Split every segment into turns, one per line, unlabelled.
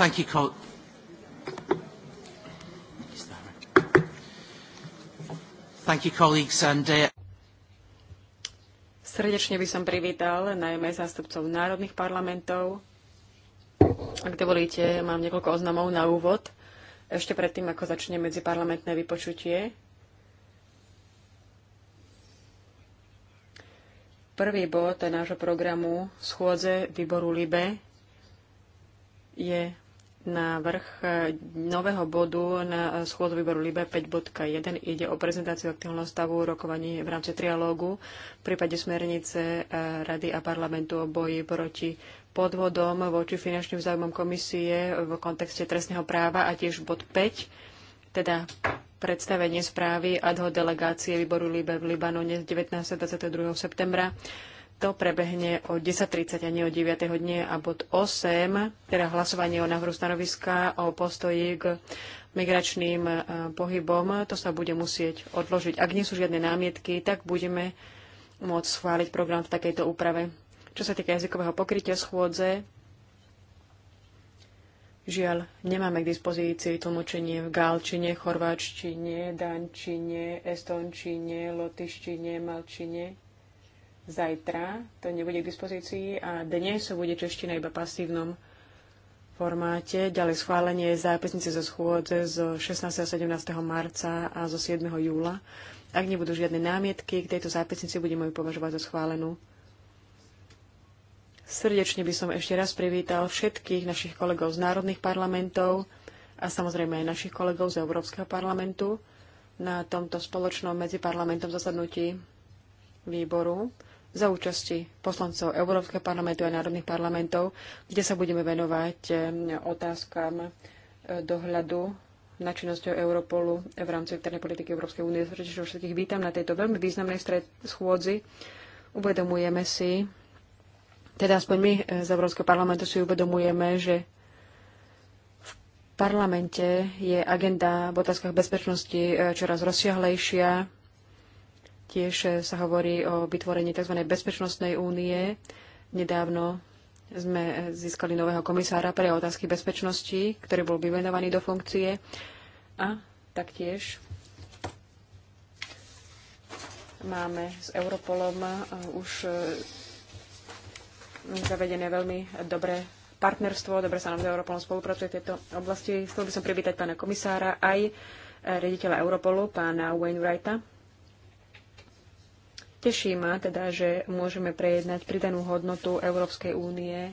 Thank you, Col Thank you, colleagues, and, uh...
Srdečne by som privítal najmä zástupcov národných parlamentov. Ak dovolíte, mám niekoľko oznamov na úvod. Ešte predtým, ako začne medziparlamentné vypočutie. Prvý bod nášho programu schôdze výboru LIBE je vrch e, nového bodu na schôdzu výboru LIBE 5.1. Ide o prezentáciu aktívneho stavu rokovaní v rámci trialógu v prípade smernice e, Rady a parlamentu o boji proti podvodom voči finančným záujmom komisie v kontexte trestného práva a tiež bod 5, teda predstavenie správy ad hoc delegácie výboru LIBE v Libanone z 19. a 22. septembra to prebehne o 10.30 a nie o 9. hodine a bod 8, teda hlasovanie o návrhu stanoviska o postoji k migračným e, pohybom, to sa bude musieť odložiť. Ak nie sú žiadne námietky, tak budeme môcť schváliť program v takejto úprave. Čo sa týka jazykového pokrytia schôdze, Žiaľ, nemáme k dispozícii tlmočenie v galčine, chorváčtine, dančine, estončine, lotyštine, malčine, Zajtra to nebude k dispozícii a dnes bude čeština iba pasívnom formáte. Ďalej schválenie zápisnice zo schôdze zo 16. a 17. marca a zo 7. júla. Ak nebudú žiadne námietky, k tejto zápisnici budeme ju považovať za schválenú. Srdečne by som ešte raz privítal všetkých našich kolegov z národných parlamentov a samozrejme aj našich kolegov z Európskeho parlamentu na tomto spoločnom medziparlamentom zasadnutí výboru za účasti poslancov Európskeho parlamentu a národných parlamentov, kde sa budeme venovať eh, otázkam eh, dohľadu na činnosťou Europolu v rámci externej politiky Európskej únie. Srdečne všetkých vítam na tejto veľmi významnej stred schôdzi. Uvedomujeme si, teda aspoň my eh, z Európskeho parlamentu si uvedomujeme, že v parlamente je agenda v otázkach bezpečnosti čoraz rozsiahlejšia, Tiež sa hovorí o vytvorení tzv. bezpečnostnej únie. Nedávno sme získali nového komisára pre otázky bezpečnosti, ktorý bol vymenovaný do funkcie. A taktiež máme s Europolom e, už e, zavedené veľmi dobré partnerstvo, dobre sa nám s Europolom spolupracuje v tejto oblasti. Chcel by som privítať pána komisára aj e, rediteľa Europolu, pána Wrighta. Teší ma teda, že môžeme prejednať pridanú hodnotu Európskej únie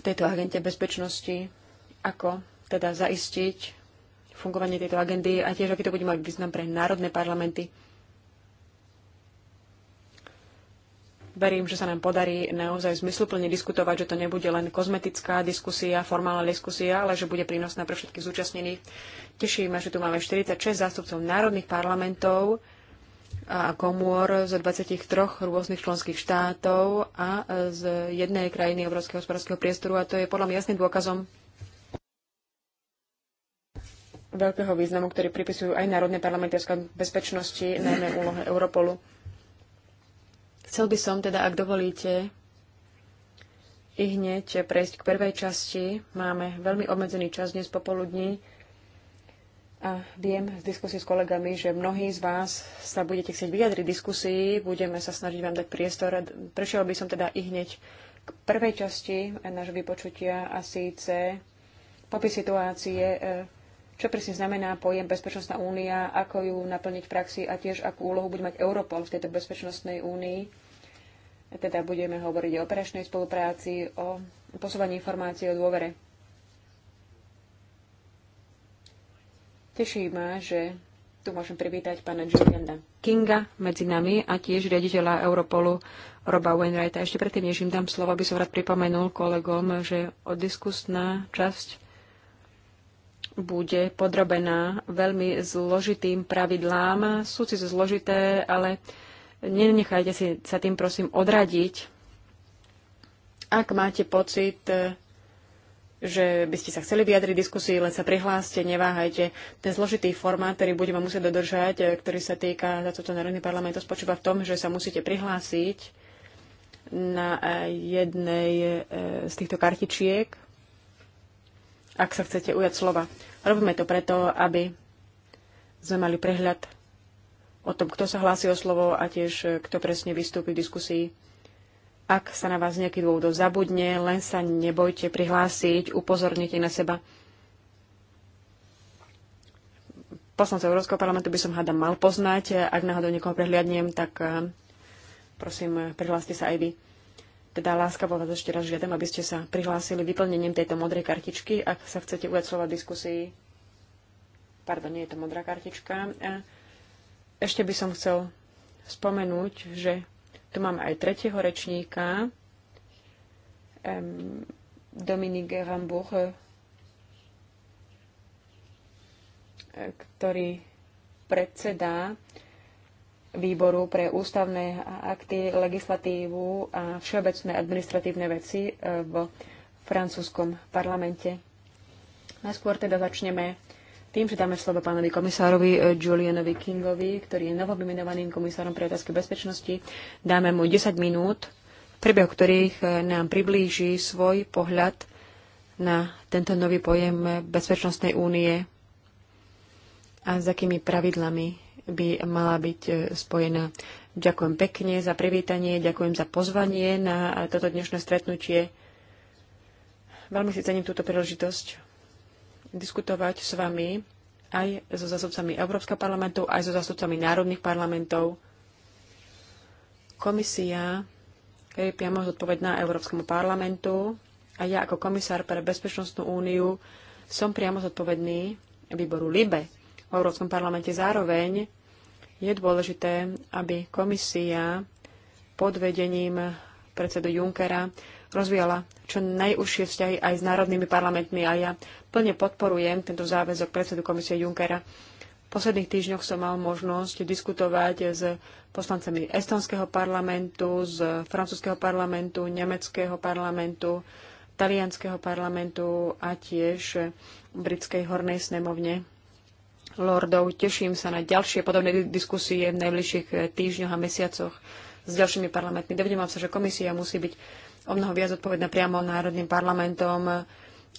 v tejto agente bezpečnosti, ako teda zaistiť fungovanie tejto agendy a tiež, aký to bude mať význam pre národné parlamenty. Verím, že sa nám podarí naozaj zmysluplne diskutovať, že to nebude len kozmetická diskusia, formálna diskusia, ale že bude prínosná pre všetkých zúčastnených. Teší ma, že tu máme 46 zástupcov národných parlamentov, a komôr z 23 rôznych členských štátov a z jednej krajiny Európskeho hospodárskeho priestoru a to je podľa mňa jasným dôkazom veľkého významu, ktorý pripisujú aj Národné parlamenty bezpečnosti, najmä úlohe Europolu. Chcel by som teda, ak dovolíte, i hneď prejsť k prvej časti. Máme veľmi obmedzený čas dnes popoludní. A viem z diskusie s kolegami, že mnohí z vás sa budete chcieť vyjadriť diskusii, budeme sa snažiť vám dať priestor. Prešiel by som teda i hneď k prvej časti nášho vypočutia a síce popis situácie, e, čo presne znamená pojem Bezpečnostná únia, ako ju naplniť v praxi a tiež akú úlohu bude mať Europol v tejto Bezpečnostnej únii. Teda budeme hovoriť o operačnej spolupráci, o posúvaní informácií o dôvere. Teší ma, že tu môžem privítať pána Juliana Kinga medzi nami a tiež riaditeľa Europolu Roba Wainwrighta. Ešte predtým, než im dám slovo, by som rád pripomenul kolegom, že diskusná časť bude podrobená veľmi zložitým pravidlám. Sú síce zložité, ale nenechajte si sa tým prosím odradiť. Ak máte pocit, že by ste sa chceli vyjadriť diskusii, len sa prihláste, neváhajte. Ten zložitý formát, ktorý budeme musieť dodržať, e, ktorý sa týka za toto Národný parlament, to spočíva v tom, že sa musíte prihlásiť na e, jednej e, z týchto kartičiek, ak sa chcete ujať slova. Robíme to preto, aby sme mali prehľad o tom, kto sa hlási o slovo a tiež kto presne vystúpi v diskusii. Ak sa na vás nejaký dôvodov zabudne, len sa nebojte prihlásiť, upozornite na seba. Poslancov Európskeho parlamentu by som hada mal poznať. Ak náhodou niekoho prehliadnem, tak eh, prosím, prihláste sa aj vy. Teda láska vás ešte raz žiadam, aby ste sa prihlásili vyplnením tejto modrej kartičky, ak sa chcete ujať slova v diskusii. Pardon, nie je to modrá kartička. Eh, ešte by som chcel spomenúť, že tu máme aj tretieho rečníka, um, Dominique Rambuch, eh, ktorý predsedá výboru pre ústavné akty, legislatívu a všeobecné administratívne veci eh, v francúzskom parlamente. Najskôr teda začneme tým, že dáme slovo pánovi komisárovi Julianovi eh, Kingovi, ktorý je novovymenovaným komisárom pre otázky bezpečnosti, dáme mu 10 minút, v priebehu ktorých eh, nám priblíži svoj pohľad na tento nový pojem Bezpečnostnej únie a s akými pravidlami by mala byť eh, spojená. Ďakujem pekne za privítanie, ďakujem za pozvanie na toto dnešné stretnutie. Veľmi si cením túto príležitosť diskutovať s vami aj so zástupcami Európskeho parlamentu, aj so zástupcami národných parlamentov. Komisia je priamo zodpovedná Európskemu parlamentu a ja ako komisár pre Bezpečnostnú úniu som priamo zodpovedný výboru LIBE v Európskom parlamente. Zároveň je dôležité, aby komisia pod vedením predsedu Junckera rozvíjala čo najúžšie vzťahy aj s národnými parlamentmi a ja plne podporujem tento záväzok predsedu komisie Junckera. V posledných týždňoch som mal možnosť diskutovať s poslancami Estonského parlamentu, z francúzského parlamentu, nemeckého parlamentu, talianského parlamentu a tiež britskej hornej snemovne lordov. Teším sa na ďalšie podobné diskusie v najbližších týždňoch a mesiacoch s ďalšími parlamentmi. Dovedem sa, že komisia musí byť o mnoho viac odpovedná priamo národným parlamentom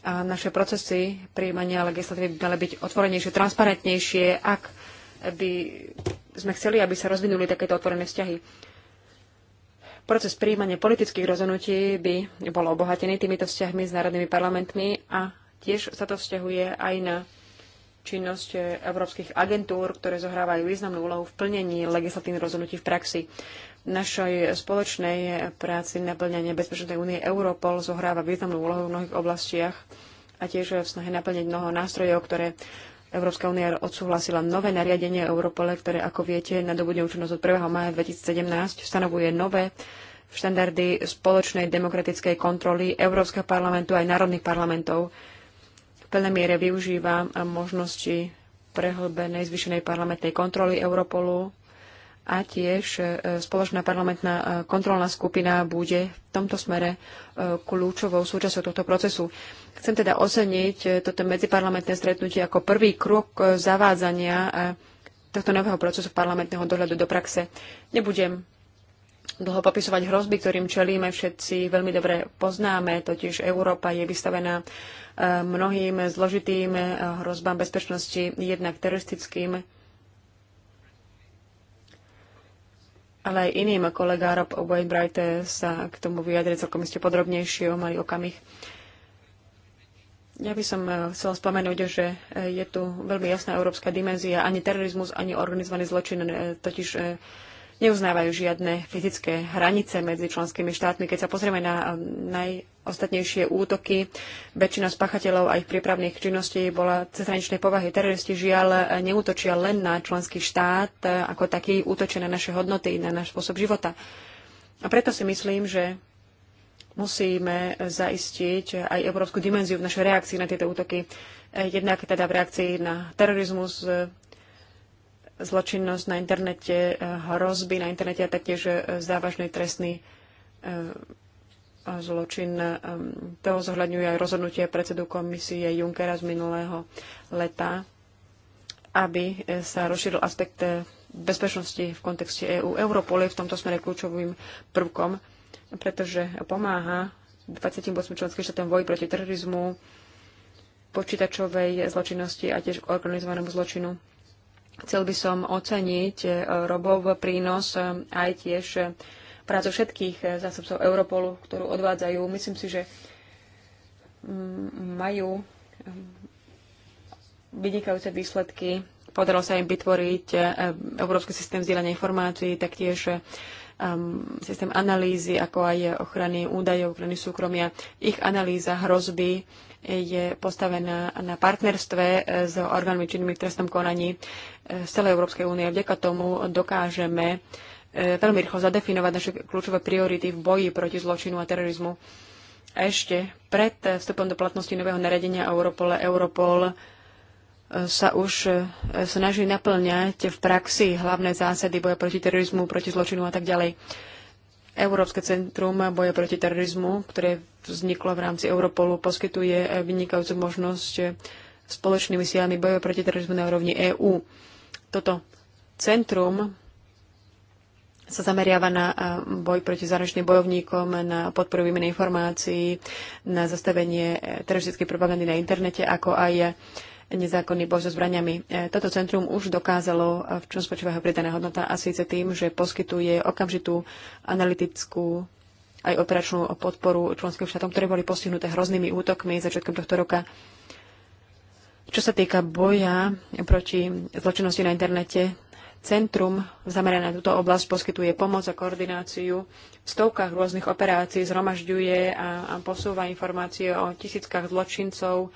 a naše procesy prijímania legislatívy by mali byť otvorenejšie, transparentnejšie, ak by sme chceli, aby sa rozvinuli takéto otvorené vzťahy. Proces prijímania politických rozhodnutí by bol obohatený týmito vzťahmi s národnými parlamentmi a tiež sa to vzťahuje aj na činnosť európskych agentúr, ktoré zohrávajú významnú úlohu v plnení legislatívnych rozhodnutí v praxi našej spoločnej práci naplňania bezpečnej únie Europol zohráva významnú úlohu v mnohých oblastiach a tiež v snahe naplniť mnoho nástrojov, ktoré Európska únia odsúhlasila nové nariadenie Europole, ktoré, ako viete, nadobudne účinnosť od 1. maja 2017, stanovuje nové štandardy spoločnej demokratickej kontroly Európskeho parlamentu aj národných parlamentov. V plnej miere využíva možnosti prehlbenej zvyšenej parlamentnej kontroly Europolu a tiež e, spoločná parlamentná e, kontrolná skupina bude v tomto smere e, kľúčovou súčasťou tohto procesu. Chcem teda oceniť toto medziparlamentné stretnutie ako prvý krok zavádzania tohto nového procesu parlamentného dohľadu do praxe. Nebudem dlho popisovať hrozby, ktorým čelíme, všetci veľmi dobre poznáme, totiž Európa je vystavená mnohým zložitým hrozbám bezpečnosti, jednak teroristickým, ale aj iným. kolegá Rob Wainwright sa k tomu vyjadri celkom ste podrobnejšie o malý okamih. Ja by som eh, chcela spomenúť, že eh, je tu veľmi jasná európska dimenzia. Ani terorizmus, ani organizovaný zločin eh, totiž neuznávajú žiadne fyzické hranice medzi členskými štátmi. Keď sa pozrieme na naj ostatnejšie útoky. Väčšina spachateľov a ich prípravných činností bola cezhraničnej povahy. Teroristi žiaľ neútočia len na členský štát e, ako taký, útočia na naše hodnoty, na náš spôsob života. A preto si myslím, že musíme zaistiť aj európsku dimenziu v našej reakcii na tieto útoky. E, jednak teda v reakcii na terorizmus, e, zločinnosť na internete, hrozby na internete a taktiež závažný trestný zločin. To zohľadňuje aj rozhodnutie predsedu komisie Junckera z minulého leta, aby e, sa rozšíril aspekt e, bezpečnosti v kontexte EÚ. Europol je v tomto smere kľúčovým prvkom, pretože pomáha 28 členským štátom voji proti terorizmu, počítačovej zločinnosti a tiež organizovanému zločinu. Chcel by som oceniť e, Robov prínos aj tiež prácu všetkých eh, zásobcov Europolu, ktorú odvádzajú. Myslím si, že mm, majú mm, vynikajúce výsledky. Podarilo sa im vytvoriť eh, Európsky systém vzdielania informácií, taktiež eh, mm, systém analýzy, ako aj ochrany údajov, ochrany súkromia. Ich analýza hrozby je postavená na partnerstve s orgánmi činnými v trestnom konaní z celej Európskej únie. Vďaka tomu dokážeme E, veľmi rýchlo zadefinovať naše kľúčové priority v boji proti zločinu a terorizmu. A ešte pred vstupom do platnosti nového naredenia Europole Europol e, sa už e, snaží naplňať v praxi hlavné zásady boja proti terorizmu, proti zločinu a tak ďalej. Európske centrum boja proti terorizmu, ktoré vzniklo v rámci Europolu, poskytuje vynikajúcu možnosť spoločnými silami boja proti terorizmu na úrovni EÚ. Toto centrum sa zameriava na eh, boj proti zahraničným bojovníkom, na podporu výmeny informácií, na zastavenie eh, teroristickej propagandy na internete, ako aj eh, nezákonný boj so zbraniami. Toto centrum už dokázalo, v čom spočíva jeho pridaná hodnota, a síce tým, že poskytuje okamžitú analytickú aj operačnú podporu členským štátom, ktoré boli postihnuté hroznými útokmi začiatkom tohto roka. Čo sa týka boja proti zločinnosti na internete, Centrum zamerané na túto oblasť poskytuje pomoc a koordináciu v stovkách rôznych operácií, zhromažďuje a, a posúva informácie o tisíckach zločincov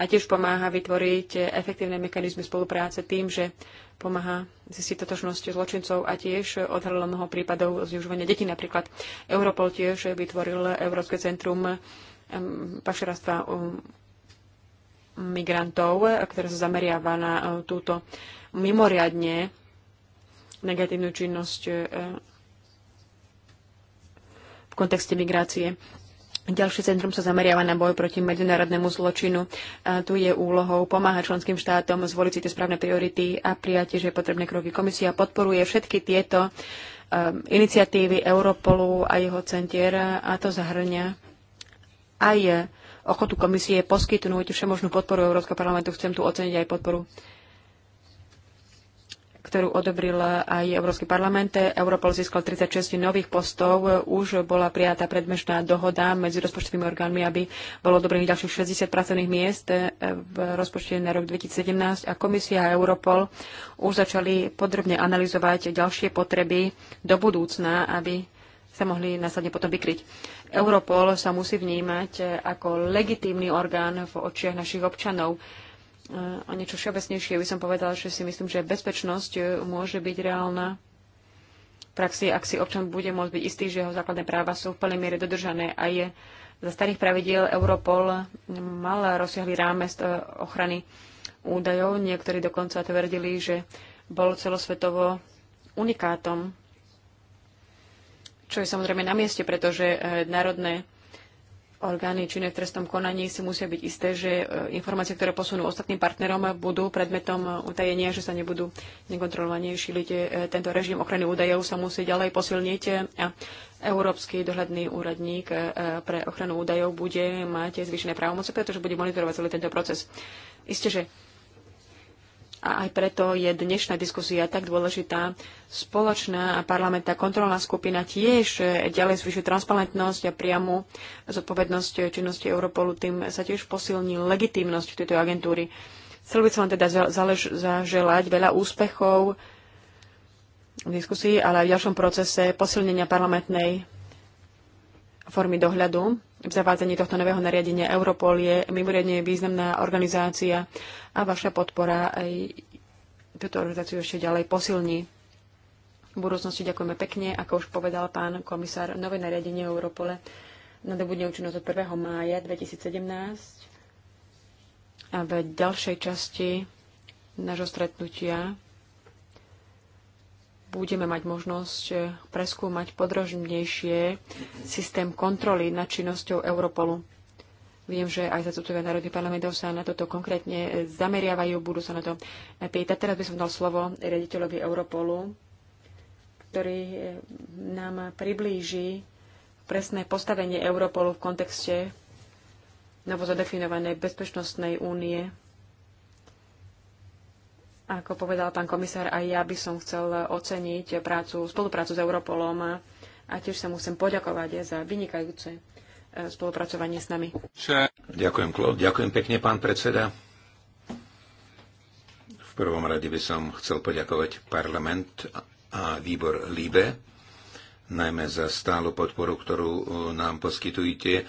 a tiež pomáha vytvoriť efektívne mechanizmy spolupráce tým, že pomáha zistiť totožnosť zločincov a tiež odhalilo mnoho prípadov zneužívania detí. Napríklad Europol tiež vytvoril Európske centrum pašeráctva um, migrantov, ktoré sa zameriava na uh, túto mimoriadne negatívnu činnosť e, v kontexte migrácie. Ďalšie centrum sa zameriava na boj proti medzinárodnému zločinu. A tu je úlohou pomáhať členským štátom zvoliť si tie správne priority a prijatie, že je potrebné kroky. Komisia podporuje všetky tieto um, iniciatívy Europolu a jeho centier a to zahrňa aj ochotu komisie poskytnúť všemožnú podporu Európskeho parlamentu. Chcem tu oceniť aj podporu ktorú odobril aj Európsky parlament. Europol získal 36 nových postov. Už bola prijatá predmežná dohoda medzi rozpočtovými orgánmi, aby bolo odobrených ďalších 60 pracovných miest v rozpočte na rok 2017 a komisia a Europol už začali podrobne analyzovať ďalšie potreby do budúcna, aby sa mohli následne potom vykryť. Europol sa musí vnímať ako legitímny orgán v očiach našich občanov o niečo všeobecnejšie by som povedala, že si myslím, že bezpečnosť e, môže byť reálna v praxi, ak si občan bude môcť byť istý, že jeho základné práva sú v plnej miere dodržané a je za starých pravidiel Europol mal rozsiahly rámec e, ochrany údajov. Niektorí dokonca tvrdili, že bol celosvetovo unikátom, čo je samozrejme na mieste, pretože e, národné orgány činné v trestnom konaní si musia byť isté, že e, informácie, ktoré posunú ostatným partnerom, budú predmetom e, utajenia, že sa nebudú nekontrolovanie šíliť. E, tento režim ochrany údajov sa musí ďalej posilniť a Európsky dohľadný úradník pre ochranu údajov bude mať zvýšené právomoce, pretože bude monitorovať celý tento proces. Isté, že a aj preto je dnešná diskusia tak dôležitá. Spoločná a parlamentná kontrolná skupina tiež e, ďalej zvyšuje transparentnosť a priamu zodpovednosť činnosti Europolu. Tým sa tiež posilní legitimnosť tejto agentúry. Chcel by som teda zaželať veľa úspechov v diskusii, ale aj v ďalšom procese posilnenia parlamentnej formy dohľadu v zavádzaní tohto nového nariadenia Europol je mimoriadne významná organizácia a vaša podpora aj túto organizáciu ešte ďalej posilní. V budúcnosti ďakujeme pekne, ako už povedal pán komisár, nové nariadenie Europole nadobudne účinnosť od 1. mája 2017 a v ďalšej časti nášho stretnutia budeme mať možnosť eh, preskúmať podrožnejšie systém kontroly nad činnosťou Europolu. Viem, že aj zastupcovia národných parlamentov sa na toto konkrétne eh, zameriavajú, budú sa na to eh, pýtať. Teraz by som dal slovo riaditeľovi Europolu, ktorý nám priblíži presné postavenie Europolu v kontexte novo zadefinovanej bezpečnostnej únie ako povedal pán komisár, aj ja by som chcel oceniť prácu, spoluprácu s Europolom a tiež sa musím poďakovať za vynikajúce e, spolupracovanie s nami.
Ďakujem, Klo. Ďakujem pekne, pán predseda. V prvom rade by som chcel poďakovať parlament a výbor LIBE najmä za stálu podporu, ktorú e, nám poskytujete e,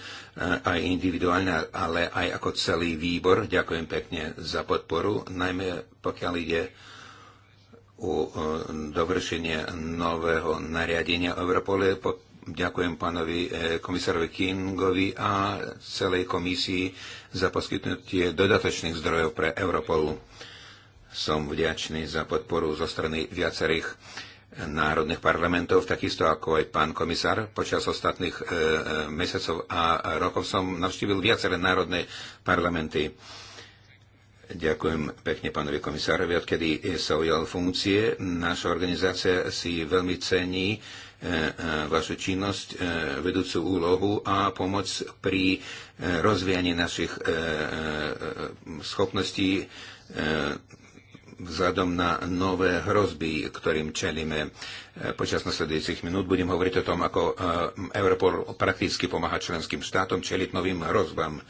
aj individuálne, ale aj ako celý výbor. Ďakujem pekne za podporu, najmä pokiaľ ide o e, dovršenie nového nariadenia Europole. Ďakujem pánovi komisárovi Kingovi a celej komisii za poskytnutie dodatočných zdrojov pre Europolu. Som vďačný za podporu zo strany viacerých národných parlamentov, takisto ako aj pán komisár. Počas ostatných e, e, mesiacov a rokov som navštívil viaceré národné parlamenty. Ďakujem pekne pánovi komisárovi, odkedy sa ujal funkcie. Naša organizácia si veľmi cení e, e, vašu činnosť, vedúcu úlohu a pomoc pri rozvíjaní našich schopností vzhľadom na nové hrozby, ktorým čelíme e, počas nasledujúcich minút. Budem hovoriť o tom, ako e, Europol prakticky pomáha členským štátom čeliť novým hrozbám.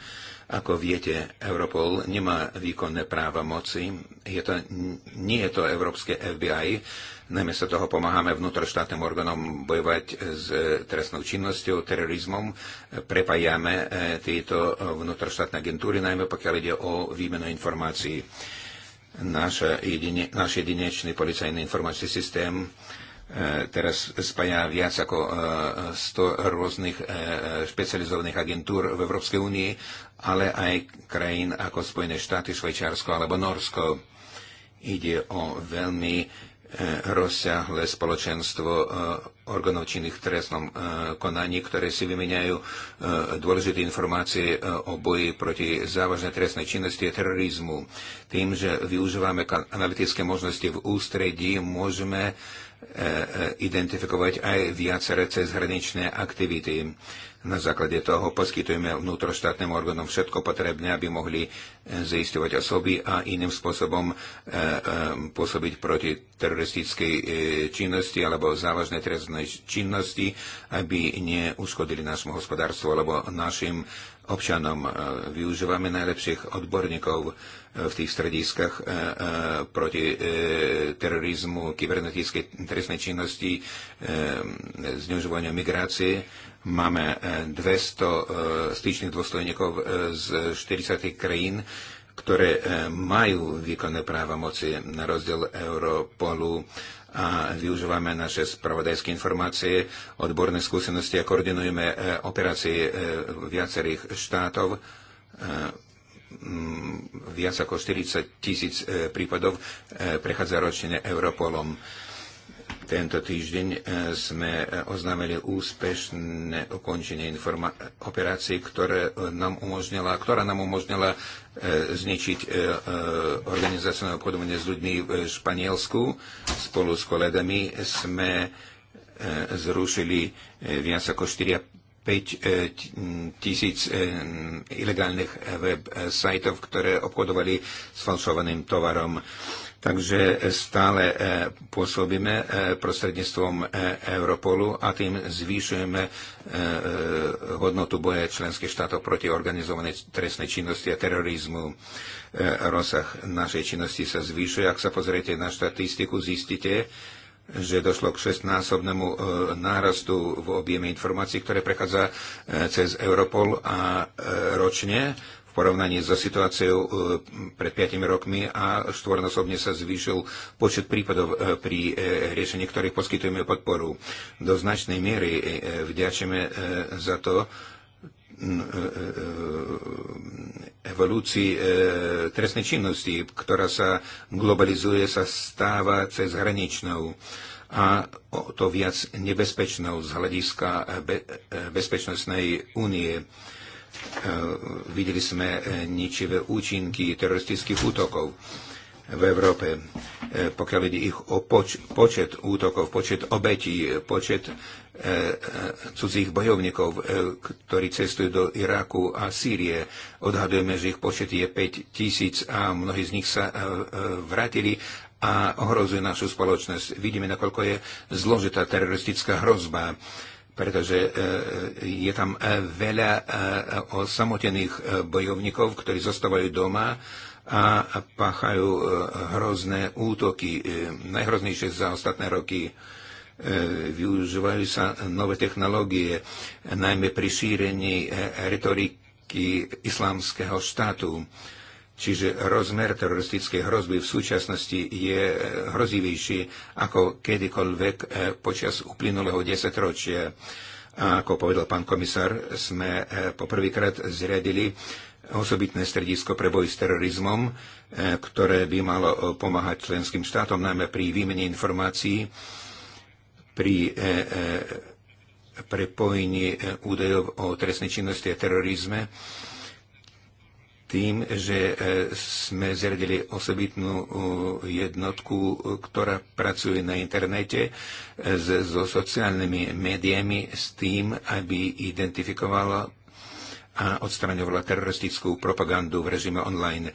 Ako viete, Europol nemá výkonné práva moci. Je to, nie je to európske FBI. Namiesto toho pomáhame vnútroštátnym orgánom bojovať s e, trestnou činnosťou, terorizmom. Prepájame tieto vnútroštátne agentúry, najmä pokiaľ ide o výmenu informácií jedine, náš jedinečný policajný informačný systém e, teraz spája viac ako 100 e, rôznych e, špecializovaných agentúr v Európskej únii, ale aj krajín ako Spojené štáty, Švajčiarsko alebo Norsko. Ide o veľmi rozsiahle spoločenstvo e, orgánov činných v trestnom e, konaní, ktoré si vymeniajú e, dôležité informácie o boji proti závažnej trestnej činnosti a terorizmu. Tým, že využívame analytické možnosti v ústredí, môžeme identifikovať aj viaceré cezhraničné aktivity. Na základe toho poskytujeme vnútroštátnym orgánom všetko potrebné, aby mohli e, zaistovať osoby a iným spôsobom e, e, pôsobiť proti teroristickej činnosti alebo závažnej trestnej činnosti, aby neuškodili nášmu hospodárstvu alebo našim občanom. Využívame najlepších odborníkov v tých strediskách proti terorizmu, kybernetickej trestnej činnosti, zneužívaniu migrácie Máme 200 e, e, styčných dôstojníkov e, z 40 krajín, ktoré majú výkonné právomoci na rozdiel Europolu a využívame naše spravodajské informácie, odborné skúsenosti a koordinujeme operácie viacerých štátov viac ako 40 tisíc prípadov prechádza ročne Europolom. Tento týždeň e, sme e, oznámili úspešné ukončenie informa- operácií, ktoré e, nám umožnila, ktorá nám umožnila zničiť organizáciu obchodovanie s ľuďmi v Španielsku. Spolu s kolegami sme zrušili viac ako 4 5 tisíc ilegálnych web sajtov, ktoré obchodovali s falšovaným tovarom. Takže e, stále e, pôsobíme e, prostredníctvom Europolu a tým zvýšujeme hodnotu boja členských štátov proti organizovanej trestnej činnosti a terorizmu. Rozsah našej činnosti sa zvýšuje. Ak sa pozriete na štatistiku, zistíte, že došlo k šestnásobnému nárastu v objeme informácií, ktoré prechádza cez Europol a ročne porovnaní so situáciou e, pred 5 rokmi a štvornosobne sa zvýšil počet prípadov e, pri e, riešení, ktorých poskytujeme podporu. Do značnej miery vďačíme za to evolúcii trestnej činnosti, ktorá sa globalizuje, sa stáva cez hraničnou a o to viac nebezpečnou z hľadiska bezpečnostnej únie E, videli sme e, ničivé účinky teroristických útokov v Európe. E, pokiaľ ide ich o poč- počet útokov, počet obetí, počet e, cudzích bojovníkov, e, ktorí cestujú do Iraku a Sýrie, odhadujeme, že ich počet je 5 tisíc a mnohí z nich sa e, e, vrátili a ohrozuje našu spoločnosť. Vidíme, nakoľko je zložitá teroristická hrozba. E, pretože e, e, je tam e, veľa osamotených bojovníkov, ktorí zostávajú doma a páchajú hrozné útoky, najhroznejšie za ostatné roky. Využívajú sa nové technológie, najmä pri šírení retoriky islamského štátu Čiže rozmer teroristickej hrozby v súčasnosti je eh, hrozivejší ako kedykoľvek eh, počas uplynulého desaťročia. A ako povedal pán komisár, sme eh, poprvýkrát zriadili osobitné stredisko pre boj s terorizmom, ktoré by malo pomáhať členským štátom, najmä pri výmene informácií, pri prepojení údajov o trestnej činnosti a terorizme tým, že e, sme zriadili osobitnú jednotku, ktorá pracuje na internete e, so sociálnymi médiami s tým, aby identifikovala a odstraňovala teroristickú propagandu v režime online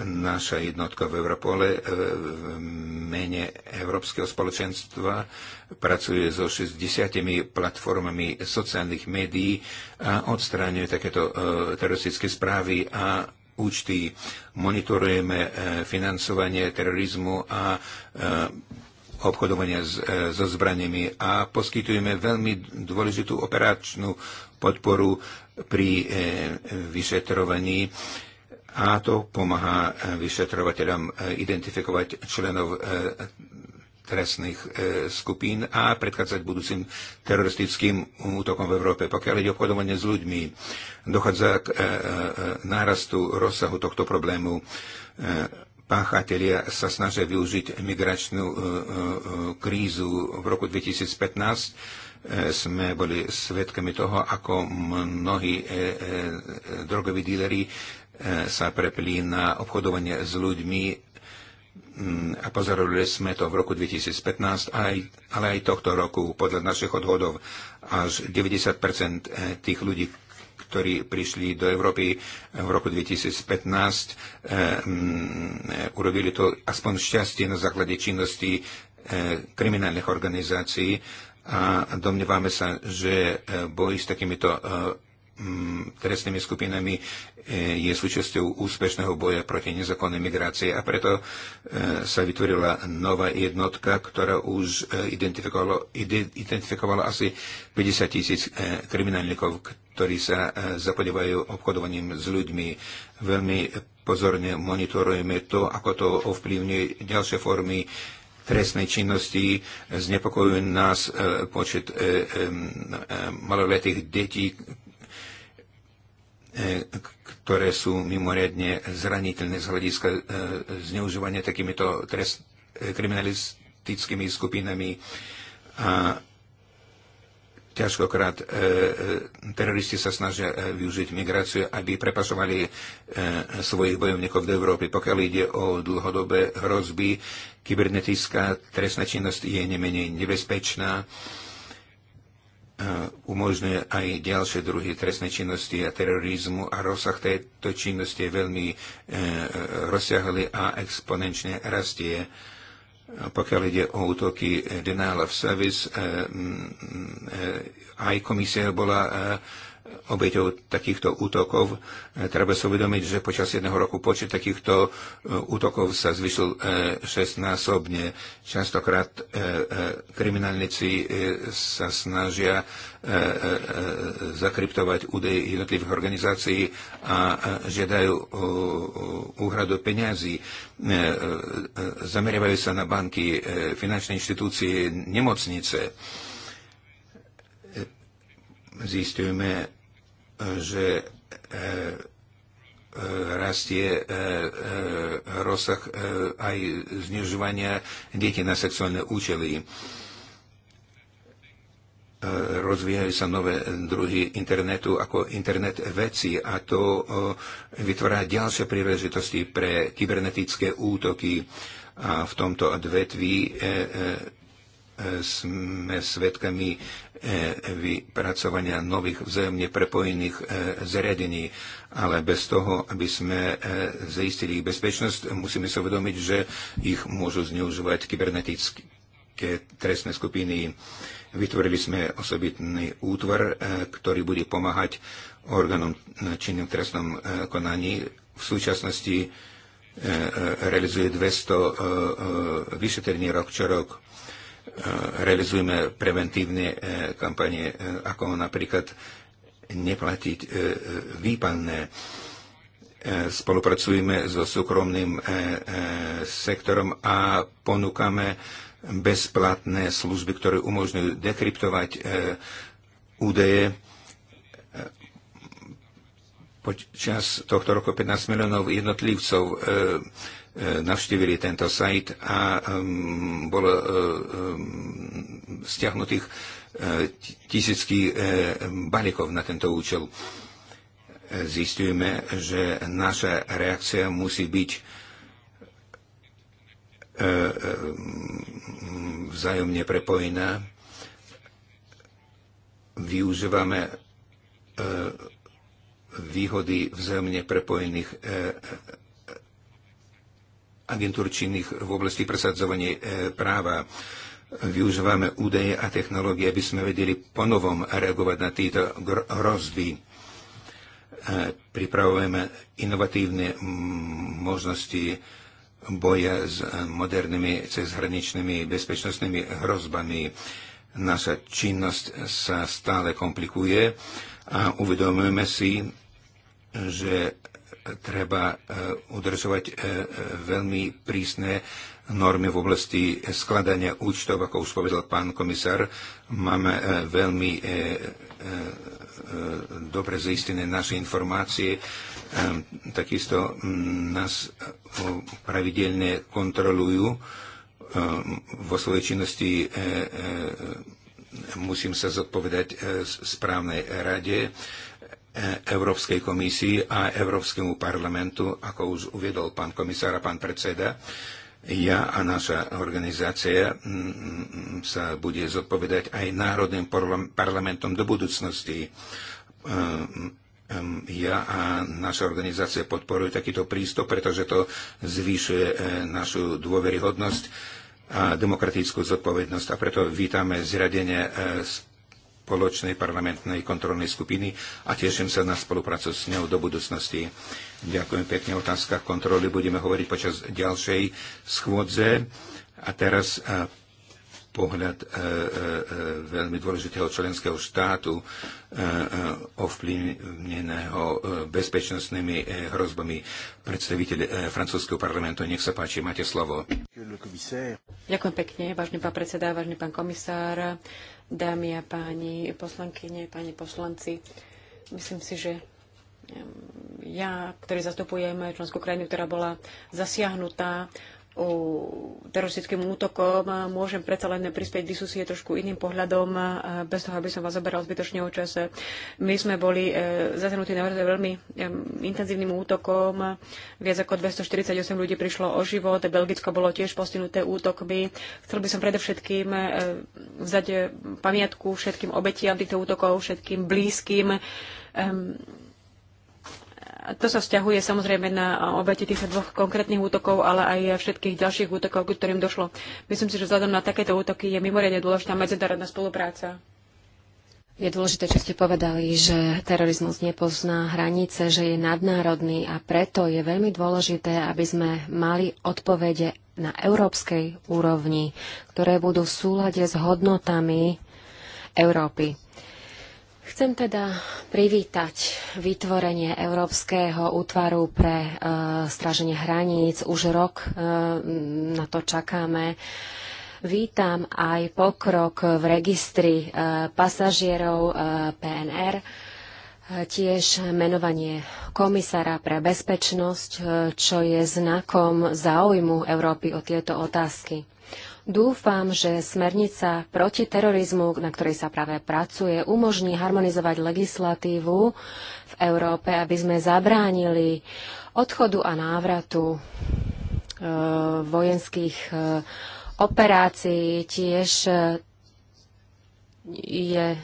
naša jednotka v Europole e, v mene Európskeho spoločenstva pracuje so 60 platformami sociálnych médií a odstráňuje takéto e, teroristické správy a účty. Monitorujeme e, financovanie terorizmu a obchodovania so zbraniami a poskytujeme veľmi dôležitú operačnú podporu pri vyšetrovaní a to pomáha e, vyšetrovateľom e, identifikovať členov e, trestných skupín a predchádzať budúcim teroristickým útokom v Európe. Pokiaľ ide obchodovanie s ľuďmi, dochádza k nárastu rozsahu tohto problému. Páchatelia sa snažia využiť migračnú krízu. V roku 2015 sme boli svedkami toho, ako mnohí drogoví díleri Eh, sa prepli na obchodovanie s ľuďmi mm, a pozorovali sme to v roku 2015, aj, ale aj tohto roku podľa našich odhodov až 90 eh, tých ľudí, ktorí prišli do Európy eh, v roku 2015, mm, urobili to aspoň šťastie na základe činnosti kriminálnych organizácií a domnievame sa, že boj s takýmito Mm, trestnými skupinami e, je súčasťou úspešného boja proti nezakonnej migrácii a preto e, sa vytvorila nová jednotka, ktorá už e, identifikovala, identifikovala asi 50 tisíc kriminálnikov, ktorí sa zapodievajú obchodovaním s ľuďmi. Veľmi pozorne monitorujeme to, ako to ovplyvňuje ďalšie formy trestnej činnosti, znepokojujú nás počet maloletých detí, E, ktoré sú mimoriadne zraniteľné z hľadiska e, zneužívania takýmito trest, e, kriminalistickými skupinami a ťažkokrát teroristi sa snažia využiť migráciu, aby prepašovali svojich bojovníkov do Európy. Pokiaľ ide o dlhodobé hrozby, kybernetická trestná činnosť je nemenej nebezpečná. Eh, umožňuje aj ďalšie druhy trestnej činnosti a terorizmu a rozsah tejto činnosti je veľmi eh, rozsiahly a exponenčne rastie. Eh, pokiaľ ide o útoky denial of service, mm, aj komisia bola obeťou takýchto útokov. E, treba si uvedomiť, že počas jedného roku počet takýchto e, útokov sa zvyšil e, šestnásobne. Častokrát kriminálnici sa snažia zakryptovať údaje jednotlivých organizácií a žiadajú úhradu peňazí. Zameriavajú sa na banky, finančné inštitúcie, nemocnice. Zistujeme, že e, e, rastie e, rozsah aj znižovania detí na sexuálne účely. Rozvíjajú sa nové druhy internetu ako internet veci a to vytvára ďalšie príležitosti pre kybernetické útoky. A v tomto odvetví sme svedkami E, vypracovania nových vzájomne prepojených e, zariadení. Ale bez toho, aby sme e, zaistili ich bezpečnosť, musíme sa uvedomiť, že ich môžu zneužívať kybernetické trestné skupiny. Vytvorili sme osobitný útvar, ktorý bude pomáhať orgánom činným trestnom konaní. V súčasnosti realizuje 200 vyšetrení rok čo rok Eh, realizujeme preventívne eh, kampanie, eh, ako napríklad neplatiť výpadné. Spolupracujeme so súkromným sektorom a ponúkame bezplatné služby, ktoré umožňujú dekryptovať údaje. Počas tohto roku 15 miliónov jednotlivcov E, navštívili tento sajt a bolo e, stiahnutých e, tisícky balíkov na tento účel. Zistujeme, že naša reakcia musí byť vzájomne prepojená. Využívame výhody vzájomne prepojených agentúr činných v oblasti presadzovania e, práva. Využívame údaje a technológie, aby sme vedeli ponovom reagovať na tieto hrozby. E, pripravujeme inovatívne možnosti boja s modernými cezhraničnými bezpečnostnými hrozbami. Naša činnosť sa stále komplikuje a uvedomujeme si, že treba e, udržovať e, e, veľmi prísne normy v oblasti skladania účtov, ako už povedal pán komisár. Máme veľmi dobre zistené naše informácie. Takisto nás pravidelne kontrolujú vo svojej činnosti musím sa zodpovedať správnej rade E, Európskej komisii a Európskemu parlamentu, ako už uviedol pán komisár a pán predseda. Ja a naša organizácia mm, mm, mm, sa bude zodpovedať aj národným parlamentom do budúcnosti. E, ja a naša organizácia podporujú takýto prístup, pretože to zvýšuje e, našu dôveryhodnosť a demokratickú zodpovednosť. A preto vítame zriadenie spoločnej parlamentnej kontrolnej skupiny a teším sa na spoluprácu s ňou do budúcnosti. Ďakujem pekne. Otázka kontroly budeme hovoriť počas ďalšej schôdze. A teraz e, pohľad e, e, veľmi dôležitého členského štátu ovplyvneného bezpečnostnými hrozbami. Predstaviteľ francúzského parlamentu, nech sa páči, máte slovo.
Ďakujem pekne, vážny pán predseda, vážny pán komisár dámy a páni poslankyne, páni poslanci. Myslím si, že ja, ktorý zastupujem členskú krajinu, ktorá bola zasiahnutá teroristickým útokom, môžem predsa len prispieť diskusie trošku iným pohľadom, bez toho, aby som vás zaberal zbytočne o čase. My sme boli e, na naozaj veľmi e, intenzívnym útokom. Viac ako 248 ľudí prišlo o život. Belgicko bolo tiež postihnuté útokmi. Chcel by som predovšetkým e, vzať pamiatku všetkým obetiam týchto útokov, všetkým blízkym to sa vzťahuje samozrejme na obete týchto dvoch konkrétnych útokov, ale aj všetkých ďalších útokov, ktorým došlo. Myslím si, že vzhľadom na takéto útoky je mimoriadne dôležitá medzinárodná spolupráca.
Je dôležité, čo ste povedali, že terorizmus nepozná hranice, že je nadnárodný a preto je veľmi dôležité, aby sme mali odpovede na európskej úrovni, ktoré budú v súlade s hodnotami Európy. Chcem teda privítať vytvorenie Európskeho útvaru pre e, straženie hraníc. Už rok e, na to čakáme. Vítam aj pokrok v registri e, pasažierov e, PNR, e, tiež menovanie komisára pre bezpečnosť, e, čo je znakom záujmu Európy o tieto otázky. Dúfam, že smernica proti terorizmu, na ktorej sa práve pracuje, umožní harmonizovať legislatívu v Európe, aby sme zabránili odchodu a návratu e, vojenských e, operácií. Tiež e, je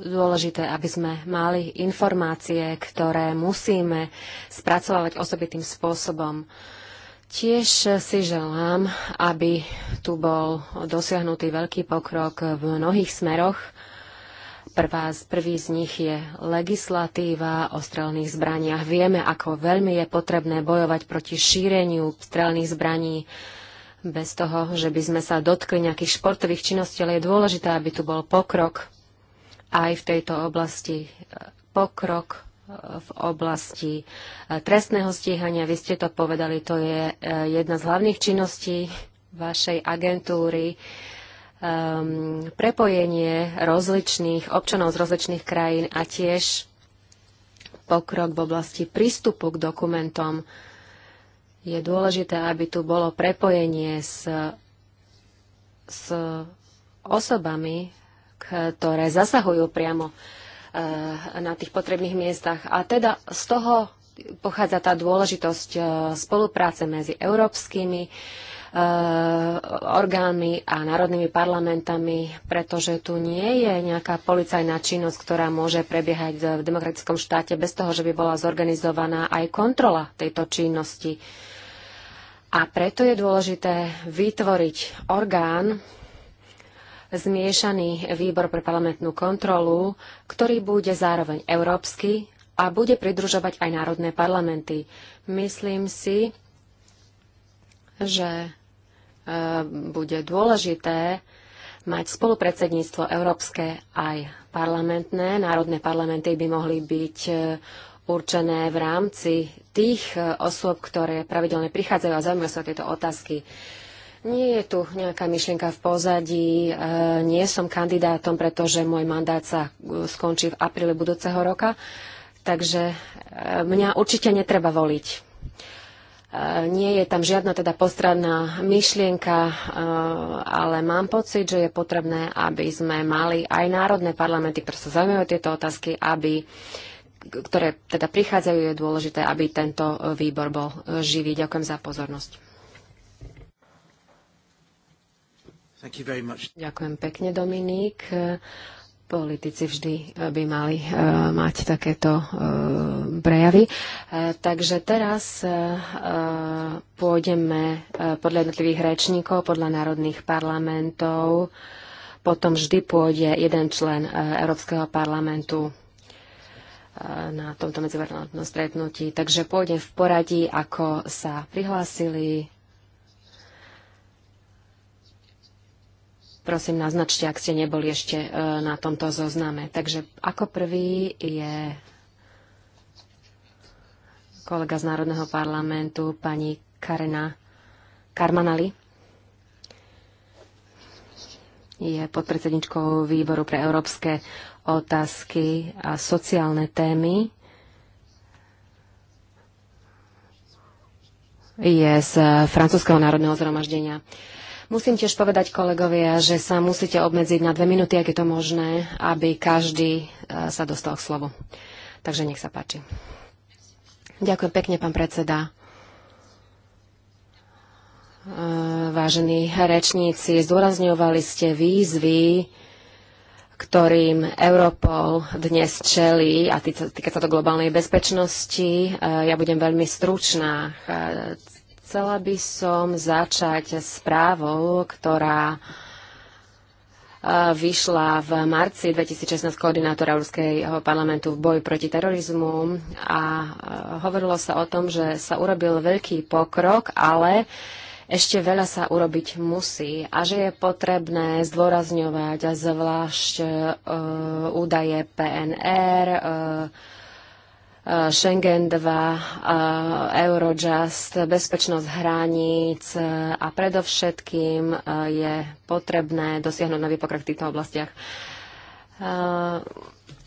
dôležité, aby sme mali informácie, ktoré musíme spracovať osobitým spôsobom. E, Tiež si želám, aby tu bol dosiahnutý veľký pokrok v mnohých smeroch. Prvá, prvý z nich je legislatíva o strelných zbraniach. Vieme, ako veľmi je potrebné bojovať proti šíreniu strelných zbraní bez toho, že by sme sa dotkli nejakých športových činností, ale je dôležité, aby tu bol pokrok aj v tejto oblasti. E, pokrok v oblasti e, trestného stíhania. Vy ste to povedali, to je e, jedna z hlavných činností vašej agentúry. Um, prepojenie rozličných občanov z rozličných krajín a tiež pokrok v oblasti prístupu k dokumentom. Je dôležité, aby tu bolo prepojenie s, s osobami, ktoré zasahujú priamo uh, Eh, na tých potrebných miestach. A teda z toho pochádza tá dôležitosť eh, spolupráce medzi európskymi eh, orgánmi a národnými parlamentami, pretože tu nie je nejaká policajná činnosť, ktorá môže prebiehať v demokratickom štáte bez toho, že by bola zorganizovaná aj kontrola tejto činnosti. A preto je dôležité vytvoriť orgán, zmiešaný výbor pre parlamentnú kontrolu, ktorý bude zároveň európsky a bude pridružovať aj národné parlamenty. Myslím si, že e, bude dôležité mať spolupredsedníctvo európske aj parlamentné. Národné parlamenty by mohli byť e, určené v rámci tých e, osôb, ktoré pravidelne prichádzajú a zaujímajú sa tieto otázky. Nie je tu nejaká myšlienka v pozadí. E, nie som kandidátom, pretože môj mandát sa e, skončí v apríle budúceho roka. Takže e, mňa určite netreba voliť nie je tam žiadna teda postradná myšlienka, ale mám pocit, že je potrebné, aby sme mali aj národné parlamenty, ktoré sa zaujímajú tieto otázky, aby ktoré teda prichádzajú, je dôležité, aby tento výbor bol živý. Ďakujem za pozornosť.
Ďakujem
pekne, Dominik. Politici vždy by mali uh, mať takéto uh, prejavy. Uh, takže teraz uh, pôjdeme uh, podľa jednotlivých rečníkov, podľa národných parlamentov. Potom vždy pôjde jeden člen uh, Európskeho parlamentu na tomto medziparlamentnom stretnutí. Takže pôjdem v poradí, ako sa prihlásili Prosím, naznačte, ak ste neboli ešte e, na tomto zozname. Takže ako prvý je kolega z Národného parlamentu, pani Karena Karmanali. Je podpredsedničkou výboru pre európske otázky a sociálne témy. je z francúzského národného zhromaždenia. Musím tiež povedať kolegovia, že sa musíte obmedziť na dve minúty, ak je to možné, aby každý e, sa dostal k slovu. Takže nech sa páči. Ďakujem pekne, pán predseda. E, vážení rečníci, zdôrazňovali ste výzvy, ktorým Europol dnes čelí a týka sa to globálnej bezpečnosti. E, ja budem veľmi stručná. Chcela by som začať správou, ktorá e, vyšla v marci 2016 koordinátora Európskeho parlamentu v boji proti terorizmu a e, hovorilo sa o tom, že sa urobil veľký pokrok, ale ešte veľa sa urobiť musí a že je potrebné zdôrazňovať zvlášť e, údaje PNR, e, Schengen 2, Eurojust, bezpečnosť hraníc a predovšetkým e, je potrebné dosiahnuť nový pokrok v týchto oblastiach. E,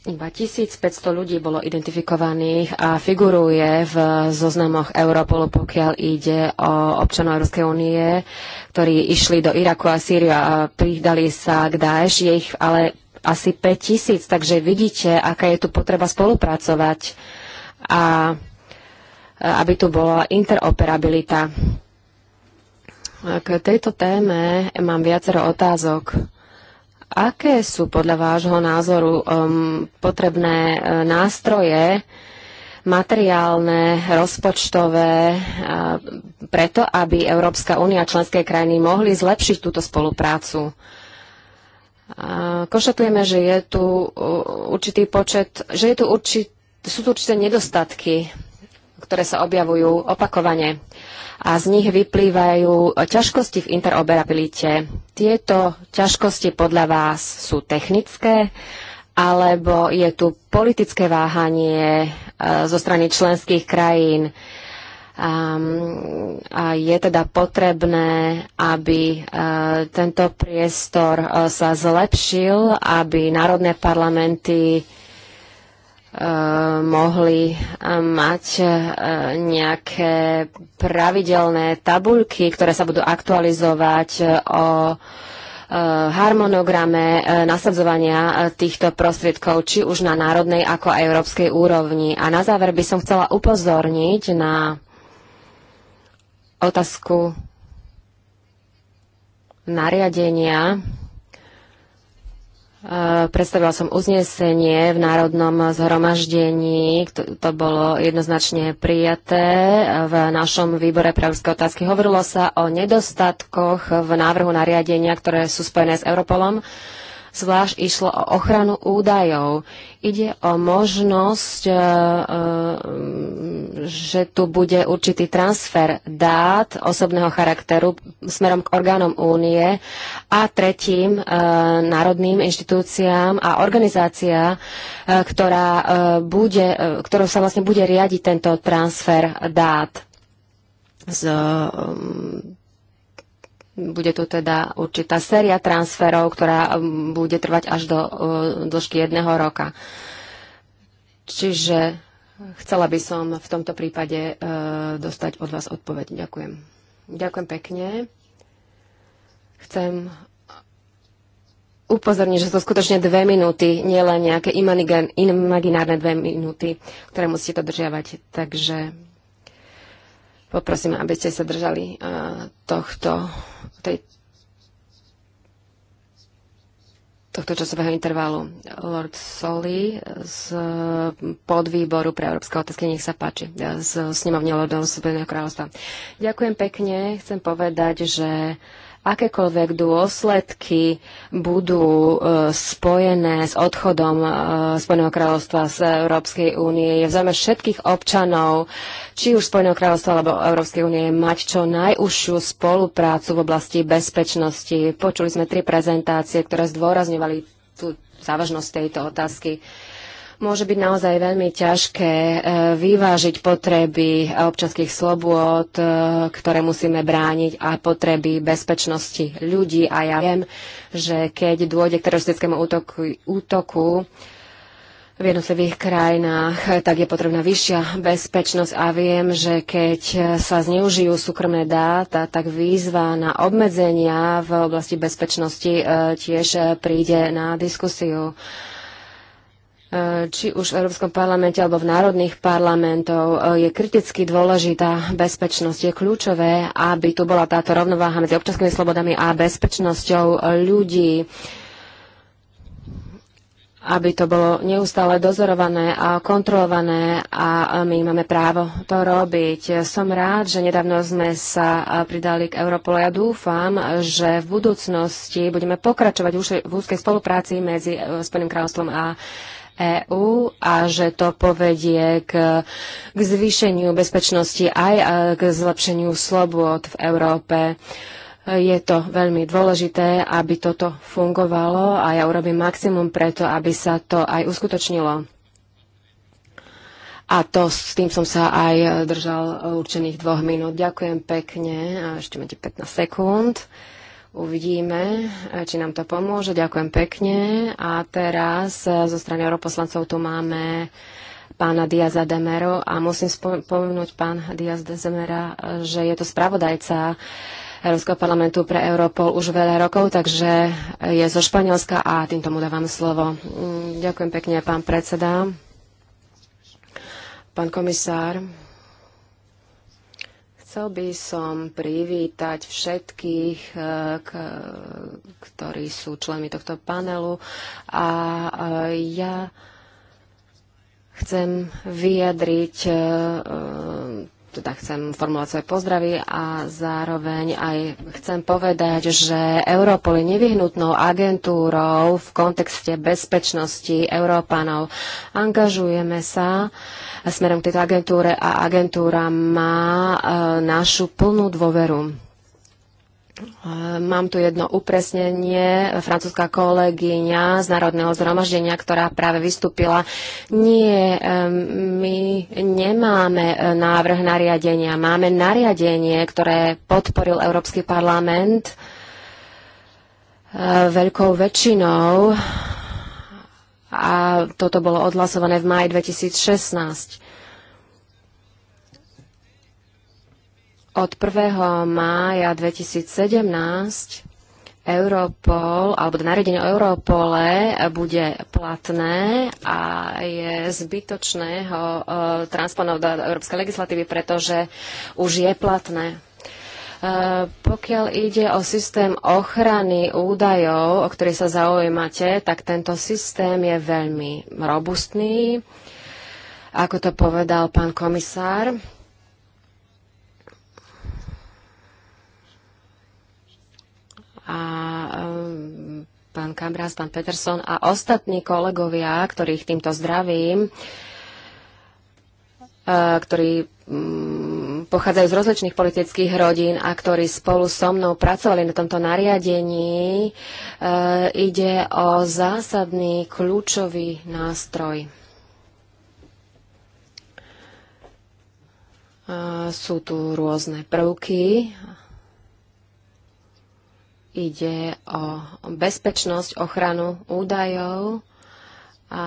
iba 1500 ľudí bolo identifikovaných a figuruje v zoznamoch Europolu, pokiaľ ide o občanov Európskej únie, ktorí išli do Iraku a Sýriu a pridali sa k Daesh. Je ich ale asi 5000, takže vidíte, aká je tu potreba spolupracovať a aby tu bola interoperabilita. K tejto téme mám viacero otázok. Aké sú podľa vášho názoru um, potrebné e, nástroje, materiálne, rozpočtové, e, preto aby Európska únia a členské krajiny mohli zlepšiť túto spoluprácu. Košatujeme, že je tu určitý počet, že je tu určitý sú tu určité nedostatky, ktoré sa objavujú opakovane a z nich vyplývajú ťažkosti v interoperabilite. Tieto ťažkosti podľa vás sú technické, alebo je tu politické váhanie e, zo strany členských krajín. A, je teda potrebné, aby e, tento priestor e, sa zlepšil, aby národné parlamenty Eh, mohli eh, mať eh, nejaké pravidelné tabuľky, ktoré sa budú aktualizovať o harmonograme nasadzovania týchto prostriedkov, či už na národnej ako aj európskej úrovni. A na záver by som chcela upozorniť na otázku nariadenia Eh, predstavila som uznesenie v Národnom zhromaždení, to, to bolo jednoznačne prijaté eh, v našom výbore pre európske otázky. Hovorilo sa o nedostatkoch v návrhu nariadenia, ktoré sú spojené s Europolom. Uh, Zvlášť išlo o ochranu údajov. Ide o možnosť, e, e, že tu bude určitý transfer dát osobného charakteru smerom k orgánom únie a tretím e, národným inštitúciám a organizácia, ktorá bude, ktorou sa vlastne bude riadiť tento transfer dát z bude tu teda určitá séria transferov, ktorá um, bude trvať až do uh, dĺžky jedného roka. Čiže chcela by som v tomto prípade uh, dostať od vás odpoveď. Ďakujem. Ďakujem pekne. Chcem upozorniť, že sú to skutočne dve minúty, nielen nejaké imaginárne dve minúty, ktoré musíte dodržiavať. Takže poprosím, aby ste sa držali uh, tohto tej, tohto časového intervalu. Lord Soli z podvýboru pre európske otázky, nech sa páči, z snemovne Lordov Spojeného kráľovstva. Ďakujem pekne, chcem povedať, že akékoľvek dôsledky budú e, spojené s odchodom e, Spojeného kráľovstva z Európskej únie. Je v záujme všetkých občanov, či už Spojeného kráľovstva alebo Európskej únie, mať čo najúžšiu spoluprácu v oblasti bezpečnosti. Počuli sme tri prezentácie, ktoré zdôrazňovali tú závažnosť tejto otázky môže byť naozaj veľmi ťažké e, vyvážiť potreby občanských slobôd, e, ktoré musíme brániť a potreby bezpečnosti ľudí. A ja viem, že keď dôjde k teroristickému útoku, útoku v jednotlivých krajinách, tak je potrebná vyššia bezpečnosť a viem, že keď sa zneužijú súkromné dáta, tak výzva na obmedzenia v oblasti bezpečnosti e, tiež príde na diskusiu či už v Európskom parlamente alebo v národných parlamentov, e, je kriticky dôležitá bezpečnosť. Je kľúčové, aby tu bola táto rovnováha medzi občanskými slobodami a bezpečnosťou ľudí aby to bolo neustále dozorované a kontrolované a my máme právo to robiť. Som rád, že nedávno sme sa e, pridali k Europolu. Ja dúfam, že v budúcnosti budeme pokračovať v úzkej spolupráci medzi e, Spojeným kráľovstvom a EÚ a že to povedie k, k zvýšeniu bezpečnosti aj k zlepšeniu slobôd v Európe. Je to veľmi dôležité, aby toto fungovalo a ja urobím maximum preto, aby sa to aj uskutočnilo. A to s tým som sa aj držal určených dvoch minút. Ďakujem pekne a ešte máte 15 sekúnd. Uvidíme, či nám to pomôže. Ďakujem pekne. A teraz e, zo strany europoslancov tu máme pána Diaza Demero a musím spomenúť pán Diaz Demera, Zemera, že je to spravodajca Európskeho parlamentu pre Europol už veľa rokov, takže je zo Španielska a týmto mu dávam slovo. Mm, ďakujem pekne, pán predseda. Pán komisár. Chcel by som privítať všetkých, e, ktorí sú členmi tohto panelu a e, ja chcem vyjadriť e, teda chcem formulovať svoje pozdravy a zároveň aj chcem povedať, že Európol je nevyhnutnou agentúrou v kontexte bezpečnosti Európanov. Angažujeme sa smerom k tejto agentúre a agentúra má e, našu plnú dôveru. Eh, mám tu jedno upresnenie. Francúzska kolegyňa z Národného zhromaždenia, ktorá práve vystúpila. Nie, my nemáme eh, návrh nariadenia. Máme nariadenie, ktoré podporil Európsky parlament eh, veľkou väčšinou a toto bolo odhlasované v maji 2016. Od 1. mája 2017 Europol, alebo nariadenie o Europole bude platné a je zbytočné ho e, transponovať do európskej legislatívy, pretože už je platné. E, pokiaľ ide o systém ochrany údajov, o ktorý sa zaujímate, tak tento systém je veľmi robustný, ako to povedal pán komisár a eh, pán Kambrás, pán Peterson a ostatní kolegovia, ktorých týmto zdravím, eh, ktorí mm, pochádzajú z rozličných politických rodín a ktorí spolu so mnou pracovali na tomto nariadení, e, ide o zásadný kľúčový nástroj. sú tu rôzne prvky Ide o bezpečnosť, ochranu údajov. A, a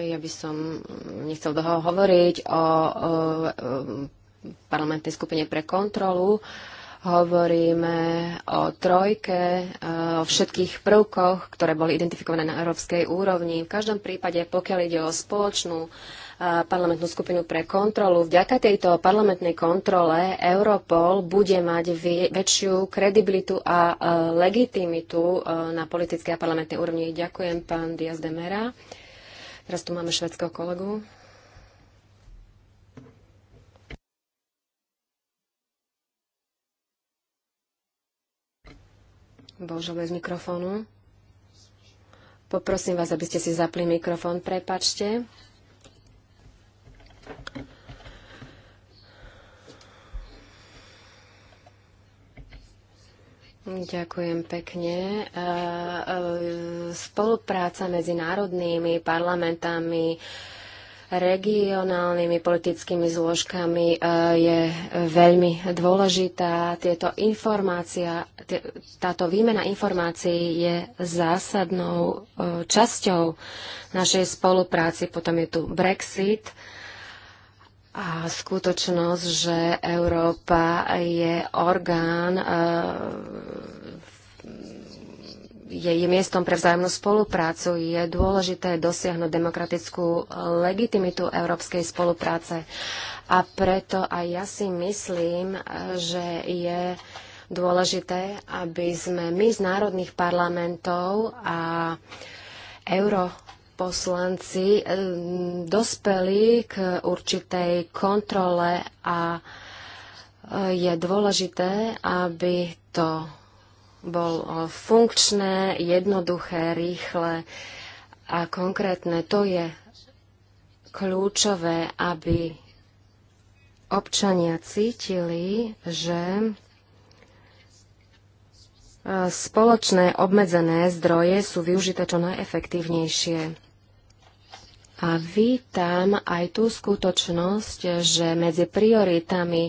ja by som nechcel dlho hovoriť o, o, o parlamentnej skupine pre kontrolu. Hovoríme o trojke, o všetkých prvkoch, ktoré boli identifikované na európskej úrovni. V každom prípade, pokiaľ ide o spoločnú parlamentnú skupinu pre kontrolu. Vďaka tejto parlamentnej kontrole Europol bude mať väčšiu kredibilitu a e, legitimitu e, na politickej a parlamentnej úrovni. Ďakujem, pán Diaz de Mera. Teraz tu máme švedského kolegu. Bože, bez mikrofónu. Poprosím vás, aby ste si zapli mikrofón, prepačte. Ďakujem pekne. Spolupráca medzi národnými parlamentami, regionálnymi politickými zložkami je veľmi dôležitá. Tieto informácia, táto výmena informácií je zásadnou časťou našej spolupráci. Potom je tu Brexit a skutočnosť, že Európa je orgán, e, je, je miestom pre vzájomnú spoluprácu. Je dôležité dosiahnuť demokratickú legitimitu európskej spolupráce. A preto aj ja si myslím, že je dôležité, aby sme my z národných parlamentov a euro poslanci eh, dospeli k určitej kontrole a eh, je dôležité, aby to bolo funkčné, jednoduché, rýchle a konkrétne. To je kľúčové, aby občania cítili, že eh, spoločné obmedzené zdroje sú využité čo najefektívnejšie a vítam aj tú skutočnosť, že medzi prioritami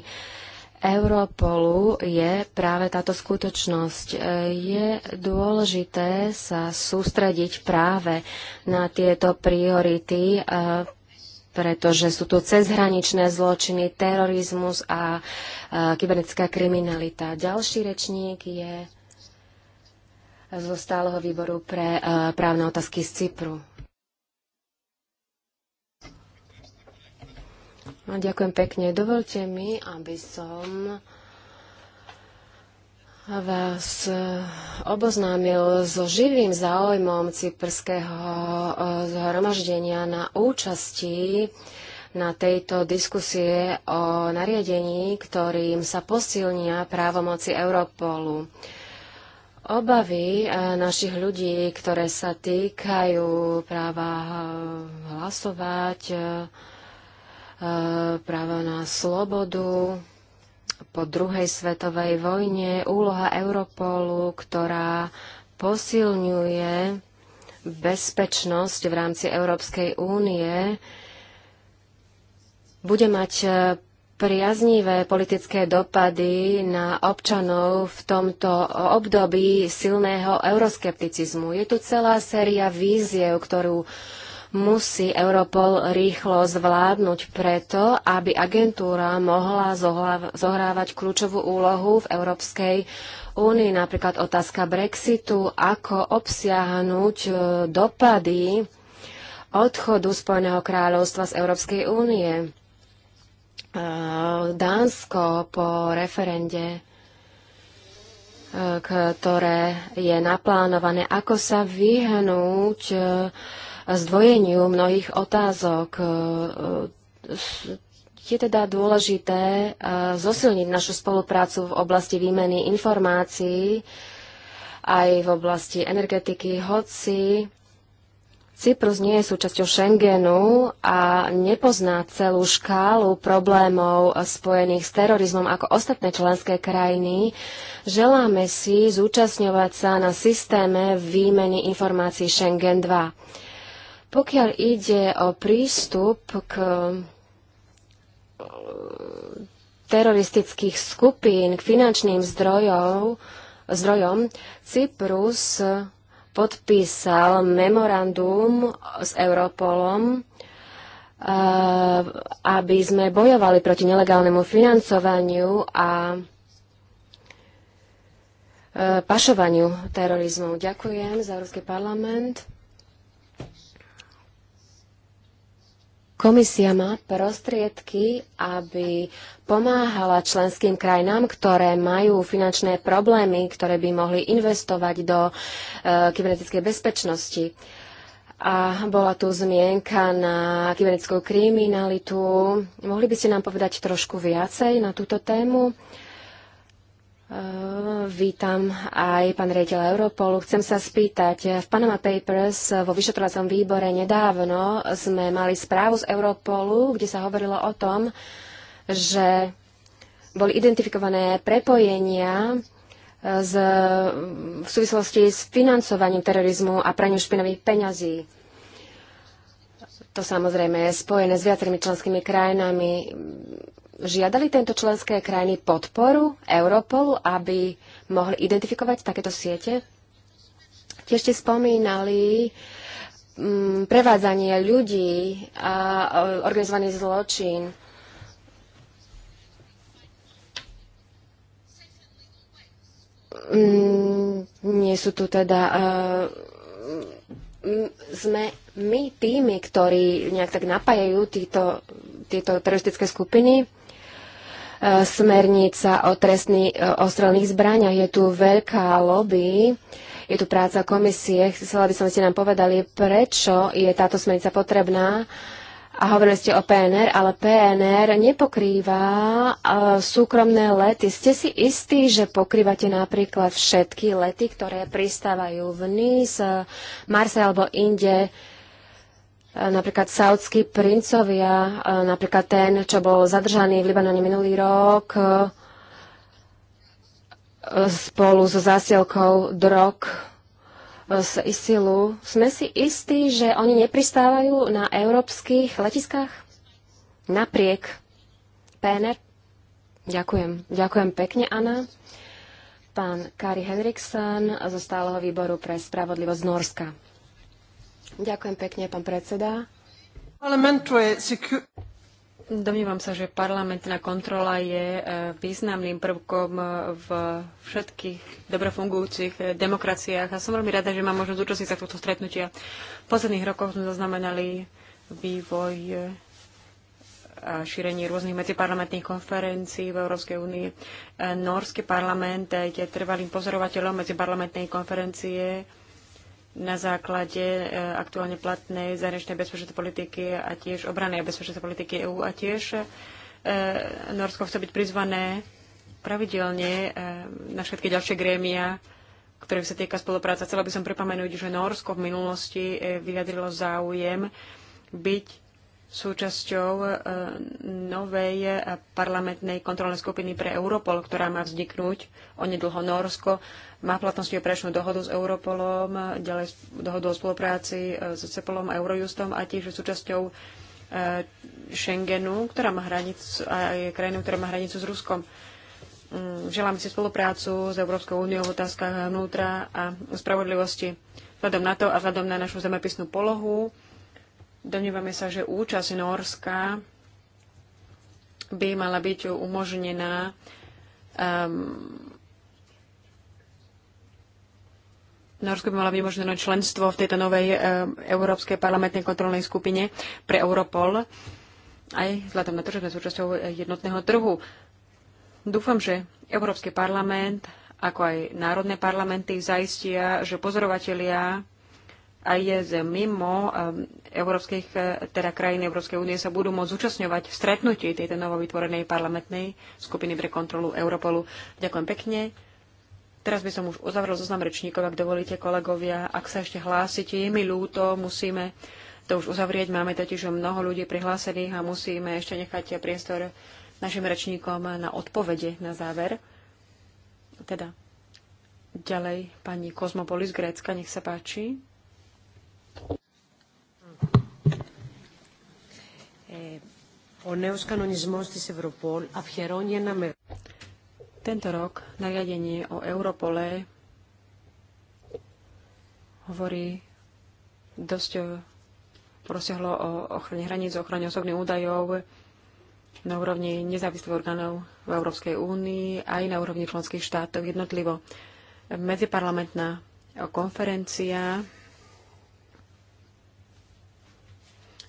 Europolu je práve táto skutočnosť. E, je dôležité sa sústrediť práve na tieto priority, e, pretože sú tu cezhraničné zločiny, terorizmus a e, kybernetická kriminalita. Ďalší rečník je zo stáleho výboru pre právne otázky z Cypru. Ďakujem pekne. Dovolte mi, aby som vás eh, oboznámil so živým záujmom cyprského eh, zhromaždenia na účasti na tejto diskusie o nariadení, ktorým sa posilnia právomoci Europolu. Obavy eh, našich ľudí, ktoré sa týkajú práva hlasovať, Eh, právo na slobodu po druhej svetovej vojne, úloha Europolu, ktorá posilňuje bezpečnosť v rámci Európskej únie, bude mať eh, priaznivé politické dopady na občanov v tomto období silného euroskepticizmu. Je tu celá séria víziev, ktorú musí Europol rýchlo zvládnuť preto, aby agentúra mohla zohrávať kľúčovú úlohu v Európskej únii, napríklad otázka Brexitu, ako obsiahnuť e, dopady odchodu Spojeného kráľovstva z Európskej únie. E, Dánsko po referende e, ktoré je naplánované, ako sa vyhnúť zdvojeniu mnohých otázok. E, e, je teda dôležité e, zosilniť našu spoluprácu v oblasti výmeny informácií aj v oblasti energetiky, hoci Cyprus nie je súčasťou Schengenu a nepozná celú škálu problémov spojených s terorizmom ako ostatné členské krajiny, želáme si zúčastňovať sa na systéme výmeny informácií Schengen 2. Pokiaľ ide o prístup k e, teroristických skupín, k finančným zdrojov, zdrojom, Cyprus podpísal memorandum s Europolom, e, aby sme bojovali proti nelegálnemu financovaniu a e, pašovaniu terorizmu. Ďakujem za Európsky parlament. Komisia má prostriedky, aby pomáhala členským krajinám, ktoré majú finančné problémy, ktoré by mohli investovať do e, kybernetickej bezpečnosti. A bola tu zmienka na kybernetickú kriminalitu. Mohli by ste nám povedať trošku viacej na túto tému? E, Eh, vítam aj pán riaditeľ Europolu. Chcem sa spýtať, eh, v Panama Papers eh, vo vyšetrovacom výbore nedávno sme mali správu z Europolu, kde sa hovorilo o tom, že boli identifikované prepojenia z, v súvislosti s financovaním terorizmu a praniu špinových peňazí. To samozrejme je spojené s viacerými členskými krajinami žiadali tento členské krajiny podporu Europolu, aby mohli identifikovať takéto siete? Tiež ste spomínali um, prevádzanie ľudí a organizovaný zločin. Um, nie sú tu teda uh, sme my tými, ktorí nejak tak napájajú títo, tieto teroristické skupiny smernica o trestných e, ostrelných zbraniach. Je tu veľká lobby, je tu práca komisie. Chcela by som ste nám povedali, prečo je táto smernica potrebná. A hovorili ste o PNR, ale PNR nepokrýva e, súkromné lety. Ste si istí, že pokrývate napríklad všetky lety, ktoré pristávajú v Nice, Marse alebo inde? napríklad saudskí princovia, napríklad ten, čo bol zadržaný v Libanone minulý rok e, spolu so zásielkou drog e, z ISILu. Sme si istí, že oni nepristávajú na európskych letiskách? Napriek. PNR? Ďakujem. Ďakujem pekne, Anna. Pán Kari Henriksen zo stáleho výboru pre spravodlivosť Norska.
Ďakujem pekne, pán predseda. Domnívam sa, že parlamentná kontrola je e, významným prvkom e, v všetkých dobre fungujúcich e, demokraciách a som veľmi rada, že mám možnosť účastniť sa tohto stretnutia. V posledných rokoch sme zaznamenali vývoj a šírenie rôznych medziparlamentných konferencií v Európskej únii. Norský parlament je trvalým pozorovateľom medziparlamentnej konferencie na základe e, aktuálne platnej zahraničnej bezpečnostnej politiky a tiež obranej a bezpečnostnej politiky EÚ a tiež e, Norsko chce byť prizvané pravidelne e, na všetky ďalšie grémia, ktorých sa týka spolupráca. Chcela by som pripomenúť, že Norsko v minulosti vyjadrilo záujem byť súčasťou e, novej e, parlamentnej kontrolnej skupiny pre Europol, ktorá má vzniknúť onedlho Norsko. Má platnosti operačnú dohodu s Europolom, e, ďalej dohodu o spolupráci s Cepolom a Eurojustom a tiež súčasťou Schengenu, ktorá má hranicu, a je krajinou, ktorá má hranicu s Ruskom. Mm, Želám si spoluprácu s Európskou úniou v otázkach vnútra a spravodlivosti. Vzhľadom na to a vzhľadom na našu zemepisnú polohu, Domnievame sa, že účasť Norska by mala byť umožnená um, Norsko by mala byť umožnené členstvo v tejto novej um, Európskej parlamentnej kontrolnej skupine pre Europol, aj vzhľadom na to, že sme súčasťou jednotného trhu. Dúfam, že Európsky parlament, ako aj národné parlamenty, zaistia, že pozorovatelia aj z mimo ehm, európskych, e, teda krajín Európskej únie sa budú môcť zúčastňovať v stretnutí tejto novovytvorenej parlamentnej skupiny pre kontrolu Europolu. Ďakujem pekne. Teraz by som už uzavrel zoznam rečníkov, ak dovolíte, kolegovia. Ak sa ešte hlásite, je mi ľúto, musíme to už uzavrieť. Máme totiž mnoho ľudí prihlásených a musíme ešte nechať priestor našim rečníkom na odpovede na záver. Teda ďalej pani Kozmopolis Grécka, nech sa páči. Ο νέος κανονισμός της Ευρωπόλ αφιερώνει ένα μεγάλο... Tento rok nariadenie o Europole hovorí dosť prosiahlo o ochrane hraníc, o ochrane osobných údajov na úrovni nezávislých orgánov v Európskej únii aj na úrovni členských štátov jednotlivo. Medziparlamentná konferencia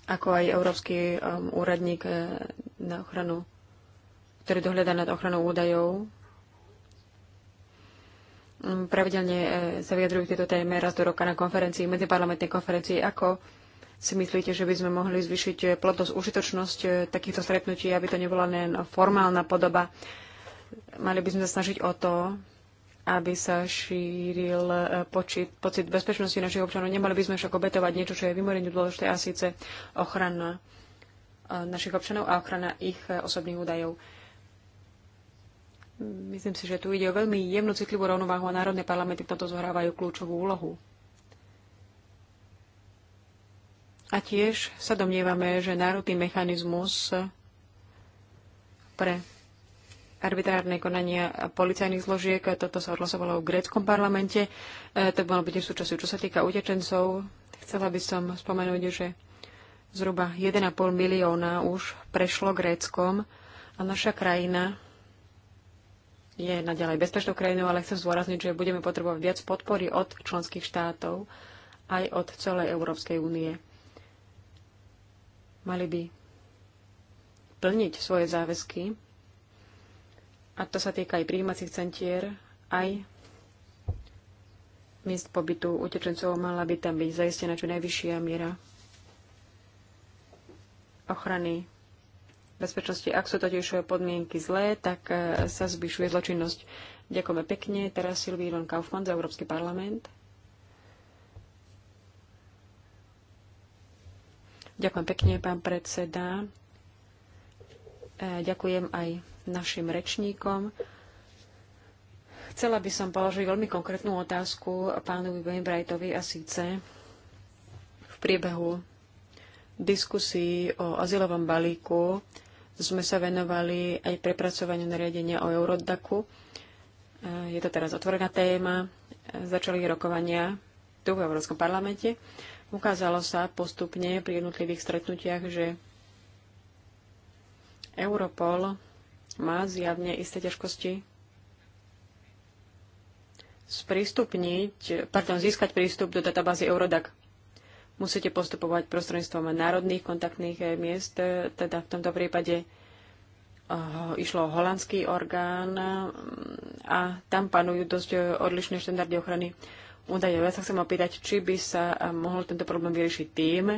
ako aj Európsky um, úradník eh, na ochranu, ktorý dohľadá nad ochranou údajov. Um, pravidelne eh, sa vyjadrujú tieto téme raz do roka na konferencii, medziparlamentnej konferencii. Ako si myslíte, že by sme mohli zvyšiť eh, plodnosť, užitočnosť takýchto stretnutí, aby to nebola len formálna podoba? Mali by sme sa snažiť o to, aby sa šíril e, počet, pocit bezpečnosti našich občanov. Nemali by sme však obetovať niečo, čo je vymorene dôležité, a síce ochrana e, našich občanov a ochrana ich e, osobných údajov. Myslím si, že tu ide o veľmi jemnú citlivú rovnováhu a národné parlamenty v tomto zohrávajú kľúčovú úlohu. A tiež sa domnievame, že národný mechanizmus pre arbitrárne konania policajných zložiek. Toto sa odhlasovalo v gréckom parlamente. E, to bolo byť súčasťou. Čo sa týka utečencov, chcela by som spomenúť, že zhruba 1,5 milióna už prešlo gréckom a naša krajina je naďalej bezpečnou krajinou, ale chcem zdôrazniť, že budeme potrebovať viac podpory od členských štátov aj od celej Európskej únie. Mali by plniť svoje záväzky a to sa týka aj príjímacích centier, aj miest pobytu utečencov mala by tam byť zaistená čo najvyššia miera ochrany bezpečnosti. Ak sú totiž podmienky zlé, tak e, sa zvyšuje zločinnosť. Ďakujeme pekne. Teraz Silví Ilon Kaufmann za Európsky parlament. Ďakujem pekne, pán predseda. E, ďakujem aj našim rečníkom. Chcela by som položiť veľmi konkrétnu otázku pánovi Wainwrightovi a síce v priebehu diskusí o azylovom balíku sme sa venovali aj prepracovaniu nariadenia o Eurodaku. E, je to teraz otvorená téma. Začali rokovania tu v Európskom parlamente. Ukázalo sa postupne pri jednotlivých stretnutiach, že Europol má zjavne isté ťažkosti sprístupniť, pardon, získať prístup do databázy Eurodac. Musíte postupovať prostredníctvom národných kontaktných eh, miest, teda v tomto prípade eh, išlo o holandský orgán mm, a tam panujú dosť eh, odlišné štandardy ochrany údajov. Ja sa chcem opýtať, či by sa mohol tento problém vyriešiť tým,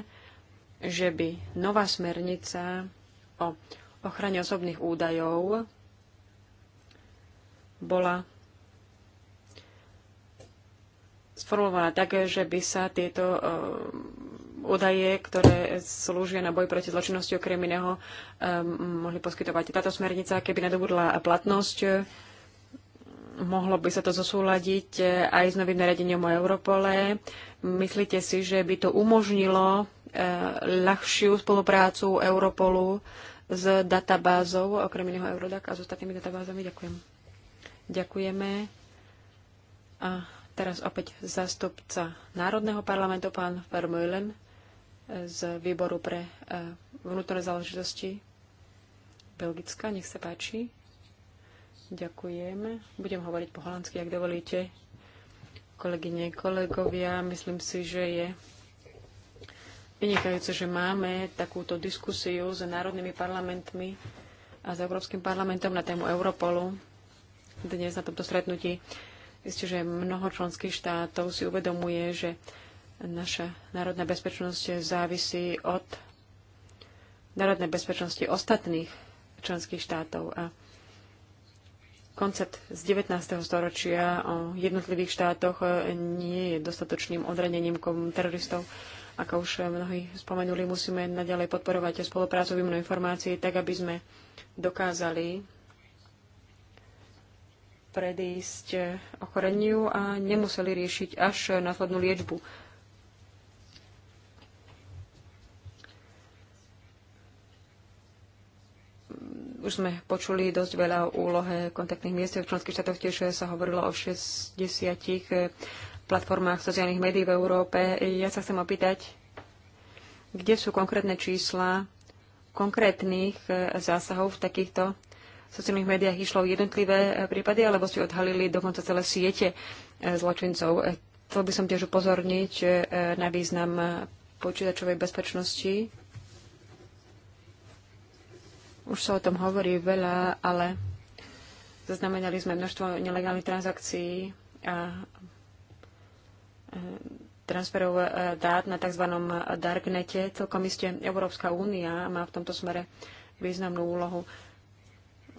že by nová smernica o ochrane osobných údajov bola sformulovaná tak, že by sa tieto um, údaje, ktoré slúžia na boj proti zločinnosti okrem iného, um, mohli poskytovať. Táto smernica, keby nadobudla platnosť, mohlo by sa to zosúľadiť eh, aj s novým nariadením o Europole. Myslíte si, že by to umožnilo eh, ľahšiu spoluprácu Europolu s databázou, okrem iného Eurodac a s ostatnými databázami. Ďakujem. Ďakujeme. A teraz opäť zástupca Národného parlamentu, pán Vermeulen z výboru pre e, vnútorné záležitosti Belgická. Nech sa páči. Ďakujem. Budem hovoriť po holandsky, ak dovolíte. Kolegyne, kolegovia, myslím si, že je vynikajúce, že máme takúto diskusiu s národnými parlamentmi a s Európskym parlamentom na tému Europolu dnes na tomto stretnutí. Isté, že mnoho členských štátov si uvedomuje, že naša národná bezpečnosť závisí od národnej bezpečnosti ostatných členských štátov. A koncept z 19. storočia o jednotlivých štátoch nie je dostatočným odradením teroristov. Ako už mnohí spomenuli, musíme naďalej podporovať spoluprácu výmenu informácií, tak aby sme dokázali predísť ochoreniu a nemuseli riešiť až následnú liečbu. Už sme počuli dosť veľa o úlohe kontaktných miest. V členských štátoch tiež sa hovorilo o 60 platformách sociálnych médií v Európe. Ja sa chcem opýtať, kde sú konkrétne čísla konkrétnych e, zásahov v takýchto sociálnych médiách išlo jednotlivé e, prípady, alebo ste odhalili dokonca celé siete e, zločincov. Chcel by som tiež upozorniť na význam počítačovej bezpečnosti. Už sa o tom hovorí veľa, ale zaznamenali sme množstvo nelegálnych transakcií a transferov eh, dát na tzv. darknete. Celkom iste Európska únia má v tomto smere významnú úlohu.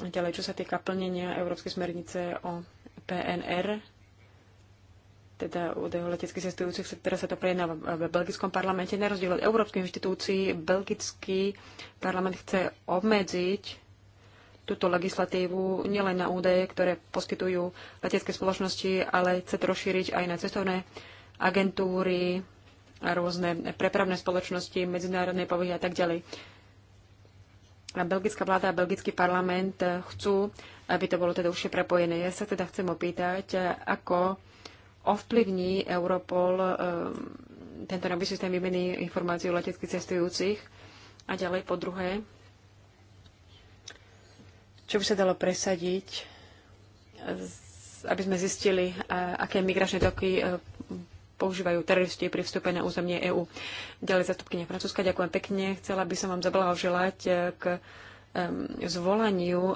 Ďalej, čo sa týka plnenia Európskej smernice o PNR, teda údajov leteckých cestujúcich, teraz sa to prejedná v belgickom parlamente. Na rozdiel od Európskej inštitúcii. belgický parlament chce obmedziť túto legislatívu nielen na údaje, ktoré poskytujú letecké spoločnosti, ale chce to rozšíriť aj na cestovné agentúry, rôzne prepravné spoločnosti, medzinárodnej povahy a tak ďalej. A belgická vláda a belgický parlament chcú, aby to bolo teda užšie prepojené. Ja sa teda chcem opýtať, ako ovplyvní Europol um, tento nový systém výmeny informácií o leteckých cestujúcich a ďalej po druhé, čo by sa dalo presadiť, aby sme zistili, aké migračné toky uh, používajú teroristi pri vstupe na územie EÚ. Ďalej zastupkynia Francúzska, ďakujem pekne. Chcela by som vám zablahoželať eh, k zvolaniu eh,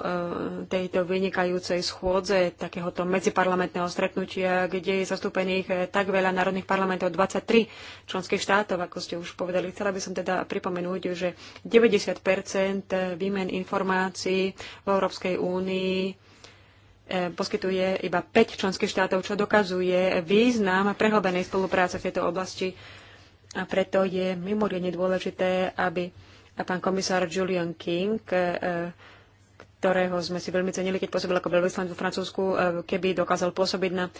tejto vynikajúcej schôdze takéhoto medziparlamentného stretnutia, kde je zastúpených eh, tak veľa národných parlamentov, 23 členských štátov, ako ste už povedali. Chcela by som teda pripomenúť, že 90 výmen informácií v Európskej únii E, poskytuje iba 5 členských štátov, čo dokazuje význam prehlbenej spolupráce v tejto oblasti. A preto je mimoriadne dôležité, aby pán komisár Julian King, e, ktorého sme si veľmi cenili, keď pôsobil ako veľvyslanec vo Francúzsku, e, keby dokázal pôsobiť na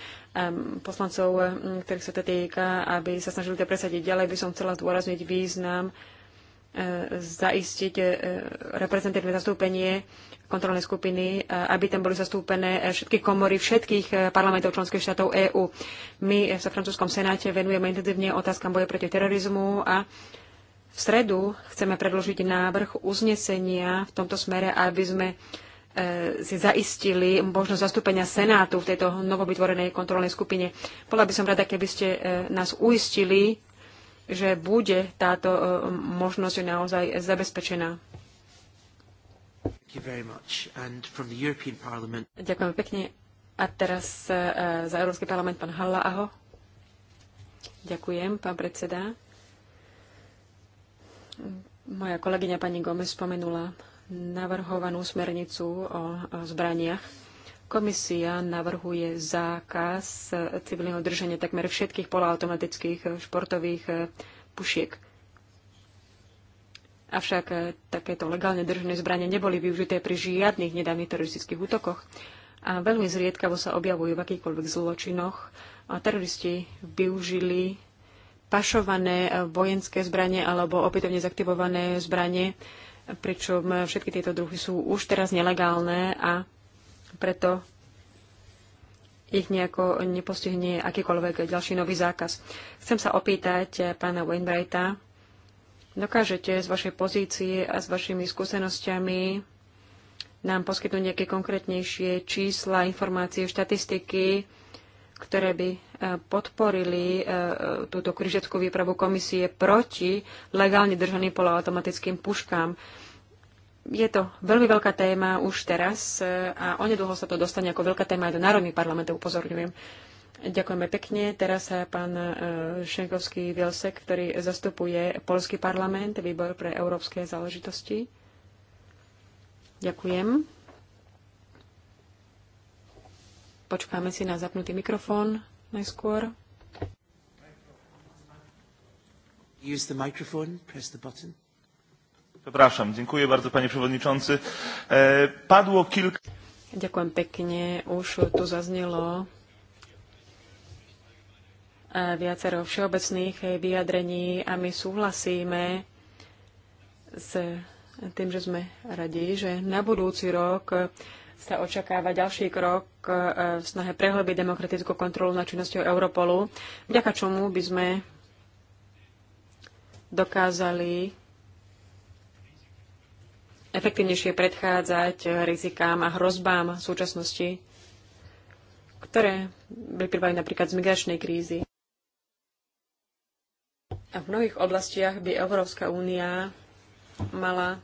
poslancov, ktorých sa to týka, aby sa snažili to presadiť ďalej, by som chcela zdôrazniť význam zaistiť reprezentatívne zastúpenie kontrolnej skupiny, e, aby tam boli zastúpené e, všetky komory všetkých e, parlamentov členských štátov EÚ. My sa v francúzskom senáte venujeme intenzívne otázkam boja proti terorizmu a v stredu chceme predložiť návrh uznesenia v tomto smere, aby sme si zaistili možnosť zastúpenia Senátu v tejto novovytvorenej kontrolnej skupine. Bola by som rada, keby ste nás uistili, že bude táto možnosť naozaj zabezpečená. Ďakujem pekne. A teraz e, za Európsky parlament pán Halla, aho. Ďakujem, pán predseda. Moja kolegyňa pani Gomez spomenula navrhovanú smernicu o zbraniach. Komisia navrhuje zákaz civilného držania takmer všetkých poloautomatických športových e, pušiek. Avšak e, takéto legálne držené zbranie neboli využité pri žiadnych nedávnych teroristických útokoch a veľmi zriedkavo sa objavujú v akýchkoľvek zločinoch. A teroristi využili pašované e, vojenské zbranie alebo opätovne zaktivované zbranie, pričom všetky tieto druhy sú už teraz nelegálne a preto ich nejako nepostihne akýkoľvek ďalší nový zákaz. Chcem sa opýtať e, pána Wainwrighta, dokážete z vašej pozície a s vašimi skúsenostiami nám poskytnúť nejaké konkrétnejšie čísla, informácie, štatistiky, ktoré by e, podporili e, e, túto križeckú výpravu komisie proti legálne držaným poloautomatickým puškám. Je to veľmi veľká téma už teraz a onedlho sa to dostane ako veľká téma aj do národných parlamentov, upozorňujem. Ďakujeme pekne. Teraz sa pán e, Šenkovský Vielsek, ktorý zastupuje Polský parlament, výbor pre európske záležitosti. Ďakujem. Počkáme si na zapnutý mikrofón najskôr. Use the microphone, press the button.
Przepraszam, dziękuję bardzo panie przewodniczący. E, padło kilka...
Ďakujem pekne. Už tu zaznelo viacero všeobecných eh, vyjadrení a my súhlasíme s tým, že sme radi, že na budúci rok sa očakáva ďalší krok eh, v snahe prehlbiť demokratickú kontrolu nad činnosťou Europolu, vďaka čomu by sme dokázali efektívnejšie predchádzať eh, rizikám a hrozbám súčasnosti, ktoré vyplývajú napríklad z migračnej krízy. A v mnohých oblastiach by Európska únia mala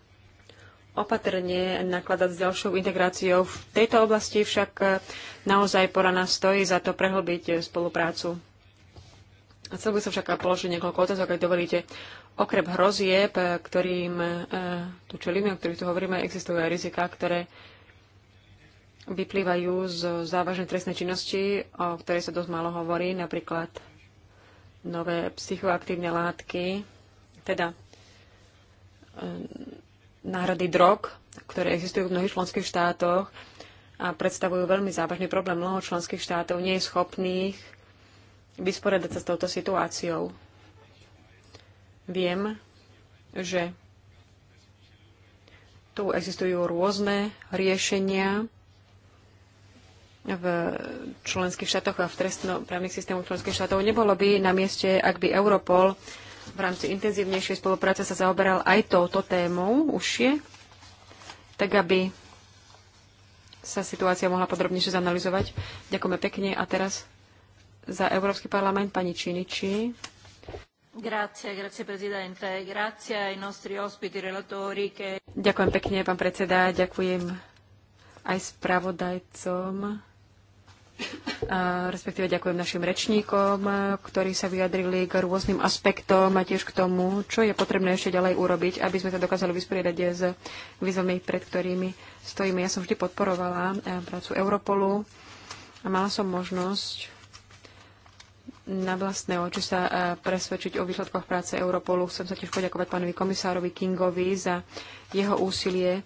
opatrne nakladať s ďalšou integráciou. V tejto oblasti však naozaj pora nás stojí za to prehlbiť spoluprácu. A chcel by som však položiť niekoľko otázok, ak dovolíte. Okrem hrozieb, ktorým e, tu čelíme, o ktorých tu hovoríme, existujú aj riziká, ktoré vyplývajú z závažnej trestnej činnosti, o ktorej sa dosť málo hovorí, napríklad nové psychoaktívne látky, teda e, náhrady drog, ktoré existujú v mnohých členských štátoch a predstavujú veľmi závažný problém. Mnoho členských štátov nie je schopných vysporiadať sa s touto situáciou. Viem, že tu existujú rôzne riešenia, v členských štátoch a v trestnoprávnych systémoch členských štátov. Nebolo by na mieste, ak by Europol v rámci intenzívnejšej spolupráce sa zaoberal aj touto témou užšie, tak aby sa situácia mohla podrobnejšie zanalizovať. Ďakujeme pekne a teraz za Európsky parlament pani Činiči.
Grazie, grazie grazie ai nostri ospiti relatori
Ďakujem pekne, pán predseda, ďakujem aj spravodajcom respektíve ďakujem našim rečníkom, ktorí sa vyjadrili k rôznym aspektom a tiež k tomu, čo je potrebné ešte ďalej urobiť, aby sme sa dokázali vysporiadať s výzvami, pred ktorými stojíme. Ja som vždy podporovala eh, prácu Europolu a mala som možnosť na vlastné oči sa eh, presvedčiť o výsledkoch práce Europolu. Chcem sa tiež poďakovať pánovi komisárovi Kingovi za jeho úsilie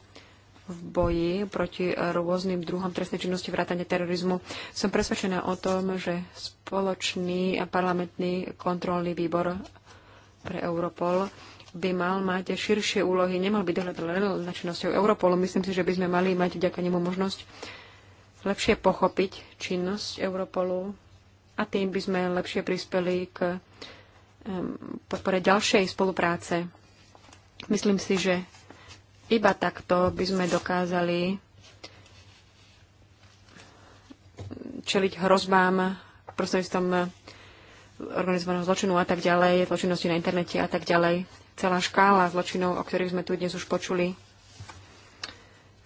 v boji proti rôznym druhom trestnej činnosti vrátane terorizmu. Som presvedčená o tom, že spoločný parlamentný kontrolný výbor pre Europol by mal mať širšie úlohy, nemal by dohľadať len na činnosťou Europolu. Myslím si, že by sme mali mať vďaka nemu možnosť lepšie pochopiť činnosť Europolu a tým by sme lepšie prispeli k podpore ďalšej spolupráce. Myslím si, že iba takto by sme dokázali čeliť hrozbám prostredníctvom organizovaného zločinu a tak ďalej, zločinnosti na internete a tak ďalej. Celá škála zločinov, o ktorých sme tu dnes už počuli.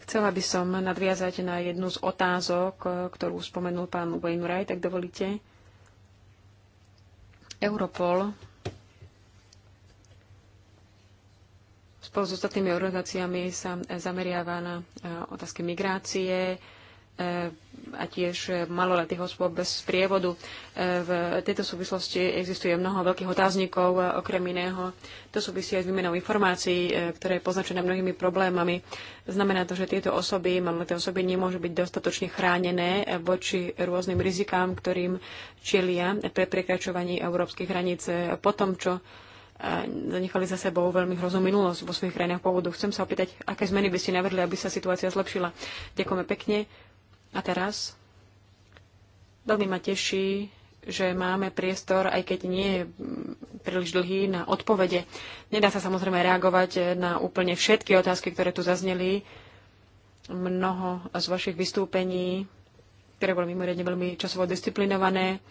Chcela by som nadviazať na jednu z otázok, ktorú spomenul pán Wainwright, tak dovolíte. Europol spolu s ostatnými organizáciami sa zameriava na e, otázky migrácie e, a tiež maloletých osôb bez prievodu. E, v tejto súvislosti existuje mnoho veľkých otáznikov, okrem iného. To súvisí aj s výmenou informácií, ktoré je poznačené mnohými problémami. Znamená to, že tieto osoby, maloleté osoby, nemôžu byť dostatočne chránené voči rôznym rizikám, ktorým čelia pre prekračovanie európskych hraníc po tom, čo zanechali za sebou veľmi hroznú minulosť vo svojich krajinách pôvodu. Chcem sa opýtať, aké zmeny by ste navrhli, aby sa situácia zlepšila. Ďakujeme pekne. A teraz veľmi ma teší, že máme priestor, aj keď nie je príliš dlhý, na odpovede. Nedá sa samozrejme reagovať na úplne všetky otázky, ktoré tu zazneli. Mnoho z vašich vystúpení, ktoré boli mimoriadne veľmi časovo disciplinované,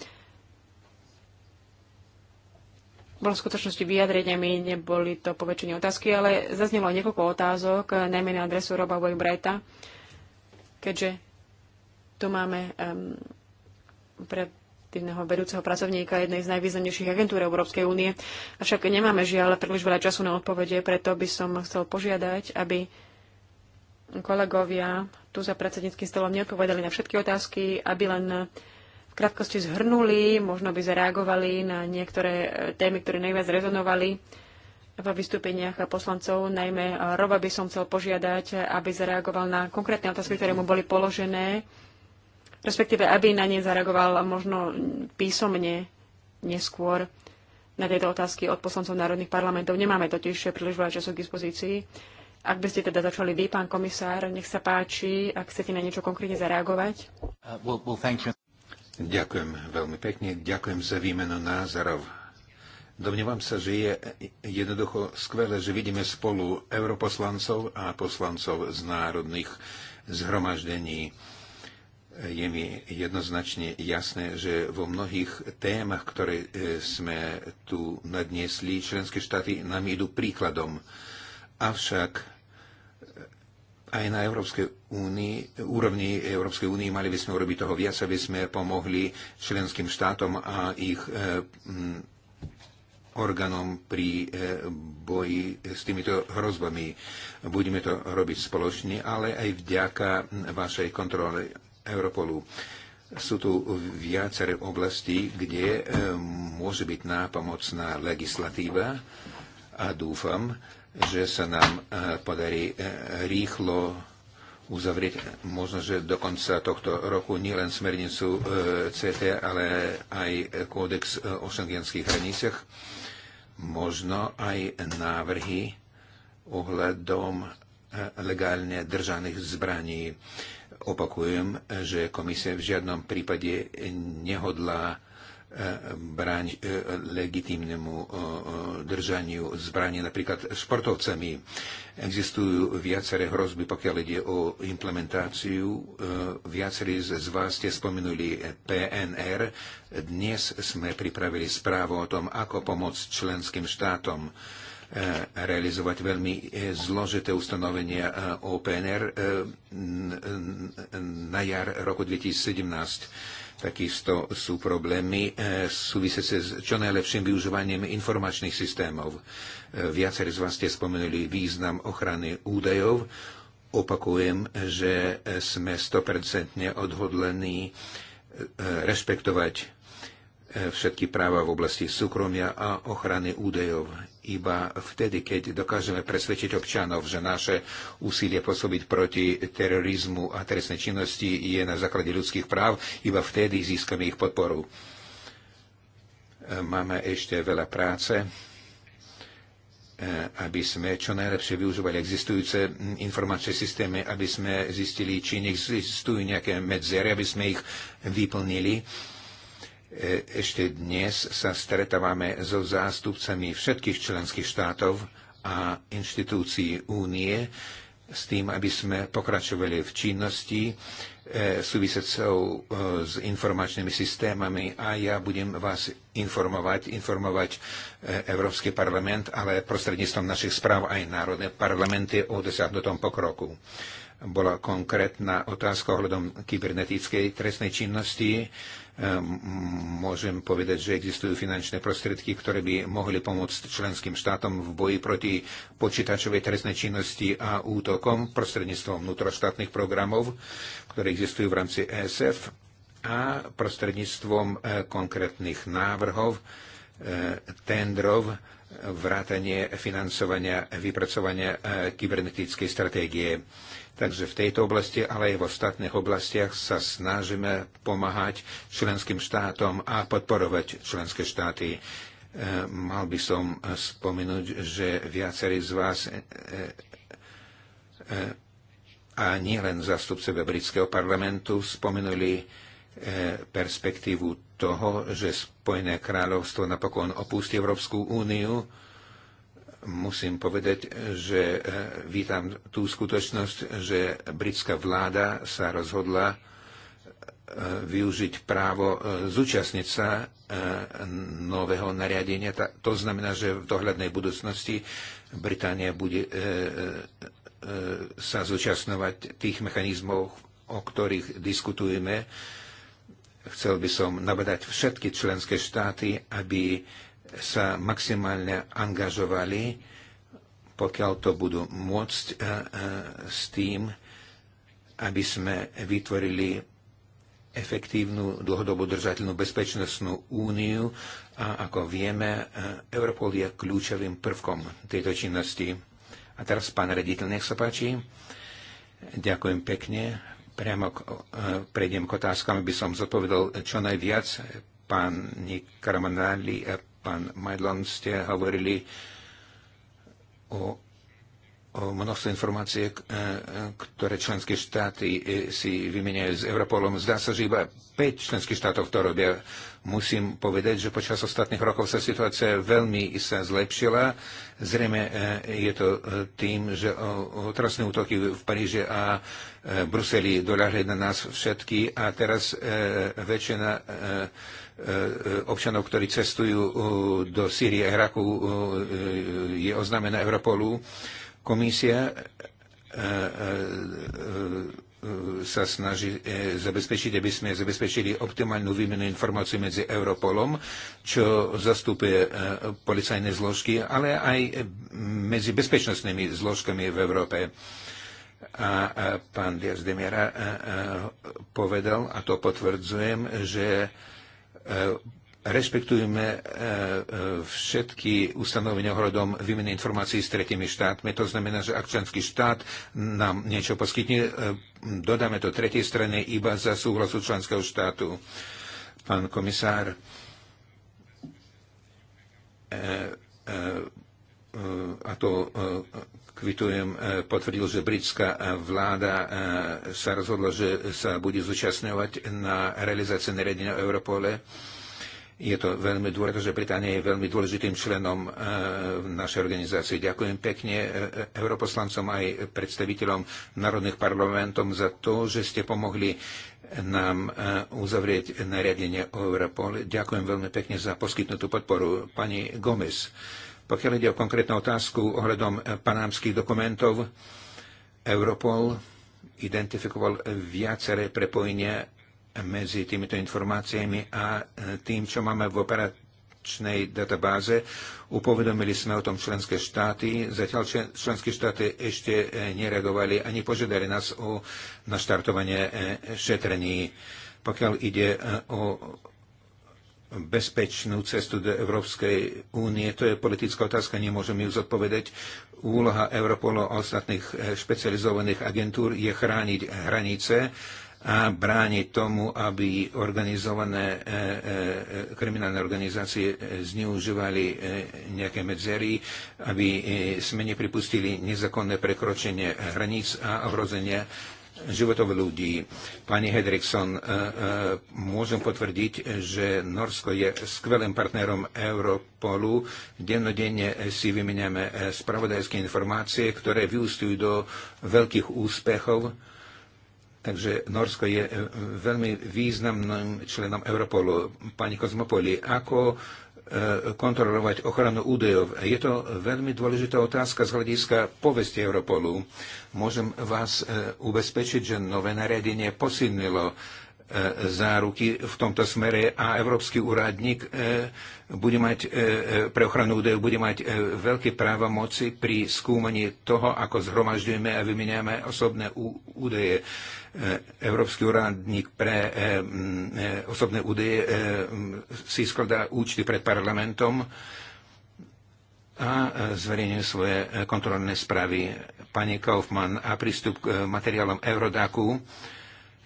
bolo v skutočnosti vyjadreniami, neboli to poväčšenie otázky, ale zaznelo niekoľko otázok, najmä na adresu Roba Wainwrighta, keďže tu máme um, operatívneho vedúceho pracovníka jednej z najvýznamnejších agentúr Európskej únie. Avšak nemáme žiaľ príliš veľa času na odpovede, preto by som chcel požiadať, aby kolegovia tu za predsedníckým stolom neodpovedali na všetky otázky, aby len uh, krátkosti zhrnuli, možno by zareagovali na niektoré e, témy, ktoré najviac rezonovali v vystúpeniach poslancov. Najmä e, Roba by som chcel požiadať, aby zareagoval na konkrétne otázky, ktoré mu boli položené, respektíve aby na ne zareagoval možno písomne neskôr na tieto otázky od poslancov národných parlamentov. Nemáme totiž príliš veľa času k dispozícii. Ak by ste teda začali vy, pán komisár, nech sa páči, ak chcete na niečo konkrétne zareagovať.
Uh, well, well, Ďakujem veľmi pekne, ďakujem za výmenu názorov. Domnievam sa, že je jednoducho skvelé, že vidíme spolu europoslancov a poslancov z národných zhromaždení. Je mi jednoznačne jasné, že vo mnohých témach, ktoré e, sme tu nadniesli, členské štáty nám idú príkladom. Avšak aj na Európskej únii, úrovni Európskej únii mali by sme urobiť toho viac, aby sme pomohli členským štátom a ich e, mm, orgánom pri e, boji s týmito hrozbami. Budeme to robiť spoločne, ale aj vďaka vašej kontrole Europolu. Sú tu viaceré oblasti, kde e, môže byť nápomocná legislatíva a dúfam, že sa nám e, podarí e, rýchlo uzavrieť možno, že do konca tohto roku nielen smernicu e, CT, ale aj kódex o šengenských hraniciach, možno aj návrhy ohľadom legálne držaných zbraní. Opakujem, že komisia v žiadnom prípade nehodlá bráň e, legitímnemu e, e, držaniu zbranie napríklad športovcami. Existujú viaceré hrozby, pokiaľ ide o implementáciu. Viacerí z vás ste spomenuli PNR. Dnes sme pripravili správu o tom, ako pomôcť členským štátom realizovať veľmi zložité ustanovenia OPNR na jar roku 2017 Takisto sú problémy e, súvisiace s čo najlepším využívaním informačných systémov. E, viacerí z vás ste spomenuli význam ochrany údajov. Opakujem, že e, sme 100% odhodlení rešpektovať všetky práva v oblasti súkromia a ochrany údajov iba vtedy, keď dokážeme presvedčiť občanov, že naše úsilie pôsobiť proti terorizmu a trestnej činnosti je na základe ľudských práv, iba vtedy získame ich podporu. Máme ešte veľa práce eh, aby sme čo najlepšie využívali existujúce hm, informačné systémy, aby sme zistili, či existujú nejaké medzery, aby sme ich vyplnili E, ešte dnes sa stretávame so zástupcami všetkých členských štátov a inštitúcií únie s tým, aby sme pokračovali v činnosti e, súvisecou s informačnými systémami a ja budem vás informovať, informovať e, Európsky parlament, ale prostredníctvom našich správ aj národné parlamenty o dosiahnutom pokroku bola konkrétna otázka ohľadom kybernetickej trestnej činnosti. Ehm, môžem povedať, že existujú finančné prostriedky, ktoré by mohli pomôcť členským štátom v boji proti počítačovej trestnej činnosti a útokom prostredníctvom vnútroštátnych programov, ktoré existujú v rámci ESF a prostredníctvom e, konkrétnych návrhov, e, tendrov, vrátanie financovania, vypracovania e, kybernetickej stratégie. Takže v tejto oblasti, ale aj v ostatných oblastiach sa snažíme pomáhať členským štátom a podporovať členské štáty. E, mal by som spomenúť, že viacerí z vás e, e, a nielen zastupcovia britského parlamentu spomenuli perspektívu toho, že Spojené kráľovstvo napokon opustí Európsku úniu musím povedať, že e, vítam tú skutočnosť, že britská vláda sa rozhodla e, využiť právo e, zúčastniť sa nového nariadenia. To znamená, že v dohľadnej budúcnosti Británia bude sa zúčastňovať tých mechanizmov, o ktorých diskutujeme. Chcel by som nabadať všetky členské štáty, aby sa maximálne angažovali, pokiaľ to budú môcť e, e, s tým, aby sme vytvorili efektívnu dlhodobo držateľnú bezpečnostnú úniu a ako vieme, e, Europol je kľúčovým prvkom tejto činnosti. A teraz pán rediteľ, nech sa páči. Ďakujem pekne. Priamo k, prejdem k otázkam, aby som zodpovedal čo najviac. Pán Karamanali pán Majdlan, ste hovorili o, o množstve informácií, e, ktoré členské štáty e, si vymeniajú s Europolom. Zdá sa, že iba 5 členských štátov to robia. Musím povedať, že počas ostatných rokov sa situácia veľmi sa zlepšila. Zrejme e, je to tým, že otrasné útoky v Paríže a Bruseli doľahli na nás všetky a teraz väčšina E, e, občanov, ktorí cestujú e, do Sýrie a Iraku, je oznámená Europolu. Komisia sa snaží zabezpečiť, aby sme zabezpečili optimálnu výmenu informácií medzi Europolom, čo zastupuje policajné zložky, ale aj medzi bezpečnostnými zložkami v Európe. A, pán Diaz de povedal, a to potvrdzujem, že E, rešpektujeme e, e, všetky ustanovenia ohľadom výmeny informácií s tretimi štátmi. To znamená, že ak členský štát nám niečo poskytne, dodáme to tretej strane iba za súhlasu členského štátu. Pán komisár, a to kvitujem, e, potvrdil, že britská e, vláda e, sa rozhodla, že sa bude zúčastňovať na realizácii nariadenia Europole. Je to veľmi dôležité, že Británia je veľmi dôležitým členom našej organizácie. Ďakujem pekne europoslancom aj predstaviteľom národných parlamentov za to, že ste pomohli nám uzavrieť nariadenie o Europol. Ďakujem veľmi pekne za poskytnutú podporu. Pani Gomez, pokiaľ ide o konkrétnu otázku ohľadom eh, panámskych dokumentov, Europol identifikoval viaceré prepojenia medzi týmito informáciami a eh, tým, čo máme v operačnej databáze. Upovedomili sme o tom členské štáty. Zatiaľ členské štáty ešte eh, nereagovali ani požiadali nás o naštartovanie šetrení. Pokiaľ ide o bezpečnú cestu do Európskej únie. To je politická otázka, nemôžem ju zodpovedať. Úloha Europolu a ostatných eh, špecializovaných agentúr je chrániť hranice a brániť tomu, aby organizované eh, eh, kriminálne organizácie zneužívali nejaké medzery, aby sme nepripustili nezakonné prekročenie hraníc a ohrozenie životov ľudí. Pani Hedrickson, e, e, môžem potvrdiť, že Norsko je skvelým partnerom Europolu. Dennodenne si vymeniame e, spravodajské informácie, ktoré vyústujú do veľkých úspechov. Takže Norsko je veľmi významným členom Europolu. Pani Kozmopoli, ako E, kontrolovať ochranu údajov. Je to veľmi dôležitá otázka z hľadiska povesti Europolu. Môžem vás e, ubezpečiť, že nové nariadenie posilnilo E, záruky v tomto smere a európsky úradník e, bude mať, e, pre ochranu údajov bude mať veľké práva moci pri skúmaní toho, ako zhromažďujeme a vymeniame osobné údaje. Európsky úradník pre osobné údaje si skladá účty pred parlamentom a zverejňuje svoje kontrolné správy. Pani Kaufmann a prístup k materiálom Eurodaku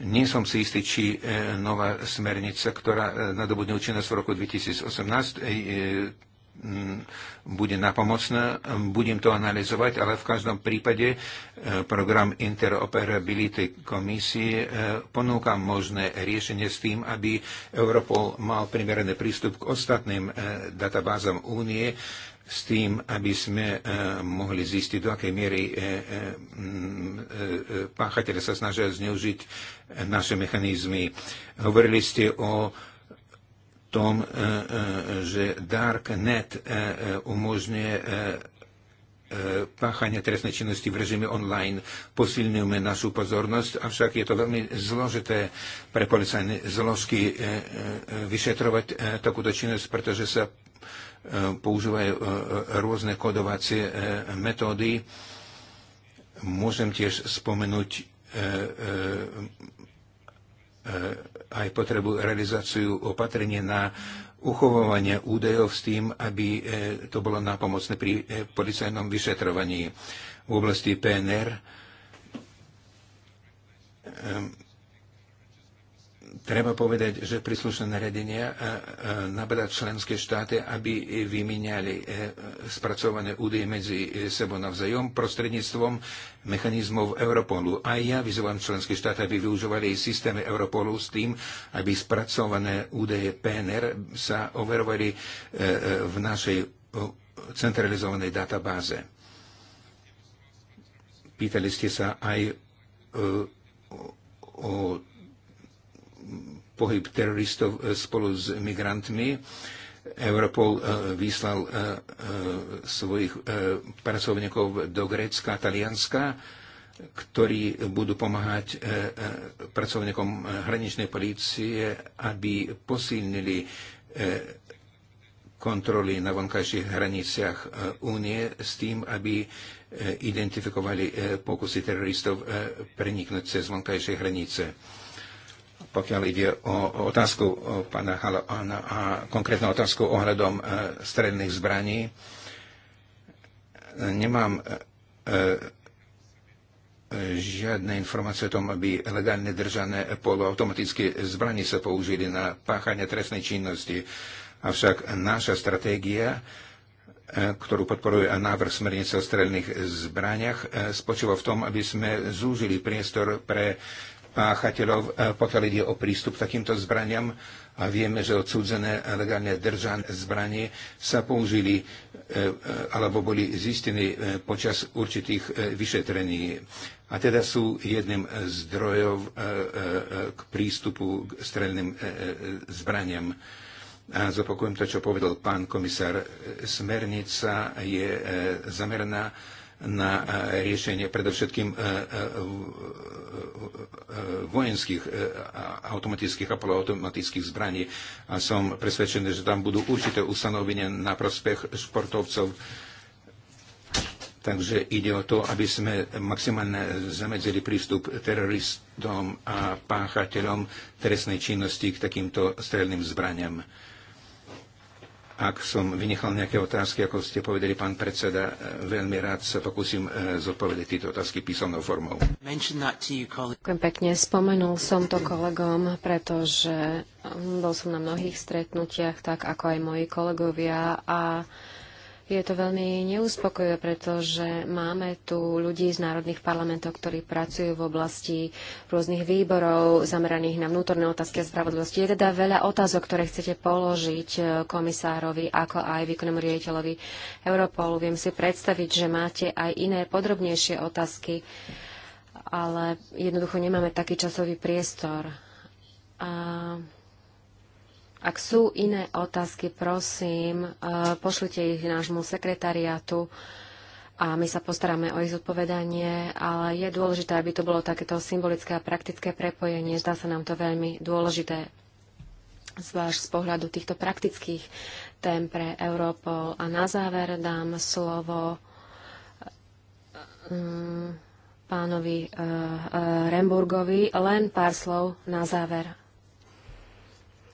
nie som si istý, či e, nová smernica, ktorá e, nadobudne účinnosť v roku 2018, e, bude napomocná. Budem to analyzovať, ale v každom prípade program interoperability komisie ponúka možné riešenie s tým, aby Europol mal primeraný prístup k ostatným databázam únie, s tým, aby sme mohli zistiť, do akej miery páchateľe sa snažia zneužiť naše mechanizmy. Hovorili ste o tom, e, e, že Darknet e, umožňuje páchania trestnej činnosti v režime online. Posilňujeme našu pozornosť, avšak je to veľmi zložité pre policajné zložky vyšetrovať takúto činnosť, pretože sa používajú rôzne kodovacie metódy. Môžem tiež spomenúť E, aj potrebu realizáciu opatrenie na uchovovanie údajov s tým, aby e, to bolo napomocné pri e, policajnom vyšetrovaní v oblasti PNR Treba povedať, že príslušné naredenia e, e, nabrať členské štáty, aby vymieniali e, spracované údaje medzi sebou navzájom prostredníctvom mechanizmov Europolu. A ja vyzývam členské štáty, aby využívali systémy Europolu s tým, aby spracované údaje PNR sa overovali v našej centralizovanej databáze. Pýtali ste sa aj o pohyb teroristov e, spolu s migrantmi. Europol e, vyslal e, svojich pracovníkov do Grécka, Talianska, ktorí budú pomáhať pracovníkom hraničnej polície, aby posilnili kontroly na vonkajších hraniciach únie s tým, aby identifikovali pokusy teroristov preniknúť cez vonkajšie hranice pokiaľ ide o otázku pána Haloana a konkrétnu otázku ohľadom e, stredných zbraní, nemám e, e, žiadne informácie o tom, aby legálne držané poloautomatické zbranie sa použili na páchanie trestnej činnosti. Avšak naša stratégia, ktorú podporuje návrh smernice o strelných zbraniach, spočíva v tom, aby sme zúžili priestor pre páchateľov, e, pokiaľ ide o prístup k takýmto zbraniam. A vieme, že odsúdzené legálne držané zbranie sa použili e, e, alebo boli zistené počas určitých vyšetrení. A teda sú jedným zdrojov k prístupu k strelným zbraniam. A zopakujem to, čo povedal pán komisár. Smernica je zameraná na e, riešenie predovšetkým e, e, vojenských automatických a poloautomatických zbraní. A som presvedčený, že tam budú určité ustanovenia na prospech športovcov. Takže ide o to, aby sme maximálne zamedzili prístup teroristom a páchateľom trestnej činnosti k takýmto strelným zbraniam. Ak som vynechal nejaké otázky, ako ste povedali, pán predseda, eh, veľmi rád sa pokúsim eh, zodpovedať tieto otázky písomnou formou. Ďakujem
pekne. Spomenul som to kolegom, pretože mm, bol som na mnohých stretnutiach, tak ako aj moji kolegovia a je to veľmi neuspokojivé, pretože máme tu ľudí z národných parlamentov, ktorí pracujú v oblasti rôznych výborov zameraných na vnútorné otázky a spravodlivosti. Je teda veľa otázok, ktoré chcete položiť e, komisárovi, ako aj výkonnému riaditeľovi Europolu. Viem si predstaviť, že máte aj iné podrobnejšie otázky, ale jednoducho nemáme taký časový priestor. A ak sú iné otázky, prosím, eh, pošlite ich nášmu sekretariátu a my sa postaráme o ich zodpovedanie, ale je dôležité, aby to bolo takéto symbolické a praktické prepojenie. Zdá sa nám to veľmi dôležité, zvlášť z pohľadu týchto praktických tém pre Europol. A na záver dám slovo eh, mm, pánovi eh, Remburgovi. Len pár slov na záver.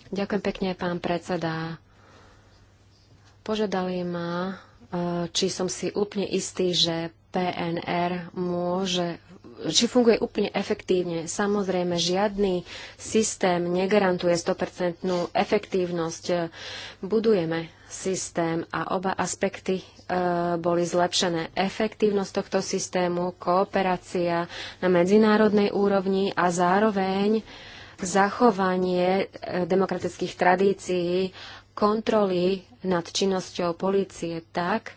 Ďakujem pekne, pán predseda. Požiadali ma, e, či som si úplne istý, že PNR môže či funguje úplne efektívne. Samozrejme, žiadny systém negarantuje 100% efektívnosť. Budujeme systém a oba aspekty e, boli zlepšené. Efektívnosť tohto systému, kooperácia na medzinárodnej úrovni a zároveň e, zachovanie e, demokratických tradícií, kontroly nad činnosťou policie tak,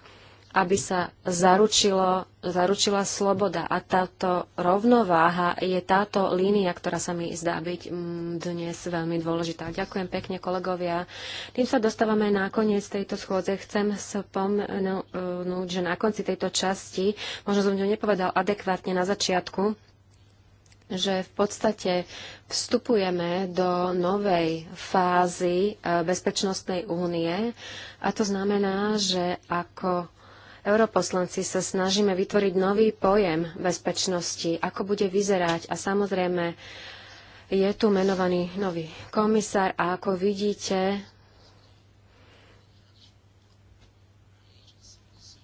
aby sa zaručilo, zaručila sloboda. A táto rovnováha je táto línia, ktorá sa mi zdá byť mm, dnes veľmi dôležitá. Ďakujem pekne, kolegovia. Tým sa dostávame na koniec tejto schôdze. Chcem spomenúť, e, že na konci tejto časti, možno som to nepovedal adekvátne na začiatku, že v podstate vstupujeme do novej fázy e, Bezpečnostnej únie a to znamená, že ako europoslanci sa snažíme vytvoriť nový pojem bezpečnosti, ako bude vyzerať a samozrejme je tu menovaný nový komisár a ako vidíte,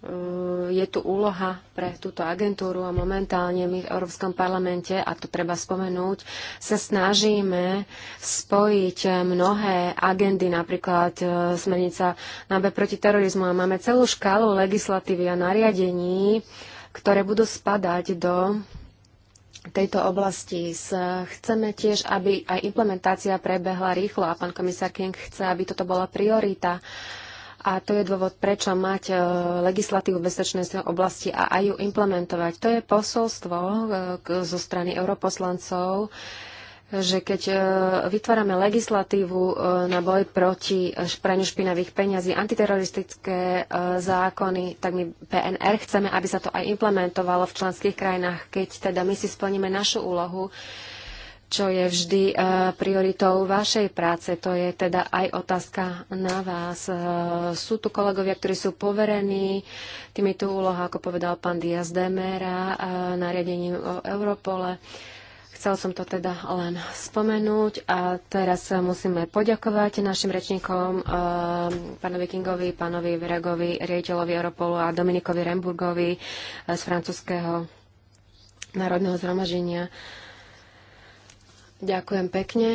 Eh, je tu úloha pre túto agentúru a momentálne my v Európskom parlamente, a to treba spomenúť, sa snažíme spojiť mnohé agendy, napríklad eh, smernica na B proti terorizmu a máme celú škálu legislatívy a nariadení, ktoré budú spadať do tejto oblasti. Chceme tiež, aby aj implementácia prebehla rýchlo a pán komisár King chce, aby toto bola priorita uh, a to je dôvod, prečo mať e, legislatívu v bezpečnostnej oblasti a aj ju implementovať. To je posolstvo e, zo strany europoslancov, že keď e, vytvárame legislatívu na boj proti praniu špinavých peňazí, antiteroristické zákony, tak my PNR chceme, aby sa to aj implementovalo v členských krajinách, keď teda my si splníme našu úlohu, čo je vždy e, prioritou vašej práce. To je teda aj otázka na vás. E, sú tu kolegovia, ktorí sú poverení týmito úloha, ako povedal pán Diaz Demera, e, nariadením o Europole. Chcel som to teda len spomenúť a teraz musíme poďakovať našim rečníkom, pánovi Kingovi, pánovi Veragovi, riaditeľovi Europolu a Dominikovi Remburgovi z francúzského národného zhromaženia. Ďakujem pekne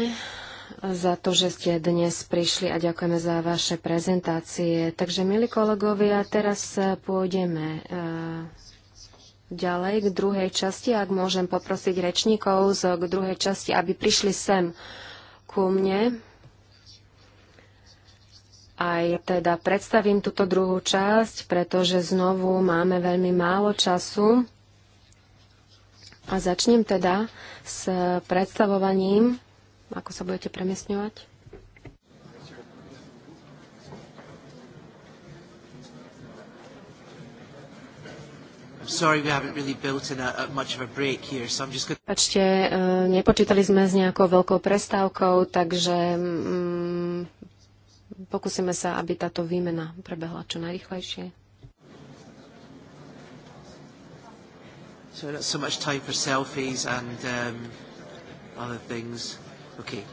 za to, že ste dnes prišli a ďakujeme za vaše prezentácie. Takže, milí kolegovia, teraz pôjdeme e, ďalej k druhej časti. Ak môžem poprosiť rečníkov z k druhej časti, aby prišli sem ku mne. Aj teda predstavím túto druhú časť, pretože znovu máme veľmi málo času. A začnem teda s predstavovaním, ako sa budete
premiesňovať.
Pačte, e, nepočítali sme s nejakou veľkou prestávkou, takže mm, pokúsime sa, aby táto výmena prebehla čo najrychlejšie.
So not so much time for selfies and um, other things. Okay.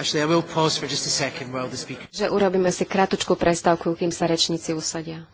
Actually, I will pause for just a second while the speaker... Že
urobíme si kratučku prestávku, kým sa rečníci usadia.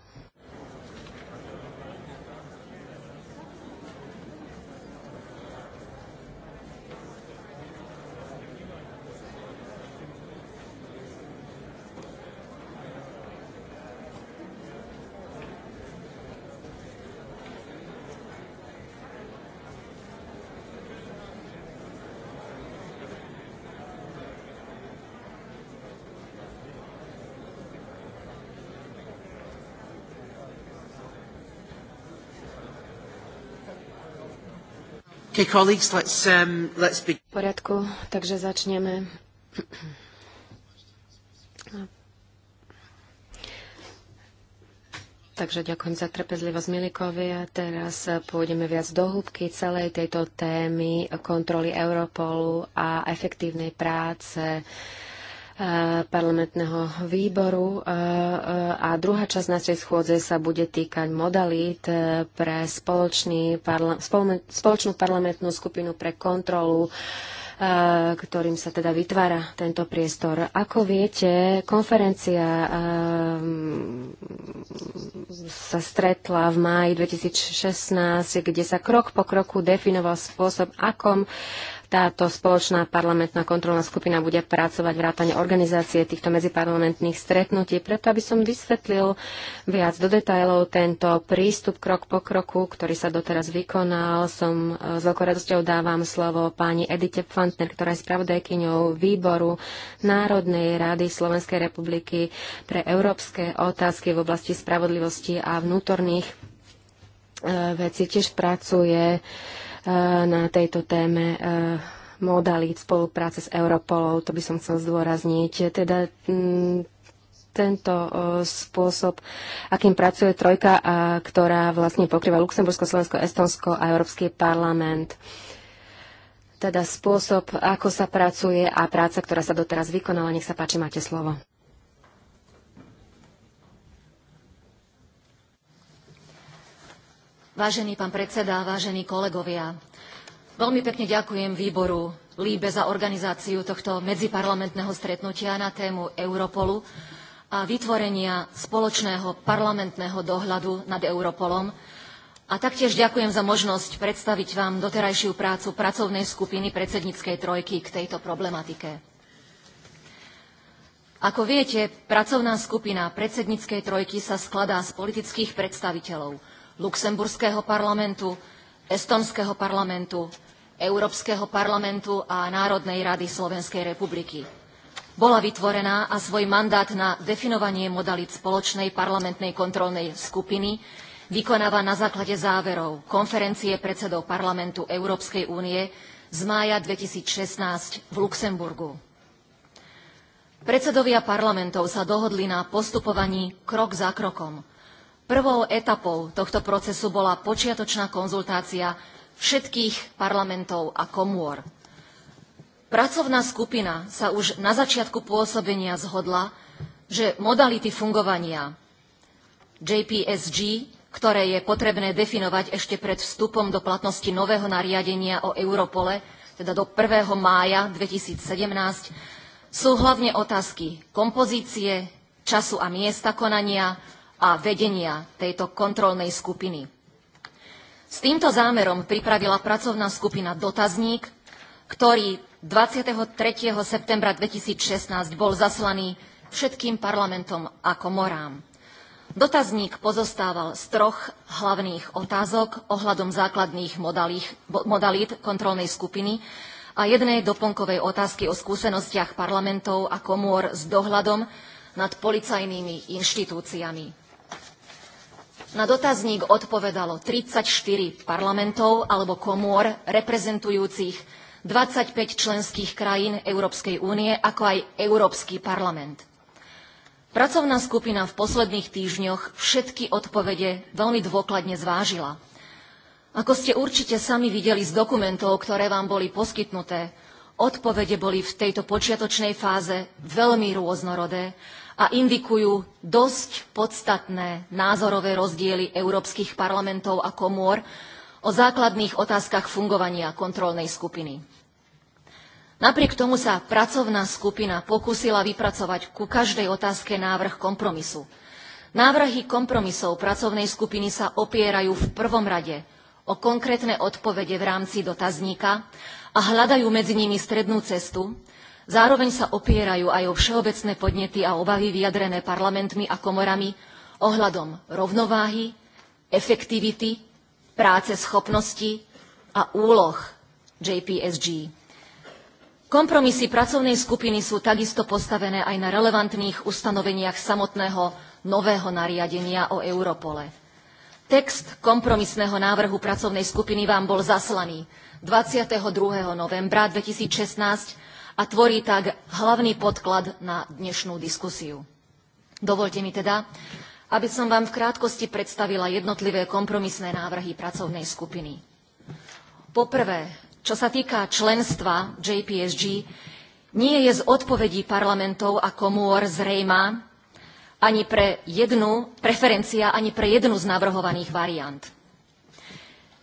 Okay, colleagues, let's, um, let's be... V poriadku, takže začneme. Takže ďakujem za trpezlivosť Milikovi a teraz pôjdeme viac do hĺbky celej tejto témy kontroly Europolu a efektívnej práce uh, Eh, parlamentného výboru eh, eh, a druhá časť našej schôdze sa bude týkať modalít pre spoločný, parla, spoločnú parlamentnú skupinu pre kontrolu ktorým sa teda vytvára tento priestor. Ako viete, konferencia sa stretla v máji 2016, kde sa krok po kroku definoval spôsob, akom táto spoločná parlamentná kontrolná skupina bude pracovať vrátane organizácie týchto medziparlamentných stretnutí. Preto, aby som vysvetlil viac do detajlov tento prístup krok po kroku, ktorý sa doteraz vykonal, som e, s veľkou radosťou dávam slovo pani Edite Pfantner, ktorá je spravodajkyňou výboru Národnej rady Slovenskej republiky pre európske otázky v oblasti spravodlivosti a vnútorných e, vecí. Tiež pracuje E, na tejto téme e, modalít spolupráce s Europolou, to by som chcel zdôrazniť. Teda tento spôsob, akým pracuje Trojka, a ktorá vlastne pokrýva Luxembursko, Slovensko, Estonsko a Európsky parlament. Teda spôsob, ako sa pracuje a práca, ktorá sa doteraz vykonala. Nech sa páči, máte slovo.
Vážený pán predseda, vážení kolegovia, veľmi pekne ďakujem výboru Líbe za organizáciu tohto medziparlamentného stretnutia na tému Europolu a vytvorenia spoločného parlamentného dohľadu nad Europolom. A taktiež ďakujem za možnosť predstaviť vám doterajšiu prácu pracovnej skupiny predsedníckej trojky k tejto problematike. Ako viete, pracovná skupina predsedníckej trojky sa skladá z politických predstaviteľov – luxemburského parlamentu, estonského parlamentu, Európskeho parlamentu a Národnej rady Slovenskej republiky. Bola vytvorená a svoj mandát na definovanie modalit spoločnej parlamentnej kontrolnej skupiny vykonáva na základe záverov konferencie predsedov parlamentu Európskej únie z mája 2016 v Luxemburgu. Predsedovia parlamentov sa dohodli na postupovaní krok za krokom – Prvou etapou tohto procesu bola počiatočná konzultácia všetkých parlamentov a komôr. Pracovná skupina sa už na začiatku pôsobenia zhodla, že modality fungovania JPSG, ktoré je potrebné definovať ešte pred vstupom do platnosti nového nariadenia o Europole, teda do 1. mája 2017, sú hlavne otázky kompozície, času a miesta konania, a vedenia tejto kontrolnej skupiny. S týmto zámerom pripravila pracovná skupina dotazník, ktorý 23. septembra 2016 bol zaslaný všetkým parlamentom a komorám. Dotazník pozostával z troch hlavných otázok ohľadom základných modalít kontrolnej skupiny a jednej doplnkovej otázky o skúsenostiach parlamentov a komôr s dohľadom nad policajnými inštitúciami. Na dotazník odpovedalo 34 parlamentov alebo komôr reprezentujúcich 25 členských krajín Európskej únie, ako aj Európsky parlament. Pracovná skupina v posledných týždňoch všetky odpovede veľmi dôkladne zvážila. Ako ste určite sami videli z dokumentov, ktoré vám boli poskytnuté, odpovede boli v tejto počiatočnej fáze veľmi rôznorodé a indikujú dosť podstatné názorové rozdiely európskych parlamentov a komôr o základných otázkach fungovania kontrolnej skupiny. Napriek tomu sa pracovná skupina pokúsila vypracovať ku každej otázke návrh kompromisu. Návrhy kompromisov pracovnej skupiny sa opierajú v prvom rade o konkrétne odpovede v rámci dotazníka a hľadajú medzi nimi strednú cestu, Zároveň sa opierajú aj o všeobecné podnety a obavy vyjadrené parlamentmi a komorami ohľadom rovnováhy, efektivity, práce schopnosti a úloh JPSG. Kompromisy pracovnej skupiny sú takisto postavené aj na relevantných ustanoveniach samotného nového nariadenia o Europole. Text kompromisného návrhu pracovnej skupiny vám bol zaslaný 22. novembra 2016 a tvorí tak hlavný podklad na dnešnú diskusiu. Dovolte mi teda, aby som vám v krátkosti predstavila jednotlivé kompromisné návrhy pracovnej skupiny. Poprvé, čo sa týka členstva JPSG, nie je z odpovedí parlamentov a komôr zrejma ani pre jednu preferencia, ani pre jednu z navrhovaných variant.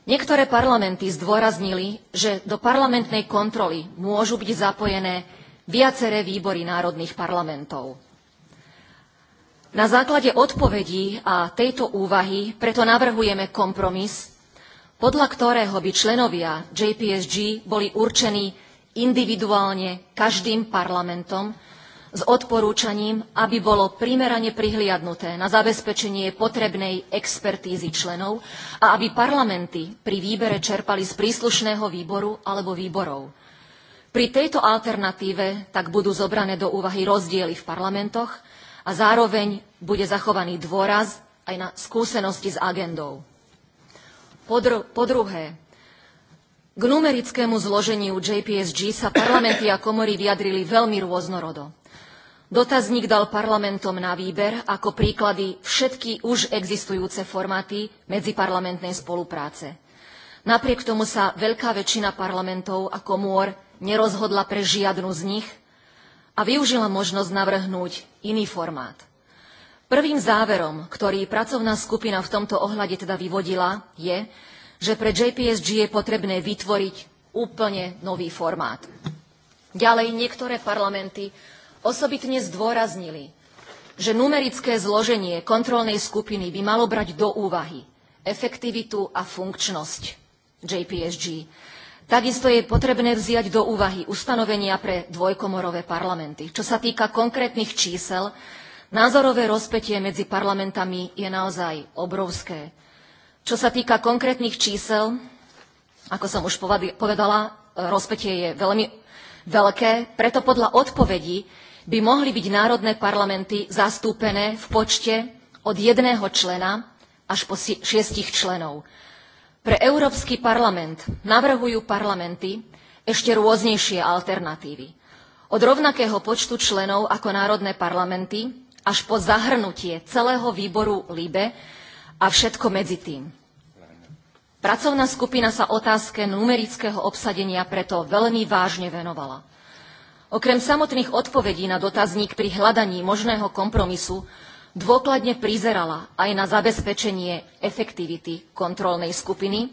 Niektoré parlamenty zdôraznili, že do parlamentnej kontroly môžu byť zapojené viaceré výbory národných parlamentov. Na základe odpovedí a tejto úvahy preto navrhujeme kompromis, podľa ktorého by členovia JPSG boli určení individuálne každým parlamentom, s odporúčaním, aby bolo primerane prihliadnuté na zabezpečenie potrebnej expertízy členov a aby parlamenty pri výbere čerpali z príslušného výboru alebo výborov. Pri tejto alternatíve tak budú zobrané do úvahy rozdiely v parlamentoch a zároveň bude zachovaný dôraz aj na skúsenosti s agendou. Po, dru po druhé, k numerickému zloženiu JPSG sa parlamenty a komory vyjadrili veľmi rôznorodo. Dotazník dal parlamentom na výber ako príklady všetky už existujúce formáty medziparlamentnej spolupráce. Napriek tomu sa veľká väčšina parlamentov a komôr nerozhodla pre žiadnu z nich a využila možnosť navrhnúť iný formát. Prvým záverom, ktorý pracovná skupina v tomto ohľade teda vyvodila, je, že pre JPSG je potrebné vytvoriť úplne nový formát. Ďalej niektoré parlamenty osobitne zdôraznili, že numerické zloženie kontrolnej skupiny by malo brať do úvahy efektivitu a funkčnosť JPSG. Takisto je potrebné vziať do úvahy ustanovenia pre dvojkomorové parlamenty. Čo sa týka konkrétnych čísel, názorové rozpetie medzi parlamentami je naozaj obrovské. Čo sa týka konkrétnych čísel, ako som už povedala, e, rozpetie je veľmi veľké, preto podľa odpovedí by mohli byť národné parlamenty zastúpené v počte od jedného člena až po šiestich členov. Pre Európsky parlament navrhujú parlamenty ešte rôznejšie alternatívy. Od rovnakého počtu členov ako národné parlamenty až po zahrnutie celého výboru LIBE a všetko medzi tým. Pracovná skupina sa otázke numerického obsadenia preto veľmi vážne venovala. Okrem samotných odpovedí na dotazník pri hľadaní možného kompromisu dôkladne prizerala aj na zabezpečenie efektivity kontrolnej skupiny,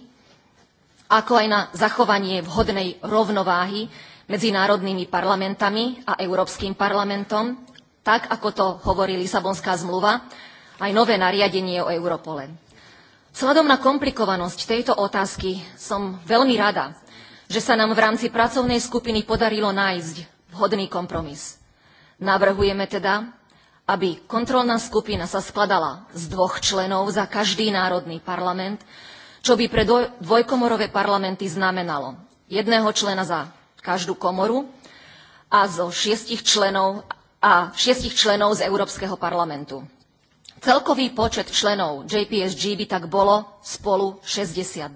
ako aj na zachovanie vhodnej rovnováhy medzi národnými parlamentami a Európskym parlamentom, tak ako to hovorí Lisabonská zmluva, aj nové nariadenie o Europole. Sladom na komplikovanosť tejto otázky som veľmi rada, že sa nám v rámci pracovnej skupiny podarilo nájsť vhodný kompromis. Navrhujeme teda, aby kontrolná skupina sa skladala z dvoch členov za každý národný parlament, čo by pre dvojkomorové parlamenty znamenalo jedného člena za každú komoru a zo šiestich členov a šiestich členov z Európskeho parlamentu. Celkový počet členov JPSG by tak bolo spolu 62.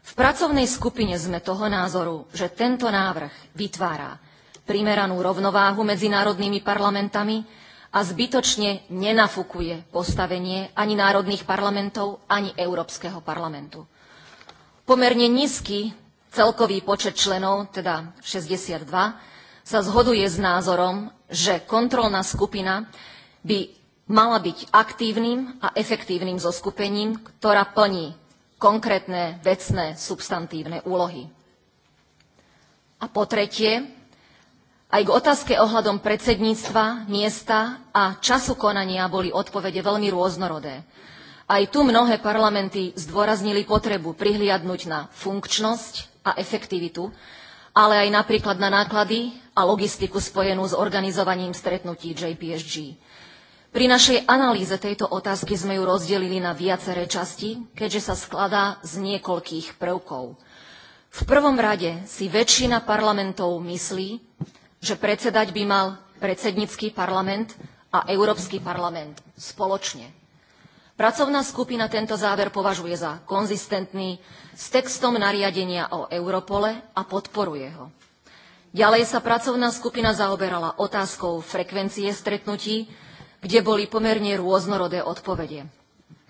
V pracovnej skupine sme toho názoru, že tento návrh vytvára primeranú rovnováhu medzi národnými parlamentami a zbytočne nenafukuje postavenie ani národných parlamentov, ani Európskeho parlamentu. Pomerne nízky celkový počet členov, teda 62, sa zhoduje s názorom, že kontrolná skupina by mala byť aktívnym a efektívnym zoskupením, ktorá plní konkrétne vecné substantívne úlohy. A po tretie, aj k otázke ohľadom predsedníctva, miesta a času konania boli odpovede veľmi rôznorodé. Aj tu mnohé parlamenty zdôraznili potrebu prihliadnúť na funkčnosť a efektivitu, ale aj napríklad na náklady a logistiku spojenú s organizovaním stretnutí JPSG. Pri našej analýze tejto otázky sme ju rozdelili na viaceré časti, keďže sa skladá z niekoľkých prvkov. V prvom rade si väčšina parlamentov myslí, že predsedať by mal predsednícky parlament a Európsky parlament spoločne. Pracovná skupina tento záver považuje za konzistentný s textom nariadenia o Europole a podporuje ho. Ďalej sa pracovná skupina zaoberala otázkou frekvencie stretnutí kde boli pomerne rôznorodé odpovede.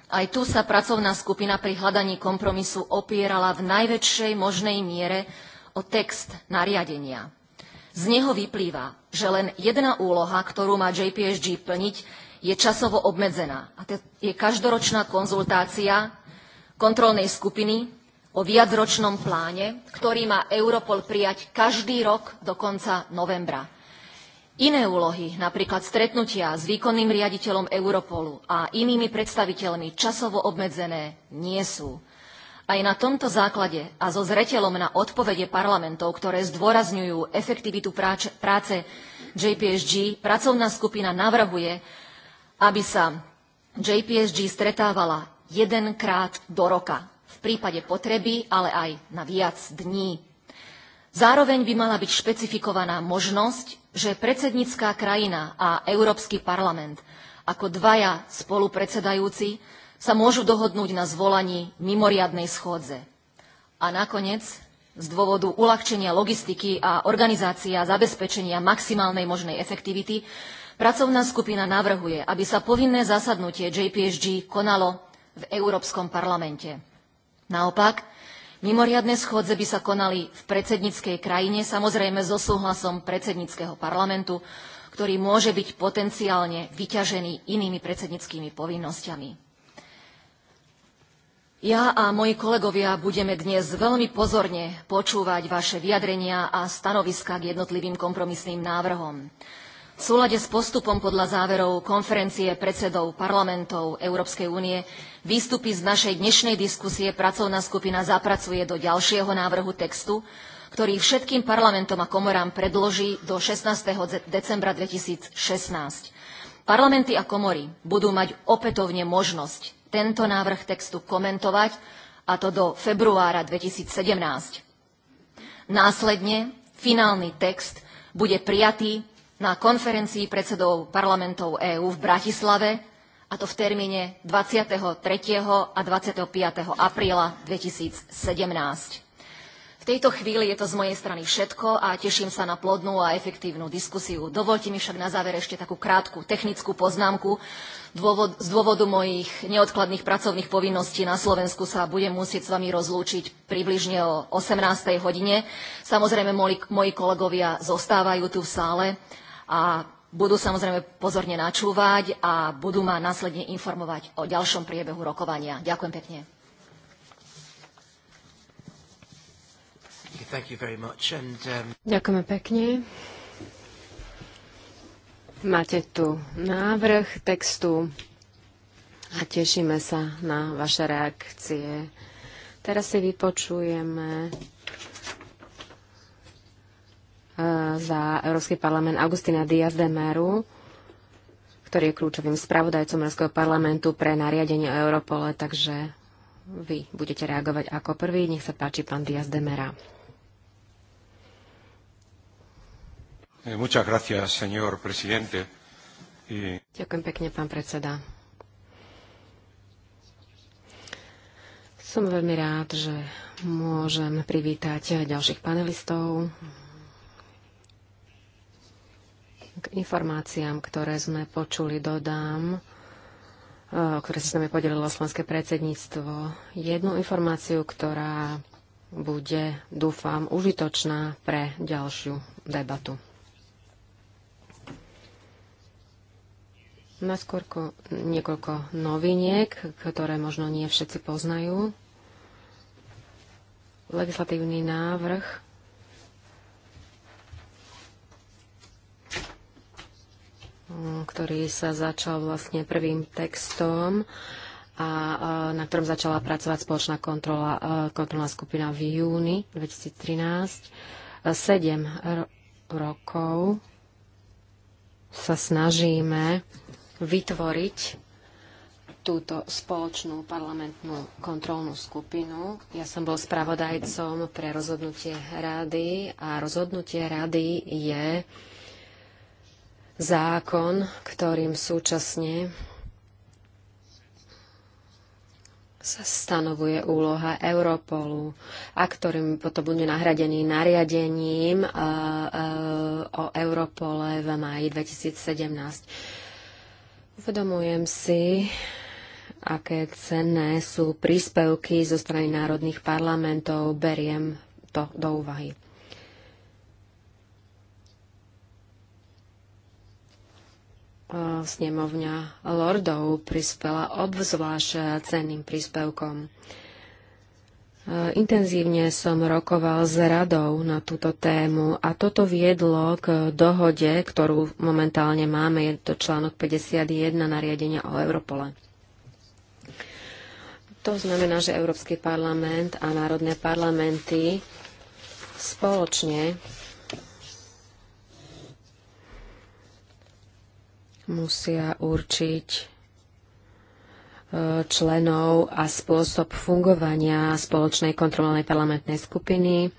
Aj tu sa pracovná skupina pri hľadaní kompromisu opierala v najväčšej možnej miere o text nariadenia. Z neho vyplýva, že len jedna úloha, ktorú má JPSG plniť, je časovo obmedzená. A to je každoročná konzultácia kontrolnej skupiny o viacročnom pláne, ktorý má Europol prijať každý rok do konca novembra. Iné úlohy, napríklad stretnutia s výkonným riaditeľom Europolu a inými predstaviteľmi časovo obmedzené, nie sú. Aj na tomto základe a so zreteľom na odpovede parlamentov, ktoré zdôrazňujú efektivitu práce, práce JPSG, pracovná skupina navrhuje, aby sa JPSG stretávala jedenkrát do roka, v prípade potreby, ale aj na viac dní. Zároveň by mala byť špecifikovaná možnosť že predsednícká krajina a Európsky parlament ako dvaja spolupredsedajúci sa môžu dohodnúť na zvolaní mimoriadnej schôdze. A nakoniec, z dôvodu uľahčenia logistiky a organizácia zabezpečenia maximálnej možnej efektivity, pracovná skupina navrhuje, aby sa povinné zasadnutie JPSG konalo v Európskom parlamente. Naopak, Mimoriadne schôdze by sa konali v predsedníckej krajine, samozrejme so súhlasom predsedníckého parlamentu, ktorý môže byť potenciálne vyťažený inými predsedníckými povinnosťami. Ja a moji kolegovia budeme dnes veľmi pozorne počúvať vaše vyjadrenia a stanoviska k jednotlivým kompromisným návrhom. V súlade s postupom podľa záverov konferencie predsedov parlamentov Európskej únie výstupy z našej dnešnej diskusie pracovná skupina zapracuje do ďalšieho návrhu textu, ktorý všetkým parlamentom a komorám predloží do 16. decembra 2016. Parlamenty a komory budú mať opätovne možnosť tento návrh textu komentovať, a to do februára 2017. Následne finálny text bude prijatý na konferencii predsedov parlamentov EÚ v Bratislave, a to v termíne 23. a 25. apríla 2017. V tejto chvíli je to z mojej strany všetko a teším sa na plodnú a efektívnu diskusiu. Dovolte mi však na záver ešte takú krátku technickú poznámku. Dôvod, z dôvodu mojich neodkladných pracovných povinností na Slovensku sa budem musieť s vami rozlúčiť približne o 18. hodine. Samozrejme, moji kolegovia zostávajú tu v sále a budú samozrejme pozorne načúvať a budú ma následne informovať o ďalšom priebehu rokovania. Ďakujem pekne. And, um... Ďakujeme pekne.
Máte tu návrh textu a tešíme sa na vaše reakcie. Teraz si vypočujeme za Európsky parlament Augustina Díaz de Meru, ktorý je kľúčovým spravodajcom Európskeho parlamentu pre nariadenie o Europole, takže vy budete reagovať ako prvý. Nech sa páči pán Díaz de Mera.
Eh, gracias,
Ďakujem pekne, pán predseda. Som veľmi rád, že môžem privítať ďalších panelistov, k informáciám, ktoré sme počuli, dodám, o e, ktoré sa nami podelilo slovenské predsedníctvo. Jednu informáciu, ktorá bude, dúfam, užitočná pre ďalšiu debatu. Naskôr niekoľko noviniek, ktoré možno nie všetci poznajú. Legislatívny návrh Mm, ktorý sa začal vlastne prvým textom a na ktorom začala pracovať spoločná kontrola, e, kontrolná skupina v júni 2013. E, sedem rokov sa snažíme vytvoriť túto spoločnú parlamentnú kontrolnú skupinu. Ja som bol spravodajcom pre rozhodnutie rady a rozhodnutie rady je zákon, ktorým súčasne sa stanovuje úloha Europolu a ktorým potom bude nahradený nariadením o Europole v máji 2017. Uvedomujem si, aké cenné sú príspevky zo strany národných parlamentov, beriem to do úvahy. E, snemovňa lordov prispela obzvlášť cenným príspevkom. E, intenzívne som rokoval s radou na túto tému a toto viedlo k dohode, ktorú momentálne máme, je to článok 51 nariadenia o Europole. To znamená, že Európsky parlament a národné parlamenty spoločne musia určiť e, členov a spôsob fungovania spoločnej kontrolnej parlamentnej skupiny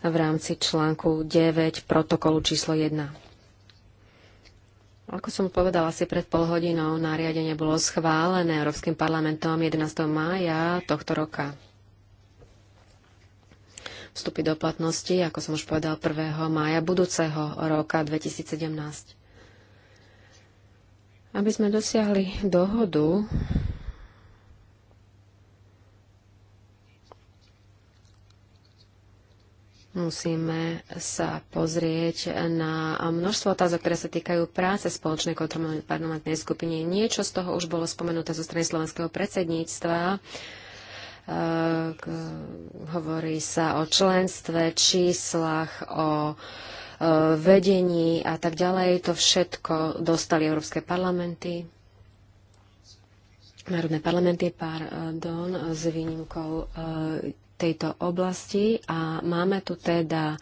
v rámci článku 9 protokolu číslo 1. Ako som povedala asi pred pol hodinou, nariadenie bolo schválené Európskym parlamentom 11. mája tohto roka. Vstupy do platnosti, ako som už povedal, 1. mája budúceho roka 2017. Aby sme dosiahli dohodu, musíme sa pozrieť na množstvo otázok, ktoré sa týkajú práce spoločnej kontrolnej parlamentnej skupiny. Niečo z toho už bolo spomenuté zo strany slovenského predsedníctva. Uh, hovorí sa o členstve, číslach, o vedení a tak ďalej. To všetko dostali európske parlamenty, národné parlamenty, pardon, s výnimkou e, tejto oblasti a máme tu teda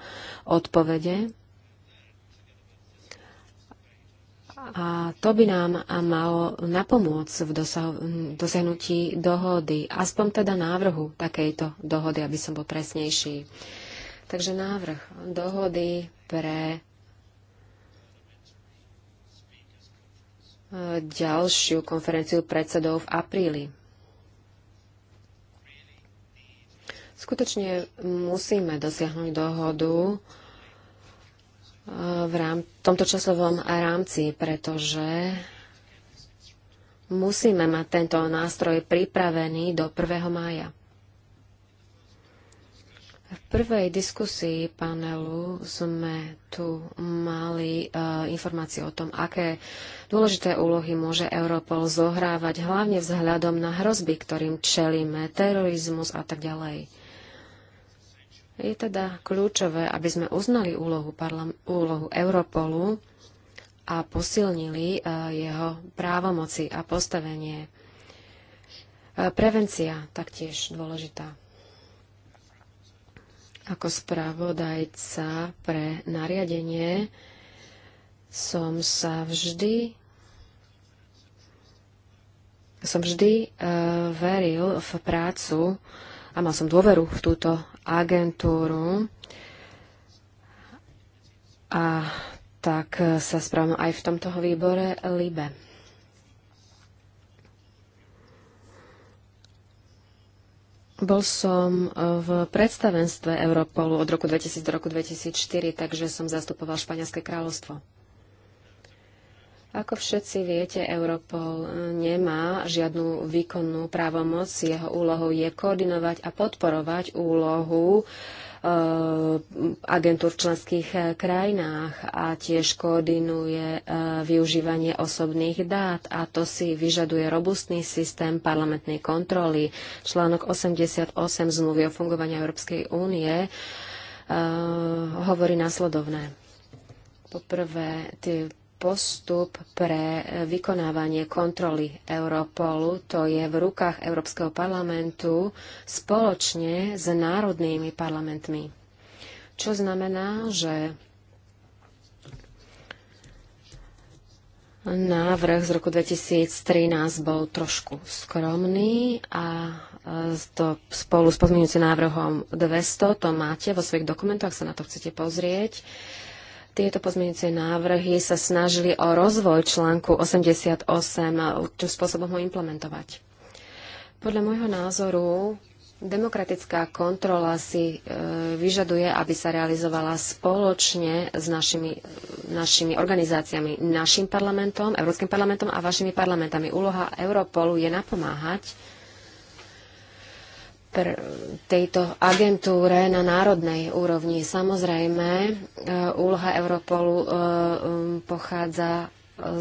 odpovede. A to by nám malo napomôcť v dosiahnutí dohody, aspoň teda návrhu takejto dohody, aby som bol presnejší. Uh, Takže návrh dohody pre e, ďalšiu konferenciu predsedov v apríli. Skutočne musíme dosiahnuť dohodu e, v rám- tomto časovom rámci, pretože musíme mať tento nástroj pripravený do 1. mája. V prvej diskusii panelu sme tu mali uh, informácie o tom, aké dôležité úlohy môže Europol zohrávať, hlavne vzhľadom na hrozby, ktorým čelíme, terorizmus a tak ďalej. Je teda kľúčové, aby sme uznali úlohu, úlohu Europolu a posilnili uh, jeho právomoci a postavenie. Uh, prevencia taktiež dôležitá. Ako spravodajca pre nariadenie som sa vždy som vždy uh, veril v prácu a mal som dôveru v túto agentúru. A tak sa správam aj v tomto výbore LIBE. Bol som e, v predstavenstve Europolu od roku 2000 do roku 2004, takže som zastupoval Španielské kráľovstvo. Ako všetci viete, Europol e, nemá žiadnu výkonnú právomoc. Jeho úlohou je koordinovať a podporovať úlohu uh, Eh, agentúr v členských eh, krajinách a tiež koordinuje eh, využívanie osobných dát a to si vyžaduje robustný systém parlamentnej kontroly. Článok 88 zmluvy o fungovaní Európskej únie hovorí následovné. Poprvé, tie postup pre vykonávanie kontroly Europolu. To je v rukách Európskeho parlamentu spoločne s národnými parlamentmi. Čo znamená, že návrh z roku 2013 bol trošku skromný a e, to spolu s pozmeňujúcim návrhom 200 to máte vo svojich dokumentoch, ak sa na to chcete pozrieť. Uh, tieto pozmeňujúce návrhy sa snažili o rozvoj článku 88, a čo spôsobom ho implementovať. Podľa môjho názoru Demokratická kontrola si e, vyžaduje, aby sa realizovala spoločne s našimi, našimi organizáciami, našim parlamentom, Európskym parlamentom a vašimi parlamentami. Úloha Europolu je napomáhať pr- tejto agentúre na národnej úrovni. Samozrejme, e, úloha Europolu e, um, pochádza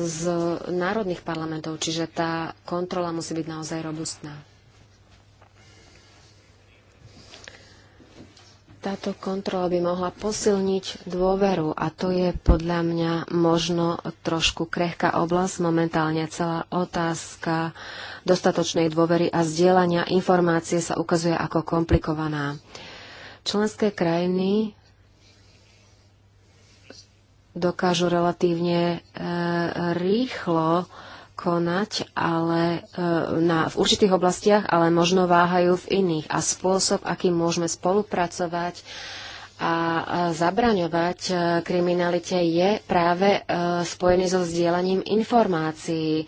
z národných parlamentov, čiže tá kontrola musí byť naozaj robustná. táto kontrola by mohla posilniť dôveru a to je podľa mňa možno trošku krehká oblasť momentálne. Celá otázka dostatočnej dôvery a zdieľania informácie sa ukazuje ako komplikovaná. Členské krajiny dokážu relatívne e, rýchlo konať ale, e, na, v určitých oblastiach, ale možno váhajú v iných. A spôsob, akým môžeme spolupracovať a zabraňovať e, kriminalite, je práve e, spojený so vzdielaním informácií.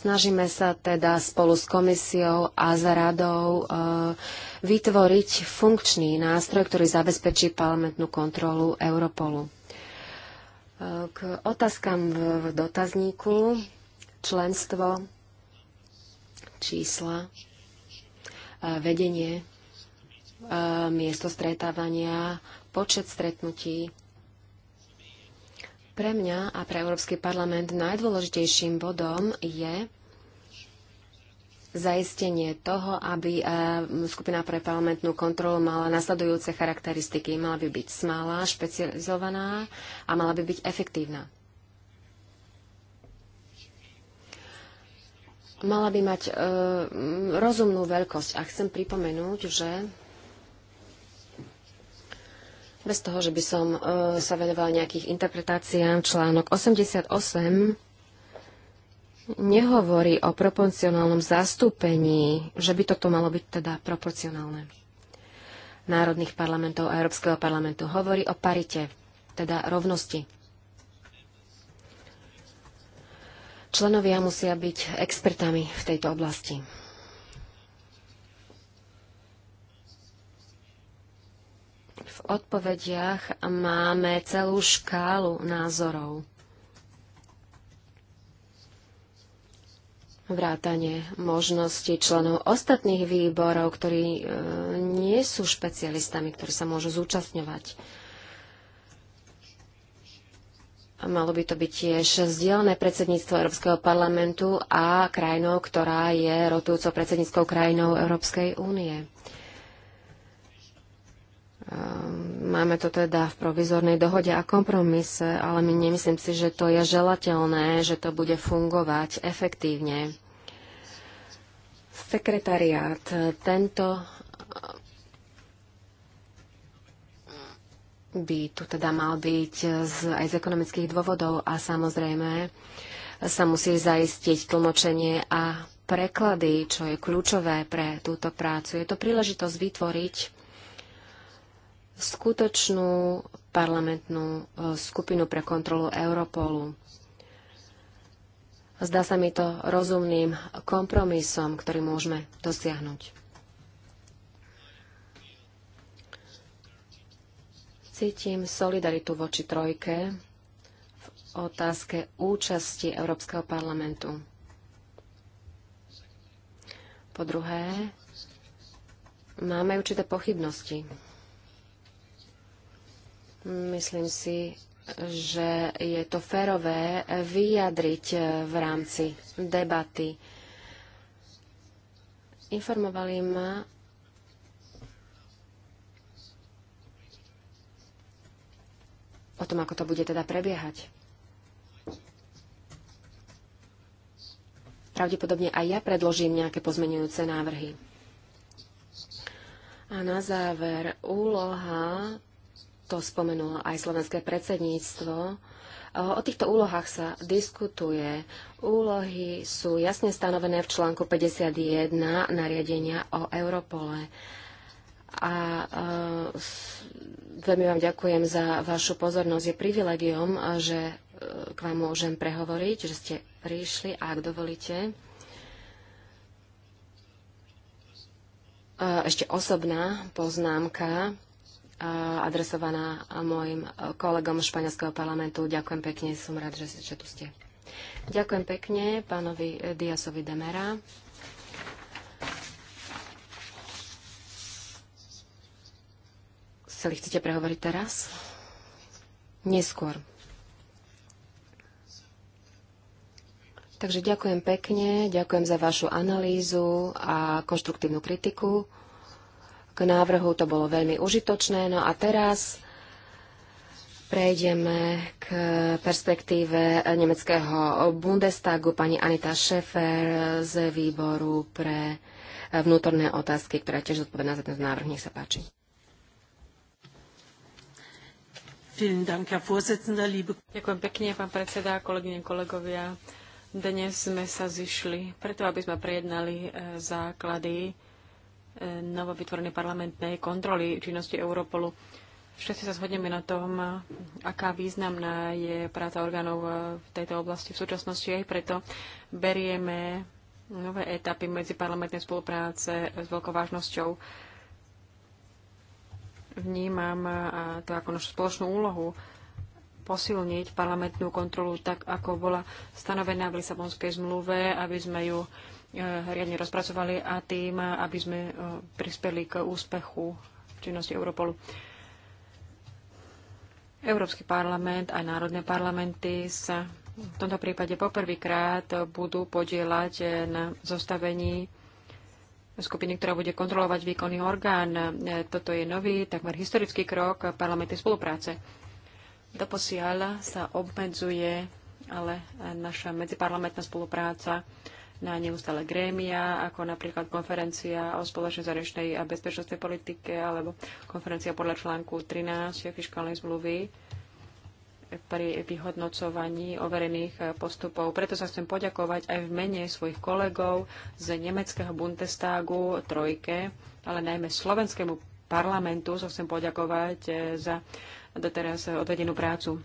Snažíme sa teda spolu s komisiou a s radou vytvoriť funkčný nástroj, ktorý zabezpečí parlamentnú kontrolu Europolu. K otázkam v dotazníku členstvo, čísla, vedenie, miesto stretávania, počet stretnutí. Pre mňa a pre Európsky parlament najdôležitejším bodom je zaistenie toho, aby skupina pre parlamentnú kontrolu mala nasledujúce charakteristiky. Mala by byť smalá, špecializovaná a mala by byť efektívna. mala by mať e, rozumnú veľkosť. A chcem pripomenúť, že bez toho, že by som e, sa venovala nejakých interpretáciám, článok 88 nehovorí o proporcionálnom zastúpení, že by toto malo byť teda proporcionálne. Národných parlamentov a Európskeho parlamentu hovorí o parite, teda rovnosti Členovia musia byť expertami v tejto oblasti. V odpovediach máme celú škálu názorov. vrátane možnosti členov ostatných výborov, ktorí e, nie sú špecialistami, ktorí sa môžu zúčastňovať Malo by to byť tiež zdieľané predsedníctvo Európskeho parlamentu a krajinou, ktorá je rotujúcou predsedníckou krajinou Európskej únie. Ehm, máme to teda v provizornej dohode a kompromise, ale my nemyslím si, že to je želateľné, že to bude fungovať efektívne. Sekretariát tento by tu teda mal byť e, z, aj z ekonomických dôvodov a samozrejme sa musí zaistiť tlmočenie a preklady, čo je kľúčové pre túto prácu. Je to príležitosť vytvoriť skutočnú parlamentnú e, skupinu pre kontrolu Europolu. Zdá sa mi to rozumným kompromisom, ktorý môžeme dosiahnuť. Cítim solidaritu voči trojke v otázke účasti Európskeho parlamentu. Po druhé, máme určité pochybnosti. Myslím si, že je to férové vyjadriť v rámci debaty. Informovali ma o tom, ako to bude teda prebiehať. Pravdepodobne aj ja predložím nejaké pozmenujúce návrhy. A na záver úloha, to spomenulo aj slovenské predsedníctvo, o týchto úlohách sa diskutuje. Úlohy sú jasne stanovené v článku 51 nariadenia o Europole. A e, Veľmi vám ďakujem za vašu pozornosť. Je privilegium, že e, k vám môžem prehovoriť, že ste prišli, ak dovolíte. E, ešte osobná poznámka e, adresovaná môjim kolegom Španielského parlamentu. Ďakujem pekne, som rád, že, že tu ste. Ďakujem pekne pánovi Diasovi Demera. chceli, chcete prehovoriť teraz? Neskôr. Takže ďakujem pekne, ďakujem za vašu analýzu a konštruktívnu kritiku. K návrhu to bolo veľmi užitočné. No a teraz prejdeme k perspektíve nemeckého Bundestagu pani Anita Šefer z výboru pre vnútorné otázky, ktorá tiež zodpovedná za ten návrh. Nech sa páči.
Ďakujem pekne, pán predseda, kolegovia. Dnes sme sa zišli preto, aby sme prejednali e, základy e, novovytvorenej parlamentnej kontroly činnosti Europolu. Všetci sa zhodneme na tom, aká významná je práca orgánov e, v tejto oblasti v súčasnosti. Aj preto berieme nové etapy medziparlamentnej spolupráce s veľkou vážnosťou vnímam to ako našu spoločnú úlohu posilniť parlamentnú kontrolu tak, ako bola stanovená v Lisabonskej zmluve, aby sme ju e, riadne rozpracovali a tým, aby sme e, prispeli k úspechu v činnosti Europolu. Európsky parlament a národné parlamenty sa v tomto prípade poprvýkrát budú podielať na zostavení skupiny, ktorá bude kontrolovať výkonný orgán. E, toto je nový, takmer historický krok parlamentnej spolupráce. Doposiaľ sa obmedzuje ale naša medziparlamentná spolupráca na neustále grémia, ako napríklad konferencia o spoločnej zarešnej a bezpečnostnej politike alebo konferencia podľa článku 13 fiskálnej zmluvy pri vyhodnocovaní overených eh, postupov. Preto sa chcem poďakovať aj v mene svojich kolegov z nemeckého Bundestagu, Trojke, ale najmä slovenskému parlamentu sa chcem poďakovať eh, za doteraz eh, odvedenú prácu.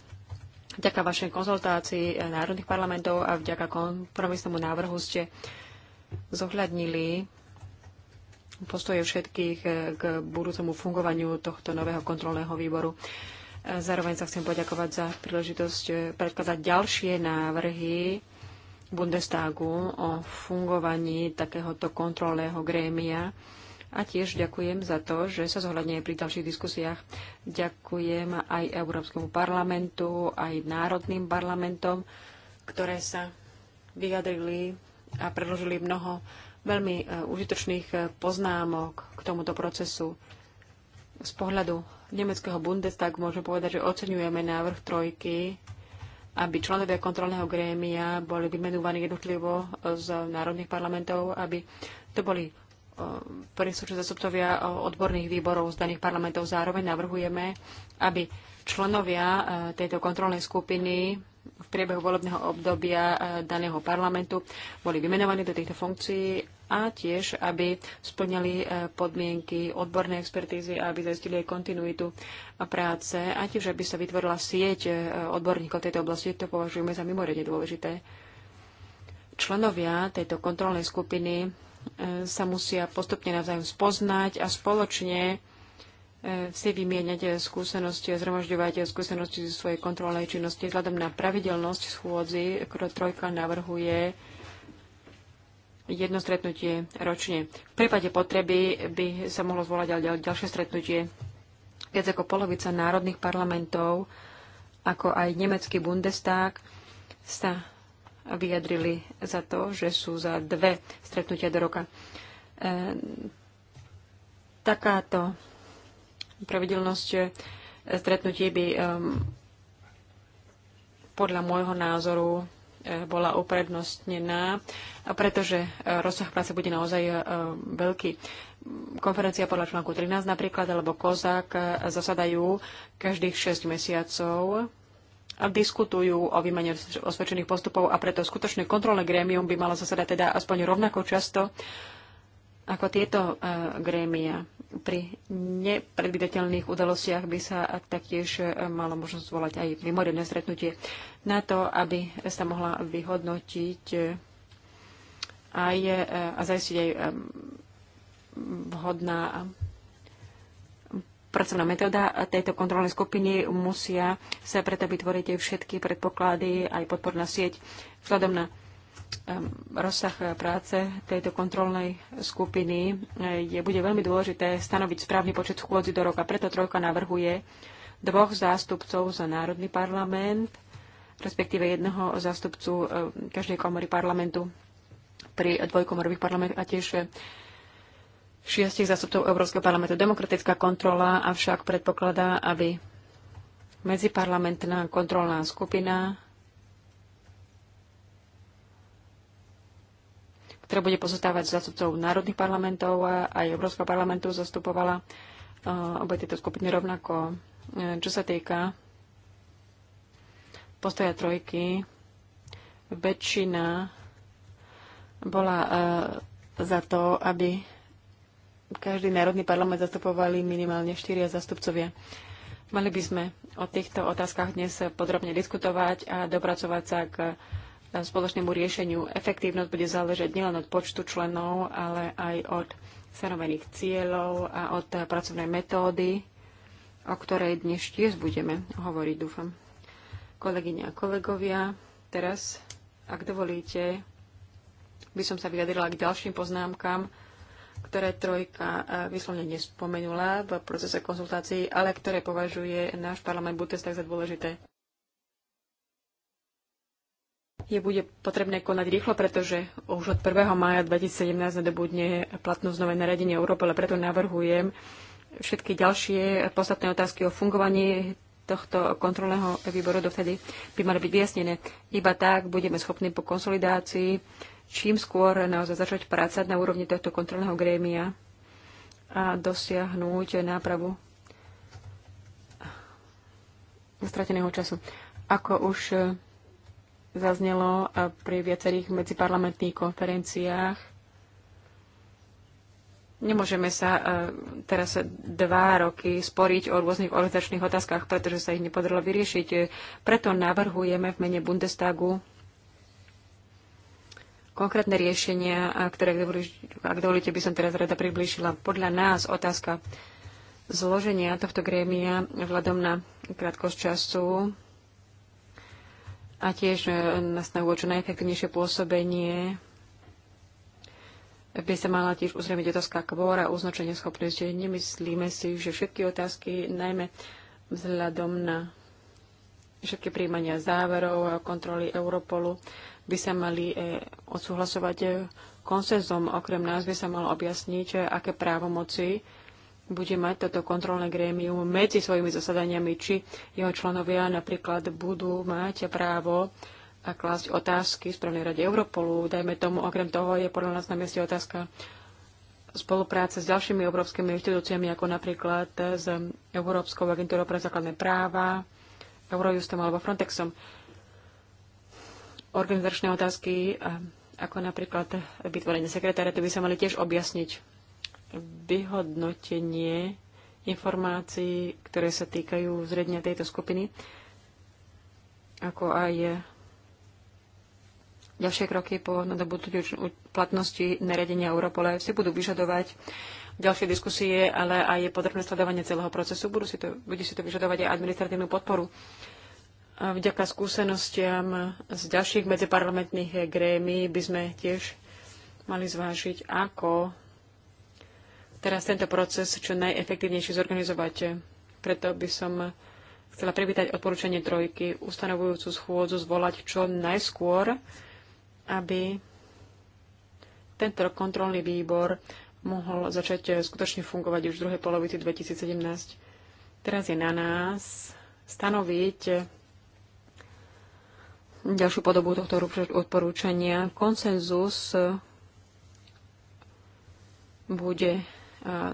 Vďaka vašej konzultácii národných parlamentov a vďaka kompromisnému návrhu ste zohľadnili postoje všetkých k budúcemu fungovaniu tohto nového kontrolného výboru. Zároveň sa chcem poďakovať za príležitosť eh, predkladať ďalšie návrhy Bundestagu o fungovaní takéhoto kontrolného grémia. A tiež ďakujem za to, že sa zohľadne pri ďalších diskusiách. Ďakujem aj Európskemu parlamentu, aj národným parlamentom, ktoré sa vyjadrili a predložili mnoho veľmi eh, užitočných eh, poznámok k tomuto procesu z pohľadu nemeckého Bundestag môžem povedať, že oceňujeme návrh trojky, aby členovia kontrolného grémia boli vymenovaní jednotlivo z národných parlamentov, aby to boli e, príslušní zastupcovia e, odborných výborov z daných parlamentov. Zároveň navrhujeme, aby členovia e, tejto kontrolnej skupiny v priebehu volebného obdobia e, daného parlamentu boli vymenovaní do týchto funkcií a tiež, aby splňali e, podmienky odbornej expertízy a aby zaistili aj kontinuitu práce a tiež, aby sa vytvorila sieť odborníkov tejto oblasti. To považujeme za mimoriadne dôležité. Členovia tejto kontrolnej skupiny sa musia postupne navzájom spoznať a spoločne si vymieňať skúsenosti a zhromažďovať skúsenosti zo svojej kontrolnej činnosti. Vzhľadom na pravidelnosť schôdzi, ktorú trojka navrhuje jedno stretnutie ročne. V prípade potreby by sa mohlo zvolať aj ďalšie stretnutie. Viac ako polovica národných parlamentov, ako aj nemecký Bundestag, sa vyjadrili za to, že sú za dve stretnutia do roka. E, takáto pravidelnosť eh, stretnutie by ehm, podľa môjho názoru eh, bola uprednostnená, pretože eh, rozsah práce bude naozaj veľký. Konferencia podľa článku 13 napríklad, alebo Kozák zasadajú každých 6 mesiacov a diskutujú o výmene osvedčených postupov a preto skutočné kontrolné grémium by malo zasadať teda aspoň rovnako často ako tieto grémia pri nepredvidateľných udalostiach by sa taktiež e, malo možnosť zvolať aj mimoriadne stretnutie na to, aby sa mohla vyhodnotiť e, aj, e, a zajistiť aj vhodná pracovná metóda tejto kontrolnej skupiny musia sa preto vytvoriť všetky predpoklady aj podporná sieť vzhľadom na rozsah e, práce tejto kontrolnej skupiny e, je, bude veľmi dôležité stanoviť správny počet schôdzi do roka. Preto Trojka navrhuje dvoch zástupcov za Národný parlament, respektíve jedného zástupcu e, každej komory parlamentu pri dvojkomorových parlamentoch a tiež šiestich zástupcov Európskeho parlamentu. Demokratická kontrola avšak predpokladá, aby medziparlamentná kontrolná skupina ktoré bude pozostávať zastupcov národných parlamentov a aj Európskeho parlamentu zastupovala e, obe tieto skupiny rovnako. E, čo sa týka postoja trojky, väčšina bola e, za to, aby každý národný parlament zastupovali minimálne štyria zastupcovia. Mali by sme o týchto otázkach dnes podrobne diskutovať a dopracovať sa k spoločnému riešeniu. Efektívnosť bude záležať nielen od počtu členov, ale aj od stanovených cieľov a od pracovnej metódy, o ktorej dnes tiež budeme hovoriť, dúfam. Kolegyne a kolegovia, teraz, ak dovolíte, by som sa vyjadrila k ďalším poznámkam, ktoré Trojka eh, vyslovne nespomenula v procese konzultácií, ale ktoré považuje náš parlament Bundestag za dôležité je bude potrebné konať rýchlo, pretože už od 1. mája 2017 nadobudne platnosť nové nariadenie Európy, ale preto navrhujem všetky ďalšie podstatné otázky o fungovaní tohto kontrolného výboru dovtedy by mali byť vyjasnené. Iba tak budeme schopní po konsolidácii čím skôr naozaj začať pracať na úrovni tohto kontrolného grémia a dosiahnuť nápravu strateného času. Ako už zaznelo e, pri viacerých medziparlamentných konferenciách. Nemôžeme sa e, teraz dva roky sporiť o rôznych organizačných otázkach, pretože sa ich nepodarilo vyriešiť. Preto navrhujeme v mene Bundestagu konkrétne riešenia, ktoré, ak dovolíte, by som teraz rada priblížila. Podľa nás otázka zloženia tohto grémia vzhľadom na krátkosť času a tiež e, na snahu o čo najefektívnejšie pôsobenie by sa mala tiež uzrieť otázka a označenie schopnosti. Nemyslíme si, že všetky otázky, najmä vzhľadom na všetky príjmania záverov a kontroly Europolu, by sa mali e, odsúhlasovať e, konsenzom. Okrem nás by sa malo objasniť, aké právomoci bude mať toto kontrolné grémium medzi svojimi zasadaniami, či jeho členovia napríklad budú mať právo a klásť otázky správnej rade Europolu. Dajme tomu, okrem toho je podľa nás na mieste otázka spolupráce s ďalšími európskymi inštitúciami, ako napríklad s Európskou agentúrou pre základné práva, Eurojustom alebo Frontexom. Organizačné otázky, ako napríklad vytvorenie sekretária, to by sa mali tiež objasniť vyhodnotenie informácií, ktoré sa týkajú zredne tejto skupiny, ako aj ďalšie kroky po nadobudnutí platnosti neredenia Europole si budú vyžadovať ďalšie diskusie, ale aj podrobné sledovanie celého procesu. Budú si to, bude si to vyžadovať aj administratívnu podporu. A vďaka skúsenostiam z ďalších medziparlamentných grémy by sme tiež mali zvážiť, ako teraz tento proces čo najefektívnejšie zorganizovať. Preto by som chcela privítať odporúčanie trojky, ustanovujúcu schôdzu zvolať čo najskôr, aby tento kontrolný výbor mohol začať skutočne fungovať už v druhej polovici 2017. Teraz je na nás stanoviť ďalšiu podobu tohto odporúčania. Konsenzus bude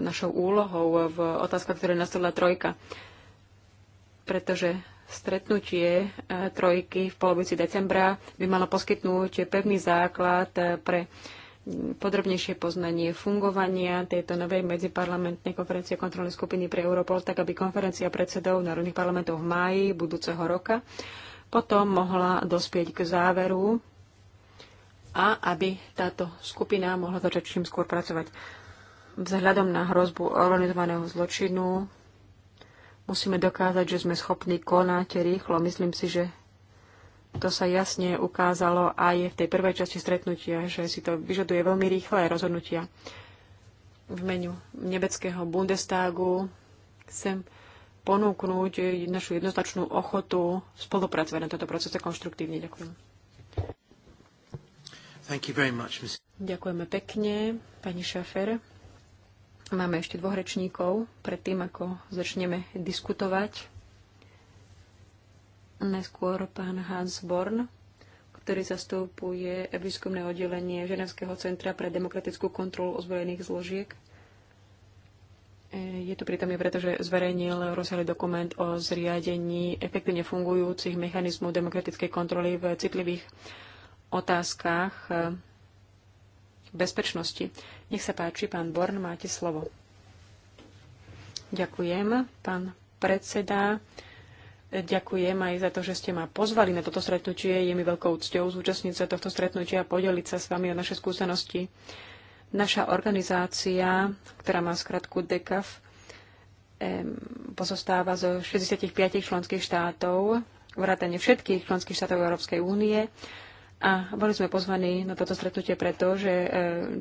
našou úlohou v otázkach, ktoré nastavila trojka. Pretože stretnutie e, trojky v polovici decembra by malo poskytnúť pevný základ e, pre podrobnejšie poznanie fungovania tejto novej medziparlamentnej konferencie kontrolnej skupiny pre Europol, tak aby konferencia predsedov národných parlamentov v máji budúceho roka potom mohla dospieť k záveru a aby táto skupina mohla začať čím skôr pracovať vzhľadom na hrozbu organizovaného zločinu musíme dokázať, že sme schopní konať rýchlo. Myslím si, že to sa jasne ukázalo aj v tej prvej časti stretnutia, že si to vyžaduje veľmi rýchle rozhodnutia. V menu nebeckého Bundestagu chcem ponúknuť našu jednoznačnú ochotu spolupracovať na toto procese konštruktívne. Ďakujem.
Thank you very much, Ms.
Ďakujeme pekne, pani Šafer. Máme ešte dvoch rečníkov, predtým ako začneme diskutovať. Najskôr pán Hans Born, ktorý zastupuje výskumné oddelenie Ženevského centra pre demokratickú kontrolu ozbrojených zložiek. E, je tu pritom, pretože zverejnil rozhľadý dokument o zriadení efektívne fungujúcich mechanizmov demokratickej kontroly v citlivých otázkach e, bezpečnosti. Nech sa páči, pán Born, máte slovo. Ďakujem, pán predseda. Ďakujem aj za to, že ste ma pozvali na toto stretnutie. Je mi veľkou cťou zúčastniť sa tohto stretnutia a podeliť sa s vami o naše skúsenosti. Naša organizácia, ktorá má skratku DECAF, pozostáva zo 65 členských štátov, vrátane všetkých členských štátov Európskej únie a boli sme pozvaní na toto stretnutie preto, že e,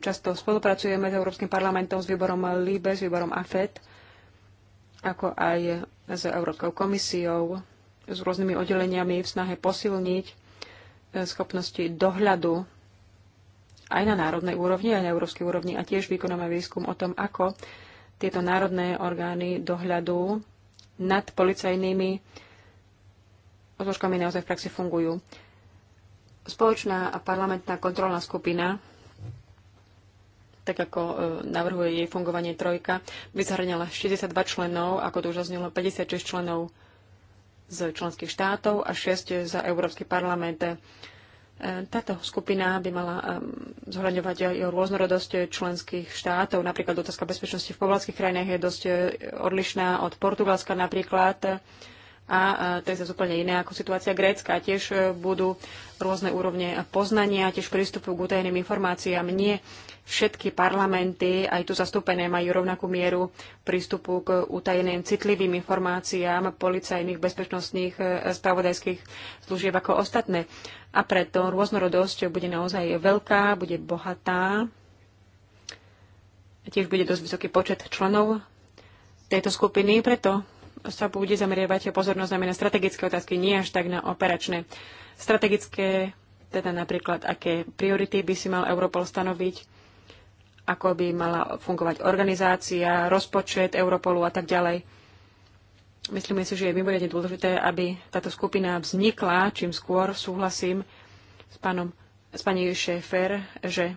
často spolupracujeme s Európskym parlamentom, s výborom LIBE, s výborom AFET, ako aj s Európskou komisiou, s rôznymi oddeleniami v snahe posilniť e, schopnosti dohľadu aj na národnej úrovni, aj na európskej úrovni a tiež vykonáme výskum o tom, ako tieto národné orgány dohľadu nad policajnými zložkami naozaj v praxi fungujú. Spoločná parlamentná kontrolná skupina, tak ako e, navrhuje jej fungovanie trojka, by zahrňala 62 členov, ako to už zaznelo, 56 členov z členských štátov a 6 za Európsky parlament. E, táto skupina by mala e, zohľadňovať aj rôznorodosť členských štátov. Napríklad otázka bezpečnosti v povladských krajinách je dosť odlišná od Portugalska napríklad a to je zase úplne iné ako situácia Grécka. Tiež e, budú rôzne úrovne poznania, tiež prístupu k utajeným informáciám. Nie všetky parlamenty, aj tu zastúpené, majú rovnakú mieru prístupu k utajeným citlivým informáciám policajných, bezpečnostných, e, spravodajských služieb ako ostatné. A preto rôznorodosť bude naozaj veľká, bude bohatá. Tiež bude dosť vysoký počet členov tejto skupiny, preto sa bude zameriavať pozornosť na strategické otázky, nie až tak na operačné. Strategické, teda napríklad, aké priority by si mal Europol stanoviť, ako by mala fungovať organizácia, rozpočet Europolu a tak ďalej. Myslíme si, že je mimoriadne dôležité, aby táto skupina vznikla, čím skôr súhlasím s, pánom, s pani Šéfer, že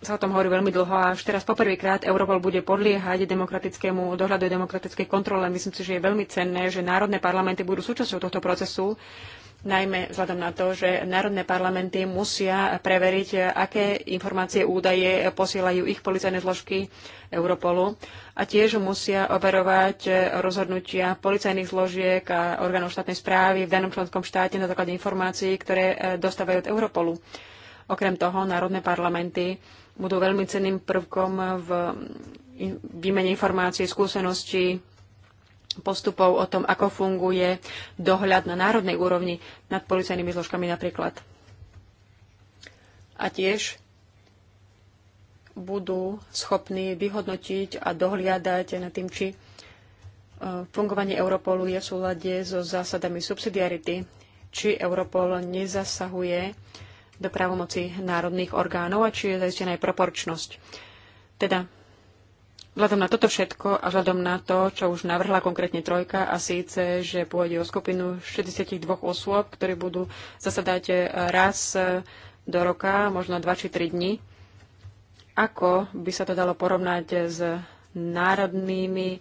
sa o tom hovorí veľmi dlho a až teraz poprvýkrát Europol bude podliehať demokratickému dohľadu a demokratickej kontrole. Myslím si, že je veľmi cenné, že národné parlamenty budú súčasťou tohto procesu, najmä vzhľadom na to, že národné parlamenty musia preveriť, aké informácie, údaje posielajú ich policajné zložky Europolu a tiež musia overovať rozhodnutia policajných zložiek a orgánov štátnej správy v danom členskom štáte na základe informácií, ktoré eh, dostávajú od Europolu. Okrem toho, národné parlamenty budú veľmi cenným prvkom v výmene informácií, skúseností, postupov o tom, ako funguje dohľad na národnej úrovni nad policajnými zložkami napríklad. A tiež budú schopní vyhodnotiť a dohliadať nad tým, či e, fungovanie Europolu je v súlade so zásadami subsidiarity, či Europol nezasahuje do právomoci národných orgánov a či je zaistená aj proporčnosť. Teda, vzhľadom na toto všetko a vzhľadom na to, čo už navrhla konkrétne trojka, a síce, že pôjde o skupinu 62 osôb, ktorí budú zasadať e, raz e, do roka, možno 2 či 3 dní, ako by sa to dalo porovnať s národnými e,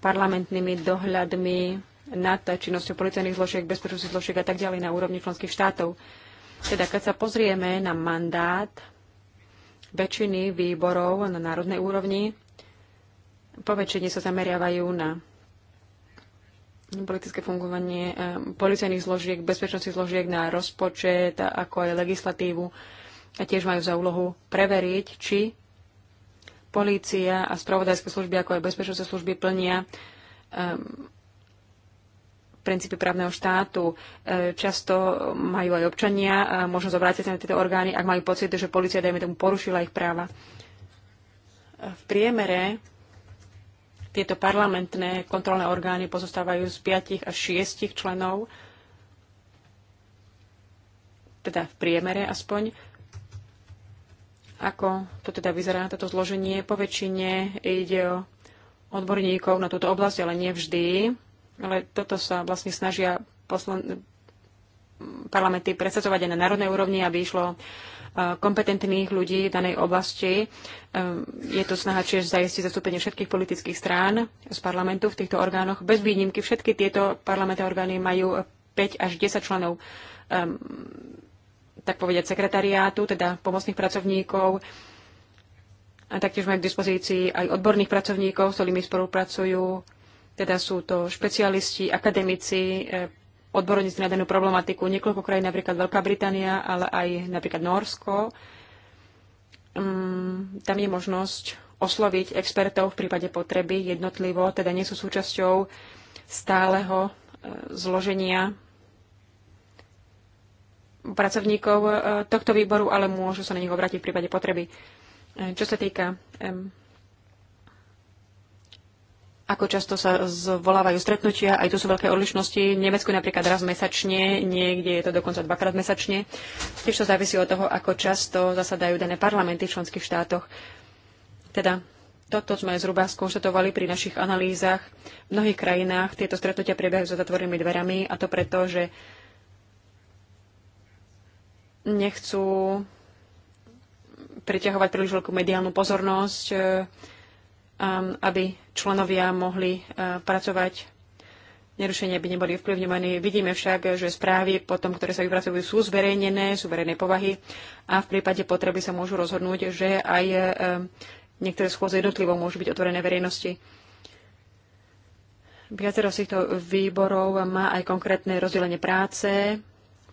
parlamentnými dohľadmi nad činnosťou policajných zložiek, bezpečnostných zložiek a tak ďalej na úrovni členských štátov. Teda keď sa pozrieme na mandát väčšiny výborov na národnej úrovni, po väčšine sa zameriavajú na politické fungovanie eh, policajných zložiek, bezpečnostných zložiek na rozpočet, ako aj legislatívu. A tiež majú za úlohu preveriť, či polícia a spravodajské služby, ako aj bezpečnostné služby plnia um, princípy právneho štátu. E, často majú aj občania e, možnosť obrátiť sa na tieto orgány, ak majú pocit, že policia, dajme tomu, porušila ich práva. E, v priemere tieto parlamentné kontrolné orgány pozostávajú z 5 až 6 členov, teda v priemere aspoň. Ako to teda vyzerá, toto zloženie? Po väčšine ide o odborníkov na túto oblasť, ale nevždy. Ale toto sa vlastne snažia poslan- parlamenty presadzovať aj na národnej úrovni, aby išlo e, kompetentných ľudí v danej oblasti. E, je to snaha tiež zajistiť zastúpenie všetkých politických strán z parlamentu v týchto orgánoch. Bez výnimky všetky tieto parlamentné orgány majú 5 až 10 členov ehm, tak povedať sekretariátu, teda pomocných pracovníkov. A taktiež majú k dispozícii aj odborných pracovníkov, s ktorými spolupracujú teda sú to špecialisti, akademici, eh, odborníci na danú problematiku. Niekoľko krajín, napríklad Veľká Británia, ale aj napríklad Norsko. Mm, tam je možnosť osloviť expertov v prípade potreby jednotlivo, teda nie sú súčasťou stáleho eh, zloženia pracovníkov eh, tohto výboru, ale môžu sa na nich obrátiť v prípade potreby. Čo sa týka ako často sa zvolávajú stretnutia, aj tu sú veľké odlišnosti. V Nemecku napríklad raz mesačne, niekde je to dokonca dvakrát mesačne. Tiež to závisí od toho, ako často zasadajú dané parlamenty v členských štátoch. Teda toto sme zhruba skonštatovali pri našich analýzach. V mnohých krajinách tieto stretnutia prebiehajú za zatvorenými dverami a to preto, že nechcú priťahovať príliš veľkú mediálnu pozornosť, Um, aby členovia mohli uh, pracovať nerušenie by neboli vplyvňovaní. Vidíme však, že správy potom, ktoré sa vypracujú, sú zverejnené, sú verejnej povahy a v prípade potreby sa môžu rozhodnúť, že aj um, niektoré schôdze jednotlivo môžu byť otvorené verejnosti. Viacero z týchto výborov má aj konkrétne rozdelenie práce.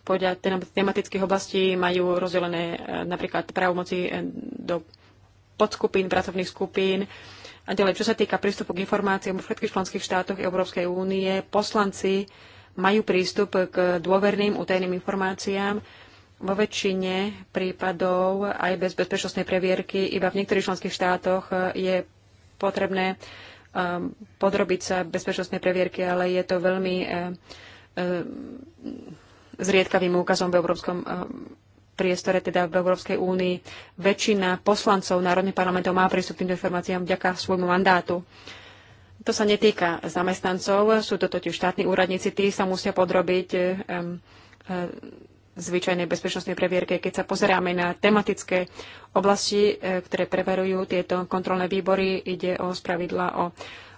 Podľa tematických oblastí majú rozdelené eh, napríklad právomoci eh, do podskupín, pracovných skupín, a ďalej, čo sa týka prístupu k informáciám v všetkých členských štátoch Európskej únie, poslanci majú prístup k dôverným utajným informáciám vo väčšine prípadov aj bez bezpečnostnej previerky. Iba v niektorých členských štátoch je potrebné um, podrobiť sa bezpečnostnej previerky, ale je to veľmi eh, eh, zriedkavým úkazom v európskom eh, priestore, teda v Európskej únii, väčšina poslancov národných parlamentov má prístup k týmto informáciám vďaka svojmu mandátu. To sa netýka zamestnancov, sú to totiž štátni úradníci, tí sa musia podrobiť um, zvyčajnej bezpečnostnej previerke. Keď sa pozeráme na tematické oblasti, eh, ktoré preverujú tieto kontrolné výbory, ide o spravidla o,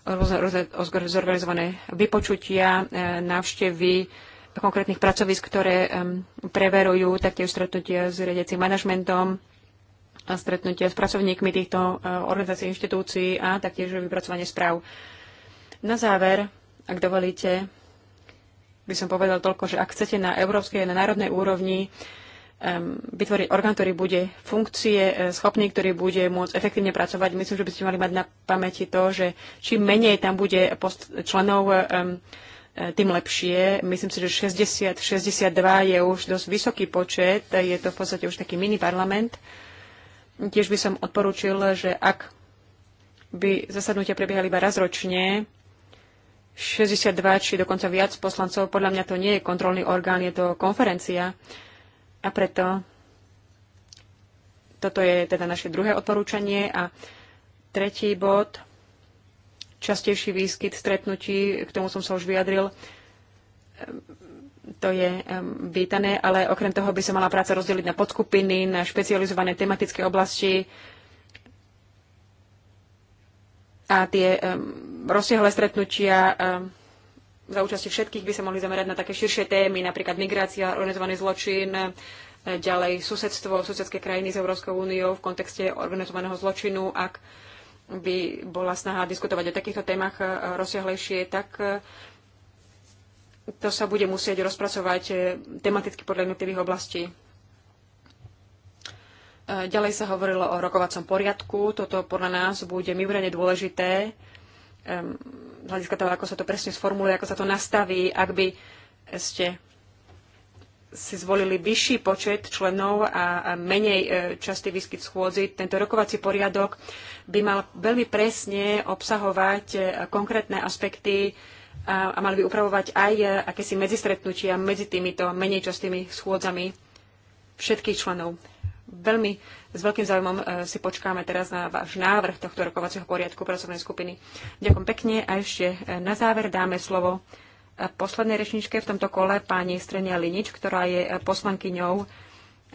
o zorganizované vypočutia, eh, návštevy, konkrétnych pracovisk, ktoré preverujú taktiež stretnutia s riadiacim manažmentom, a stretnutia s pracovníkmi týchto e, organizácií, inštitúcií a taktiež vypracovanie správ. Na záver, ak dovolíte, by som povedal toľko, že ak chcete na európskej, na národnej úrovni um, vytvoriť orgán, ktorý bude funkcie e, schopný, ktorý bude môcť efektívne pracovať, myslím, že by ste mali mať na pamäti to, že čím menej tam bude členov um, tým lepšie. Myslím si, že 60, 62 je už dosť vysoký počet, je to v podstate už taký mini parlament. Tiež by som odporučil, že ak by zasadnutia prebiehali iba raz ročne, 62 či dokonca viac poslancov, podľa mňa to nie je kontrolný orgán, je to konferencia. A preto toto je teda naše druhé odporúčanie. A tretí bod, častejší výskyt stretnutí, k tomu som sa už vyjadril, to je vítané, ale okrem toho by sa mala práca rozdeliť na podskupiny, na špecializované tematické oblasti a tie rozsiahle stretnutia za účasti všetkých by sa mohli zamerať na také širšie témy, napríklad migrácia, organizovaný zločin, e, ďalej susedstvo, susedské krajiny s Európskou úniou v kontexte organizovaného zločinu, ak by bola snaha diskutovať o takýchto témach e, rozsiahlejšie, tak e, to sa bude musieť rozpracovať e, tematicky podľa jednotlivých oblastí. Ďalej sa hovorilo o rokovacom poriadku. Toto podľa nás bude mimoriadne dôležité z hľadiska toho, ako sa to presne sformuluje, ako sa to nastaví, ak by ste si zvolili vyšší počet členov a, menej e, častý výskyt schôdzi. Tento rokovací poriadok by mal veľmi presne obsahovať e, konkrétne aspekty a, mal mali by upravovať aj e, akési medzistretnutia medzi týmito menej častými schôdzami všetkých členov. Veľmi s veľkým záujmom si počkáme teraz na váš návrh tohto rokovacieho poriadku pracovnej skupiny. Ďakujem pekne a ešte na záver dáme slovo poslednej rečničke v tomto kole pani Strenia Linič, ktorá je poslankyňou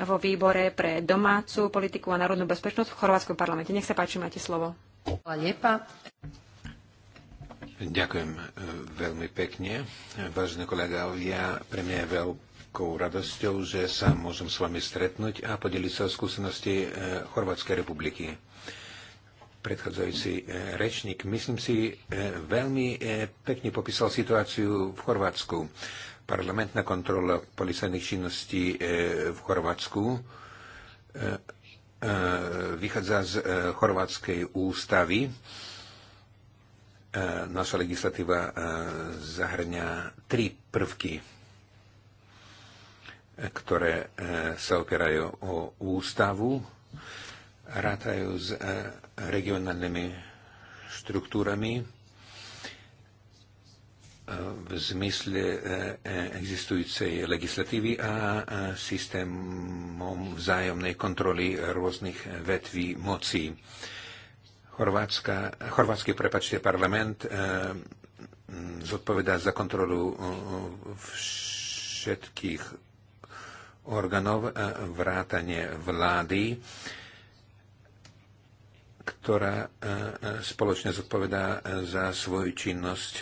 vo výbore pre domácu politiku a národnú bezpečnosť v Chorvátskom parlamente. Nech sa páči, máte slovo. Lepa.
Ďakujem e, veľmi pekne. Vážený kolega, ja, pre mňa je veľkou radosťou, že sa môžem s vami stretnúť a podeliť sa o skúsenosti e, Chorvátskej republiky predchádzajúci e, rečník, myslím si, e, veľmi e, pekne popísal situáciu v Chorvátsku. Parlamentná kontrola policajných činností v Chorvátsku vychádza z chorvátskej ústavy. Naša legislatíva zahrňa tri prvky, ktoré sa opierajú o ústavu, rátajú z regionálnymi štruktúrami e, v zmysle e, e, existujúcej legislatívy a systémom vzájomnej kontroly rôznych vetví moci. chorvátsky, prepačte, parlament zodpovedá za kontrolu všetkých orgánov vrátane vlády ktorá e, e, spoločne zodpovedá e, za svoju činnosť.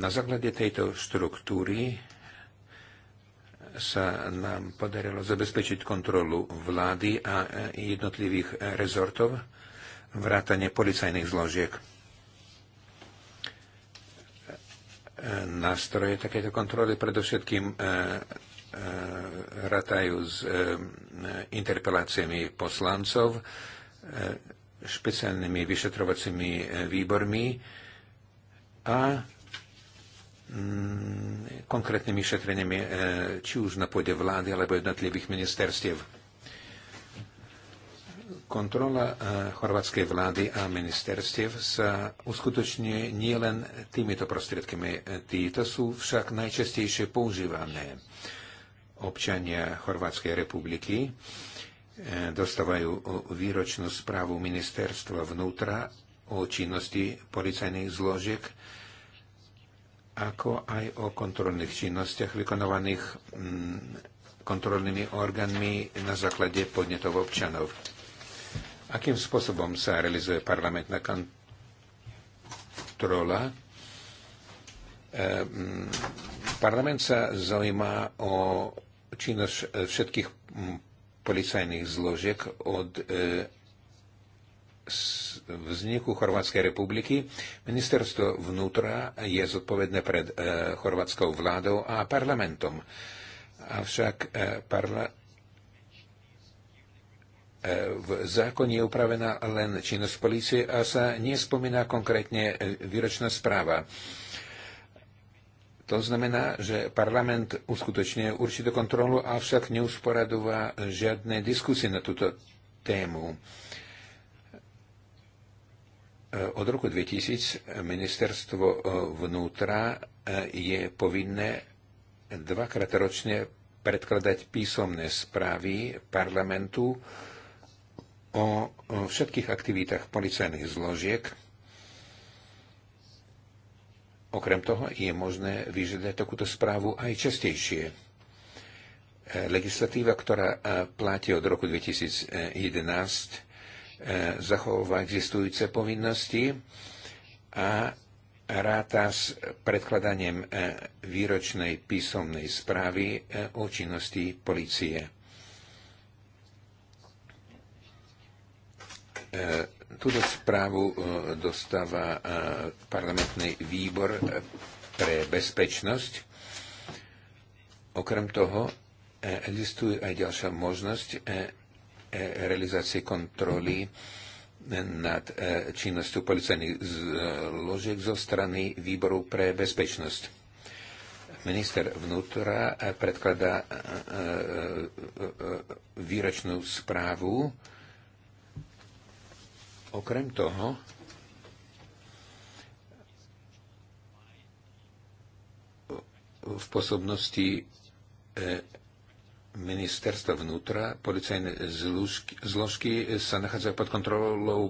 Na základe tejto štruktúry sa nám podarilo zabezpečiť kontrolu vlády a jednotlivých rezortov, vrátane policajných zložiek. Nástroje takéto kontroly predovšetkým rátajú s interpeláciami poslancov, E, špeciálnymi vyšetrovacími e, výbormi a mm, konkrétnymi šetreniami e, či už na pôde vlády alebo jednotlivých ministerstiev. Kontrola chorvátskej vlády a ministerstiev sa uskutočňuje nielen týmito prostriedkami. Títo sú však najčastejšie používané občania Chorvátskej republiky dostávajú výročnú správu ministerstva vnútra o činnosti policajných zložiek, ako aj o kontrolných činnostiach vykonovaných mm, kontrolnými orgánmi na základe podnetov občanov. Akým spôsobom sa realizuje parlamentná kontrola? E, mm, parlament sa zaujíma o činnosť všetkých mm, policajných zložiek od e, vzniku Chorvátskej republiky. Ministerstvo vnútra je zodpovedné pred e, chorvátskou vládou a parlamentom. Avšak e, parla- v zákone je upravená len činnosť policie a sa nespomína konkrétne výročná správa. To znamená, že parlament uskutočňuje určitú kontrolu, avšak neusporadová žiadne diskusie na túto tému. E, od roku 2000 ministerstvo e, vnútra e, je povinné dvakrát ročne predkladať písomné správy parlamentu o všetkých aktivitách policajných zložiek Okrem toho je možné vyžiadať takúto správu aj častejšie. E, legislatíva, ktorá e, platí od roku 2011, e, zachováva existujúce povinnosti a ráta s predkladaním výročnej písomnej správy o činnosti policie. Túto správu e, dostáva e, parlamentný výbor e, pre bezpečnosť. Okrem toho existuje aj ďalšia možnosť realizácie kontroly nad činnosťou policajných zložiek zo strany výboru pre bezpečnosť. Minister vnútra predkladá výročnú správu Okrem toho, v posobnosti e, ministerstva vnútra policajné zložky, zložky sa nachádzajú pod kontrolou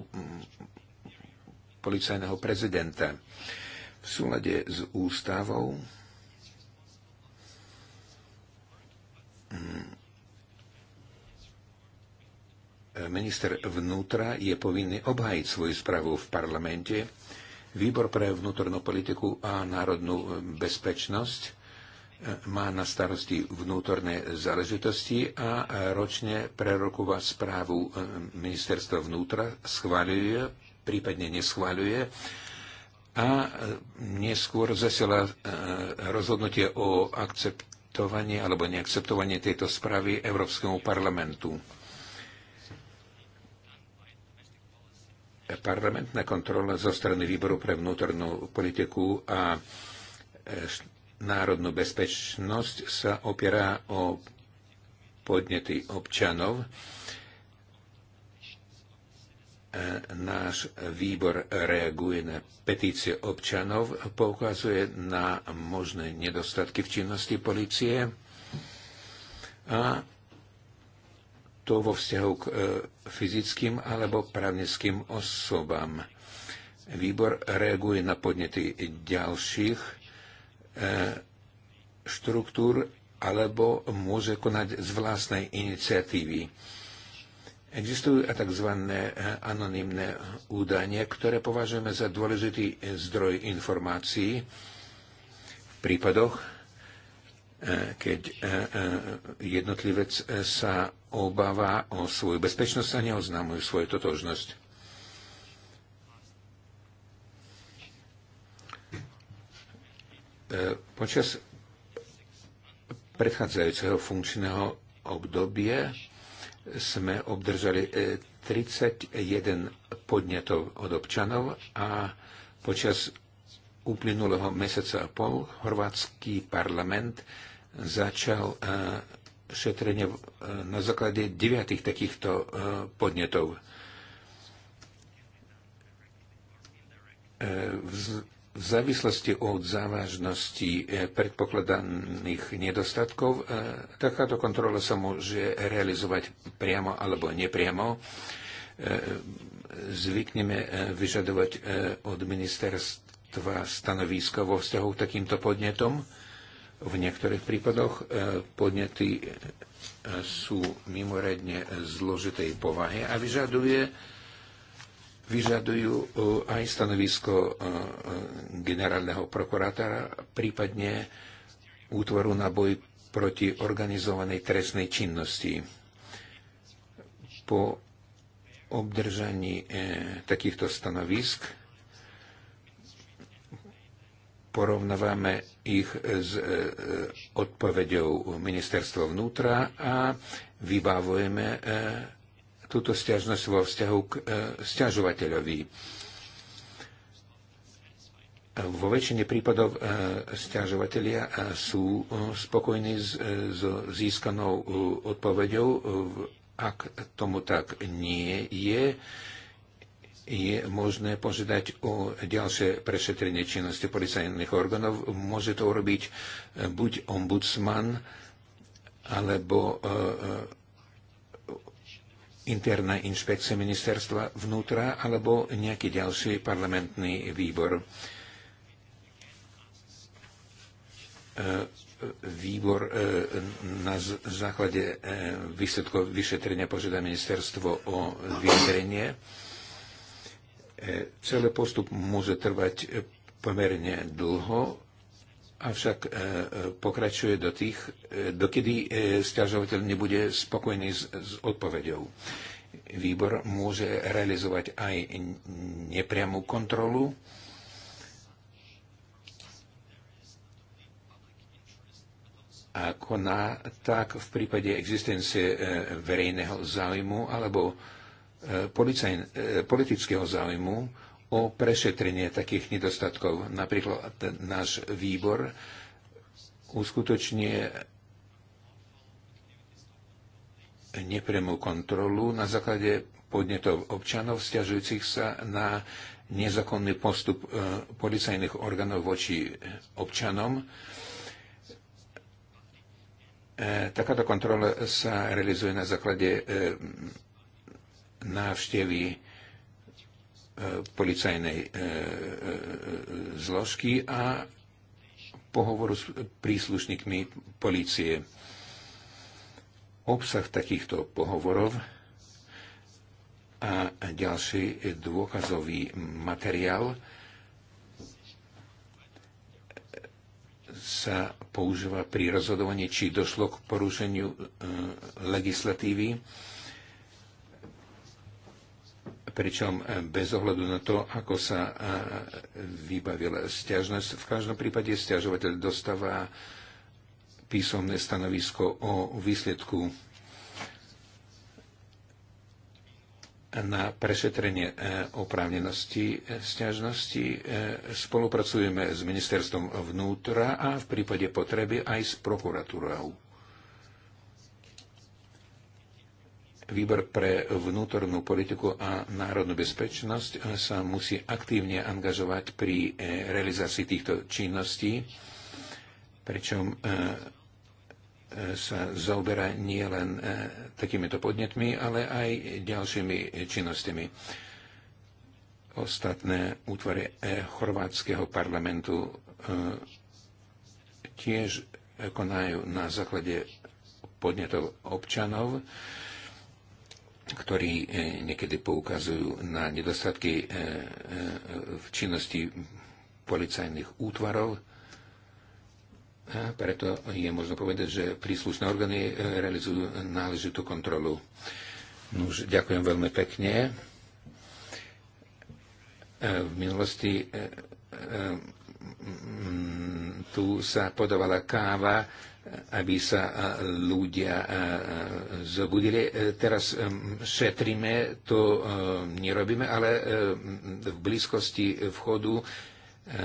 policajného prezidenta. V súlade s ústavou minister vnútra je povinný obhajiť svoju správu v parlamente. Výbor pre vnútornú politiku a národnú e, bezpečnosť e, má na starosti vnútorné záležitosti a e, ročne prerokova správu ministerstva vnútra, schváľuje, prípadne neschváľuje a neskôr zasiela rozhodnutie o akceptovanie alebo neakceptovanie tejto správy Európskemu parlamentu. parlamentná kontrola zo strany výboru pre vnútornú politiku a e, národnú bezpečnosť sa opiera o podnety občanov. E, náš výbor reaguje na petície občanov, poukazuje na možné nedostatky v činnosti policie a to vo vzťahu k e, fyzickým alebo právnickým osobám. Výbor reaguje na podnety ďalších e, štruktúr alebo môže konať z vlastnej iniciatívy. Existujú tzv. E, anonimné údanie, ktoré považujeme za dôležitý zdroj informácií v prípadoch, keď jednotlivec sa Obava o svoju bezpečnosť a neoznamujú svoju totožnosť. E, počas predchádzajúceho funkčného obdobia sme obdržali 31 e, podnetov od občanov a počas uplynulého mesiaca a pol chorvátsky parlament začal e, šetrenie e, na základe deviatých takýchto e, podnetov. E, v závislosti od závažnosti predpokladaných nedostatkov takáto kontrola sa môže realizovať priamo alebo nepriamo. Zvykneme vyžadovať od ministerstva stanoviska vo vzťahu k takýmto podnetom v niektorých prípadoch e, podnety e, sú mimoriadne zložitej povahy a vyžaduje, vyžadujú e, aj stanovisko generálneho prokurátora, prípadne útvoru na boj proti organizovanej trestnej činnosti. Po obdržaní takýchto stanovisk porovnávame ich s e, e, odpovedou ministerstva vnútra a vybavujeme e, túto stiažnosť vo vzťahu k stiažovateľovi. Vo väčšine prípadov stiažovateľia sú spokojní s získanou odpovedou. Ak tomu tak nie je, je možné požiadať o ďalšie prešetrenie činnosti policajných orgánov. Môže to urobiť eh, buď ombudsman, alebo eh, interná inšpekcia ministerstva vnútra, alebo nejaký ďalší parlamentný výbor. Eh, výbor na základe výsledkov vyšetrenia požiada ministerstvo o vyjadrenie E, celý postup môže trvať e, pomerne dlho, avšak e, pokračuje do tých, dokedy stiažovateľ nebude spokojný s, s odpovedou. Výbor môže realizovať aj nepriamú kontrolu, a koná tak v prípade existencie verejného záujmu alebo policajn, eh, politického záujmu o prešetrenie takých nedostatkov. Napríklad náš výbor uskutočne nepremú kontrolu na základe podnetov občanov stiažujúcich sa na nezákonný postup eh, policajných orgánov voči občanom. Eh, takáto kontrola sa realizuje na základe návštevy e, policajnej e, e, zložky a pohovoru s príslušníkmi policie. Obsah takýchto pohovorov a ďalší dôkazový materiál sa používa pri rozhodovaní, či došlo k porušeniu legislatívy pričom eh, bez ohľadu na to, ako sa eh, vybavila stiažnosť. V každom prípade stiažovateľ dostáva písomné stanovisko o výsledku na prešetrenie eh, oprávnenosti stiažnosti. Spolupracujeme s ministerstvom vnútra a v prípade potreby aj s prokuratúrou. Výbor pre vnútornú politiku a národnú bezpečnosť sa musí aktívne angažovať pri e, realizácii týchto činností, pričom e, e, sa zaoberá nielen takýmito podnetmi, ale aj ďalšími činnostiami. Ostatné útvary chorvátskeho parlamentu tiež konajú na základe podnetov občanov ktorí e, niekedy poukazujú na nedostatky e, e, v činnosti policajných útvarov. A preto je možno povedať, že príslušné orgány realizujú náležitú kontrolu. Nuž, ďakujem veľmi pekne. V minulosti tu sa podávala káva aby sa ľudia zobudili. E, teraz e, šetríme, to e, nerobíme, ale v blízkosti vchodu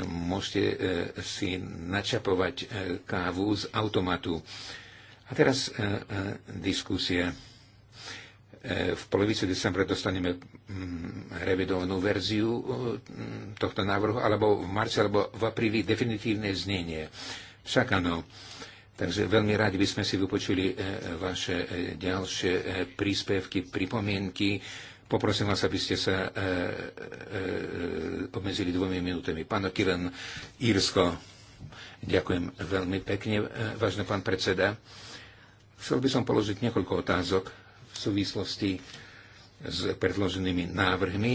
môžete si načapovať kávu z automatu. A teraz diskusia. V polovici decembra dostaneme mm, revidovanú verziu tohto návrhu, alebo v marci, alebo v apríli definitívne znenie. Však áno. Takže veľmi radi by sme si vypočuli e, e, vaše e, ďalšie príspevky, pripomienky. Poprosím vás, aby ste sa obmedzili dvomi minútami. Pán Kilen, Írsko, ďakujem veľmi pekne, vážne pán predseda. Chcel by som položiť niekoľko otázok v súvislosti s predloženými návrhmi.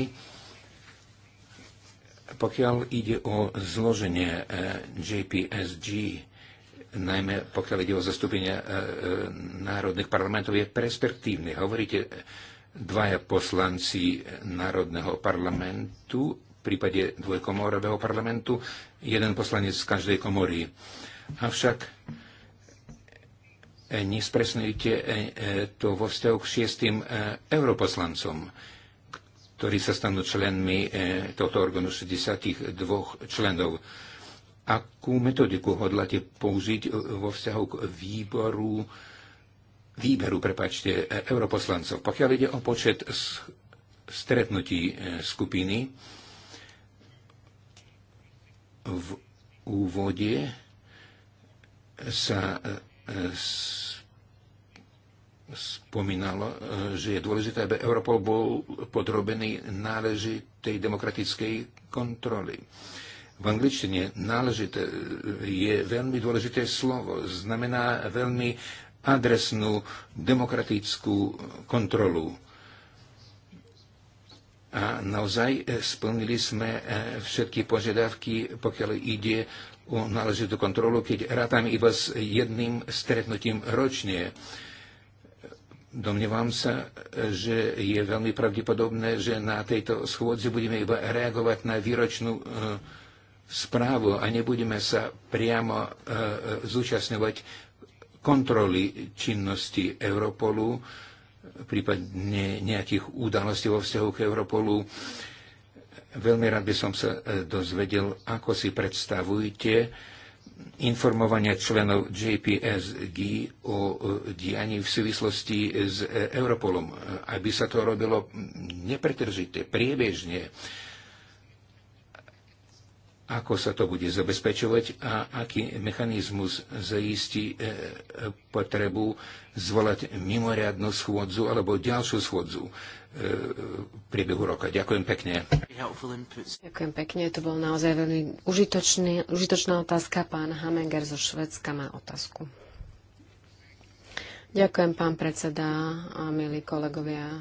Pokiaľ ide o zloženie JPSG, najmä pokiaľ ide o zastúpenie e, e, národných parlamentov, je perspektívny. Hovoríte dvaja poslanci národného parlamentu, v prípade dvojkomorového parlamentu, jeden poslanec z každej komory. Avšak e, nespresňujte to vo vzťahu k šiestým europoslancom, ktorí sa stanú členmi tohto orgánu 62 členov Akú metodiku hodláte použiť e, vo vzťahu k výboru, výberu prepačte, e, europoslancov? Pokiaľ ide o počet stretnutí e, skupiny, v úvode sa spomínalo, že je dôležité, aby Europol bol podrobený náležitej demokratickej kontroly. V angličtine náležité je veľmi dôležité slovo. Znamená veľmi adresnú demokratickú kontrolu. A naozaj e, splnili sme e, všetky požiadavky, pokiaľ ide o náležitú kontrolu, keď rátam iba s jedným stretnutím ročne. Domnievam sa, že je veľmi pravdepodobné, že na tejto schôdzi budeme iba reagovať na výročnú e, správu a nebudeme sa priamo e, e, zúčastňovať kontroly činnosti Europolu, prípadne nejakých udalostí vo vzťahu k Europolu. Veľmi rád by som sa e, dozvedel, ako si predstavujete informovanie členov JPSG o dianí v súvislosti s Europolom, aby sa to robilo nepretržite, priebežne ako sa to bude zabezpečovať a aký mechanizmus zaistí e, e, potrebu zvolať mimoriadnu schôdzu alebo ďalšiu schôdzu e, v priebehu roka. Ďakujem pekne.
Ďakujem pekne, to bol naozaj veľmi užitočný, užitočná otázka. Pán Hamenger zo Švedska má otázku. Ďakujem, pán predseda a milí kolegovia.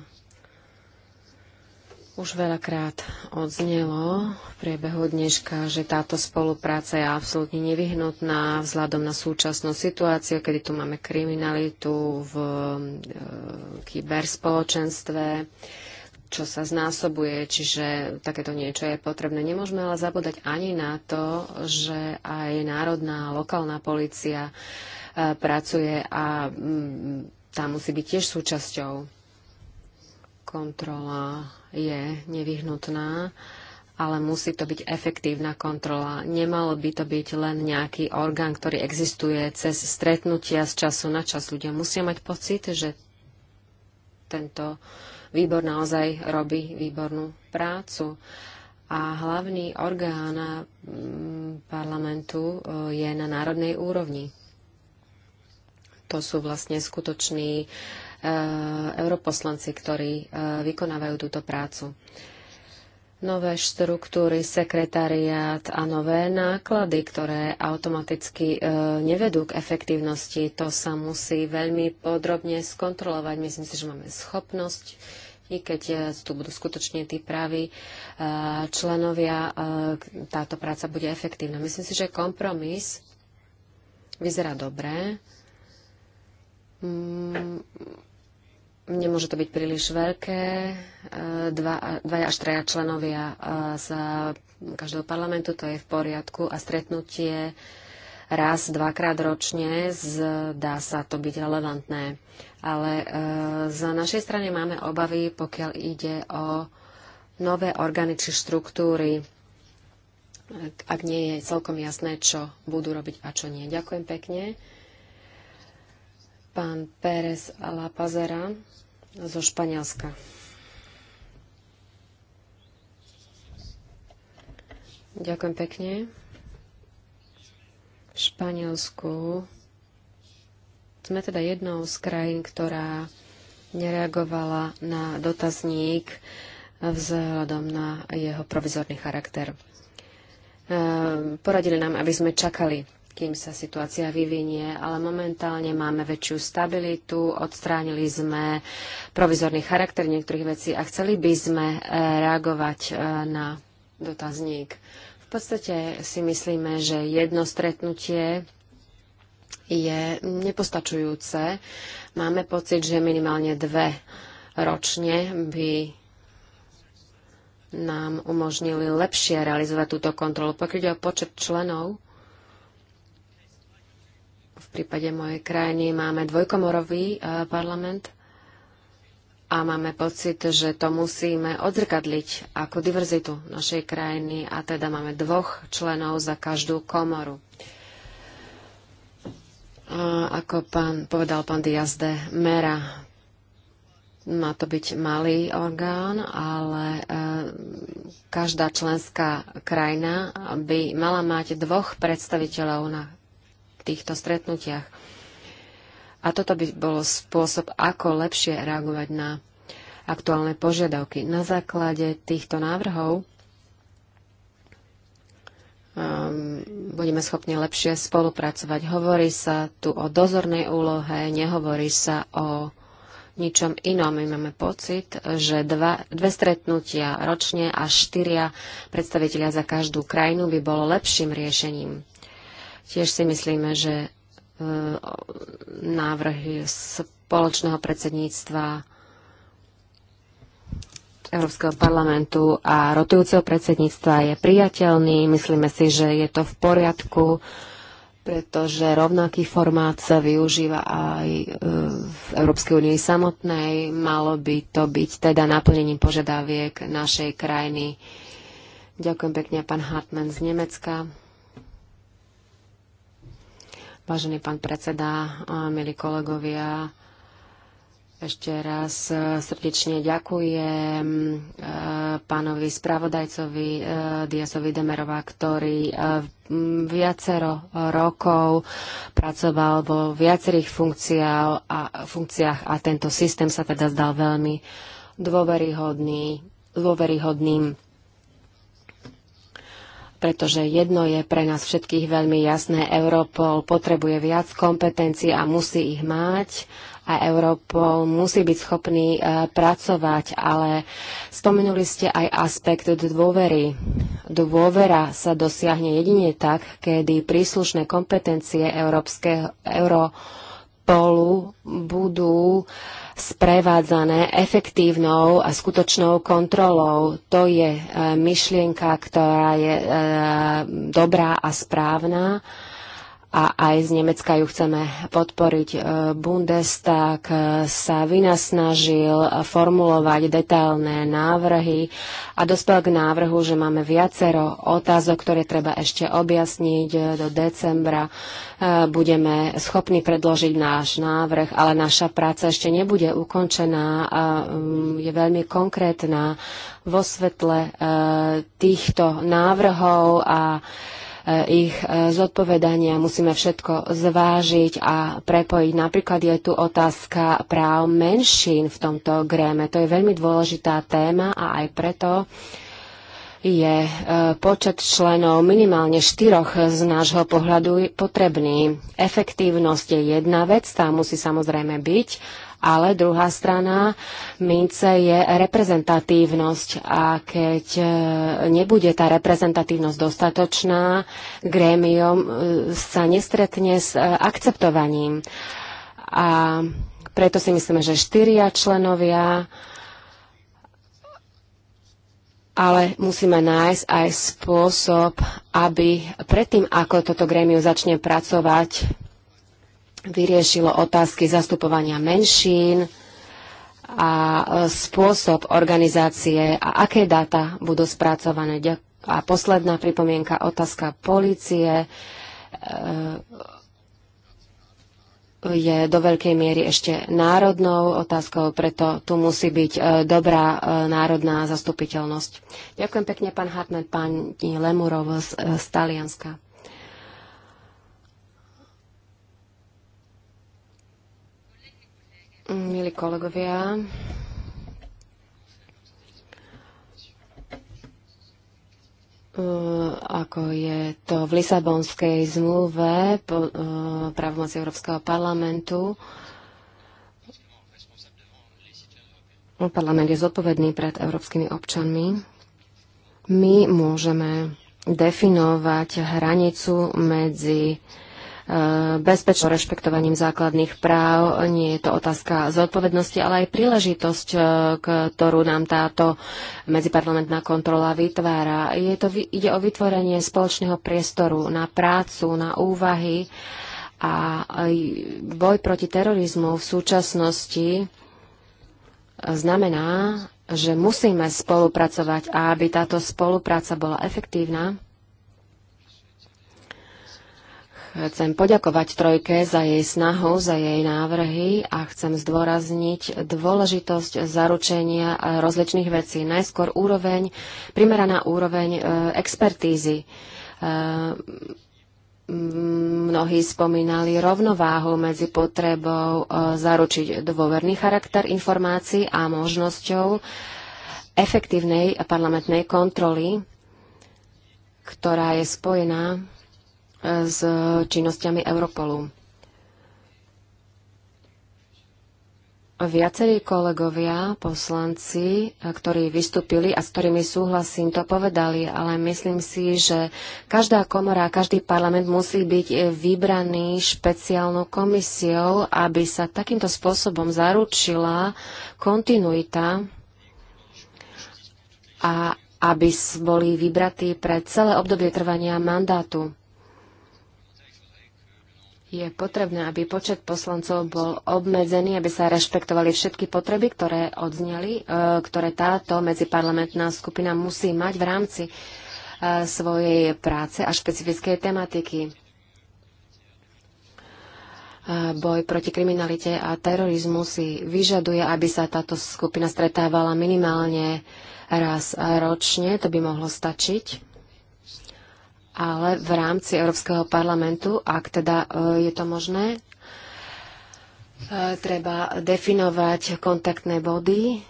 Už veľakrát odznelo v priebehu dneška, že táto spolupráca je absolútne nevyhnutná vzhľadom na súčasnú situáciu, kedy tu máme kriminalitu v e, kyberspoločenstve, čo sa znásobuje, čiže takéto niečo je potrebné. Nemôžeme ale zabúdať ani na to, že aj národná, lokálna policia e, pracuje a m, mm, tá musí byť tiež súčasťou kontrola je nevyhnutná, ale musí to byť efektívna kontrola. Nemalo by to byť len nejaký orgán, ktorý existuje cez stretnutia z času na čas. Ľudia musia mať pocit, že tento výbor naozaj robí výbornú prácu. A hlavný orgán mm, parlamentu e, je na národnej úrovni. To sú vlastne skutoční uh, Eh, europoslanci, ktorí eh, vykonávajú túto prácu. Nové štruktúry, sekretariát a nové náklady, ktoré automaticky eh, nevedú k efektívnosti, to sa musí veľmi podrobne skontrolovať. Myslím si, že máme schopnosť i keď tu budú skutočne tí praví členovia, táto práca bude efektívna. Myslím si, že kompromis vyzerá dobré. Mm, Nemôže to byť príliš veľké. E, dva, až traja členovia e, z každého parlamentu, to je v poriadku. A stretnutie raz, dvakrát ročne, dá sa to byť relevantné. Ale e, z našej strany máme obavy, pokiaľ ide o nové orgány či štruktúry, ak nie je celkom jasné, čo budú robiť a čo nie. Ďakujem pekne pán Pérez La Pazera zo Španielska. Ďakujem pekne. V Španielsku sme teda jednou z krajín, ktorá nereagovala na dotazník vzhľadom na jeho provizorný charakter. E, poradili nám, aby sme čakali kým sa situácia vyvinie, ale momentálne máme väčšiu stabilitu, odstránili sme provizorný charakter niektorých vecí a chceli by sme e, reagovať e, na dotazník. V podstate si myslíme, že jedno stretnutie je nepostačujúce. Máme pocit, že minimálne dve ročne by nám umožnili lepšie realizovať túto kontrolu. Pokiaľ ide o počet členov, prípade mojej krajiny máme dvojkomorový e, parlament a máme pocit, že to musíme odzrkadliť ako diverzitu našej krajiny a teda máme dvoch členov za každú komoru. A ako pán, povedal pán Diaz de Mera, má to byť malý orgán, ale e, každá členská krajina by mala mať dvoch predstaviteľov na týchto stretnutiach. A toto by bol spôsob, ako lepšie reagovať na aktuálne požiadavky. Na základe týchto návrhov um, budeme schopní lepšie spolupracovať. Hovorí sa tu o dozornej úlohe, nehovorí sa o ničom inom. My máme pocit, že dva, dve stretnutia ročne a štyria predstavitelia za každú krajinu by bolo lepším riešením. Tiež si myslíme, že e, návrhy spoločného predsedníctva Európskeho parlamentu a rotujúceho predsedníctva je priateľný. Myslíme si, že je to v poriadku, pretože rovnaký formát sa využíva aj e, v Európskej únii samotnej. Malo by to byť teda naplnením požiadaviek našej krajiny. Ďakujem pekne, pán Hartmann z Nemecka. Vážený pán predseda, milí kolegovia, ešte raz e, srdečne ďakujem e, pánovi spravodajcovi e, Diasovi Demerova, ktorý viacero rokov pracoval vo viacerých funkciách a, tento systém sa teda zdal veľmi dôveryhodný, dôveryhodným pretože jedno je pre nás všetkých veľmi jasné. Europol potrebuje viac kompetencií a musí ich mať a Europol musí byť schopný e, pracovať, ale spomenuli ste aj aspekt dôvery. Dôvera sa dosiahne jedine tak, kedy príslušné kompetencie Európskeho Europolu budú sprevádzané efektívnou a skutočnou kontrolou. To je e, myšlienka, ktorá je e, dobrá a správna a aj z Nemecka ju chceme podporiť. E, Bundestag e, sa vynasnažil formulovať detailné návrhy a dospel k návrhu, že máme viacero otázok, ktoré treba ešte objasniť e, do decembra. Budeme schopní predložiť náš návrh, ale naša práca ešte nebude ukončená a mm, je veľmi konkrétna vo svetle týchto návrhov a Eh, ich eh, zodpovedania. Musíme všetko zvážiť a prepojiť. Napríklad je tu otázka práv menšín v tomto gréme. To je veľmi dôležitá téma a aj preto je eh, počet členov minimálne štyroch z nášho pohľadu potrebný. Efektívnosť je jedna vec, tá musí samozrejme byť ale druhá strana mince je reprezentatívnosť a keď e, nebude tá reprezentatívnosť dostatočná, grémium e, sa nestretne s e, akceptovaním. A preto si myslíme, že štyria členovia ale musíme nájsť aj spôsob, aby predtým, ako toto grémium začne pracovať, vyriešilo otázky zastupovania menšín a e, spôsob organizácie a aké dáta budú spracované. A posledná pripomienka, otázka policie e, je do veľkej miery ešte národnou otázkou, preto tu musí byť e, dobrá národná zastupiteľnosť. Ďakujem pekne, pán Hartmann, pani Lemurov z, z Talianska. Milí kolegovia, eh, ako je to v Lisabonskej zmluve eh, pravomoc Európskeho parlamentu. Parlament je zodpovedný pred európskymi občanmi. My môžeme definovať hranicu medzi bezpečnou rešpektovaním základných práv. Nie je to otázka zodpovednosti, ale aj príležitosť, e, ktorú nám táto medziparlamentná kontrola vytvára. Je to, ide o vytvorenie spoločného priestoru na prácu, na úvahy a boj proti terorizmu v súčasnosti znamená, že musíme spolupracovať a aby táto spolupráca bola efektívna, Chcem poďakovať Trojke za jej snahu, za jej návrhy a chcem zdôrazniť dôležitosť zaručenia rozličných vecí. Najskôr úroveň, primeraná úroveň e, expertízy. E, mnohí spomínali rovnováhu medzi potrebou e, zaručiť dôverný charakter informácií a možnosťou efektívnej parlamentnej kontroly, ktorá je spojená s činnosťami Europolu. Viacerí kolegovia, poslanci, ktorí vystúpili a s ktorými súhlasím, to povedali, ale myslím si, že každá komora, každý parlament musí byť vybraný špeciálnou komisiou, aby sa takýmto spôsobom zaručila kontinuita a aby boli vybratí pre celé obdobie trvania mandátu je potrebné, aby počet poslancov bol obmedzený, aby sa rešpektovali všetky potreby, ktoré odzneli, e, ktoré táto medziparlamentná skupina musí mať v rámci e, svojej práce a špecifickej tematiky. E, boj proti kriminalite a terorizmu si vyžaduje, aby sa táto skupina stretávala minimálne raz ročne. To by mohlo stačiť ale v rámci Európskeho parlamentu, ak teda e, je to možné, e, treba definovať kontaktné body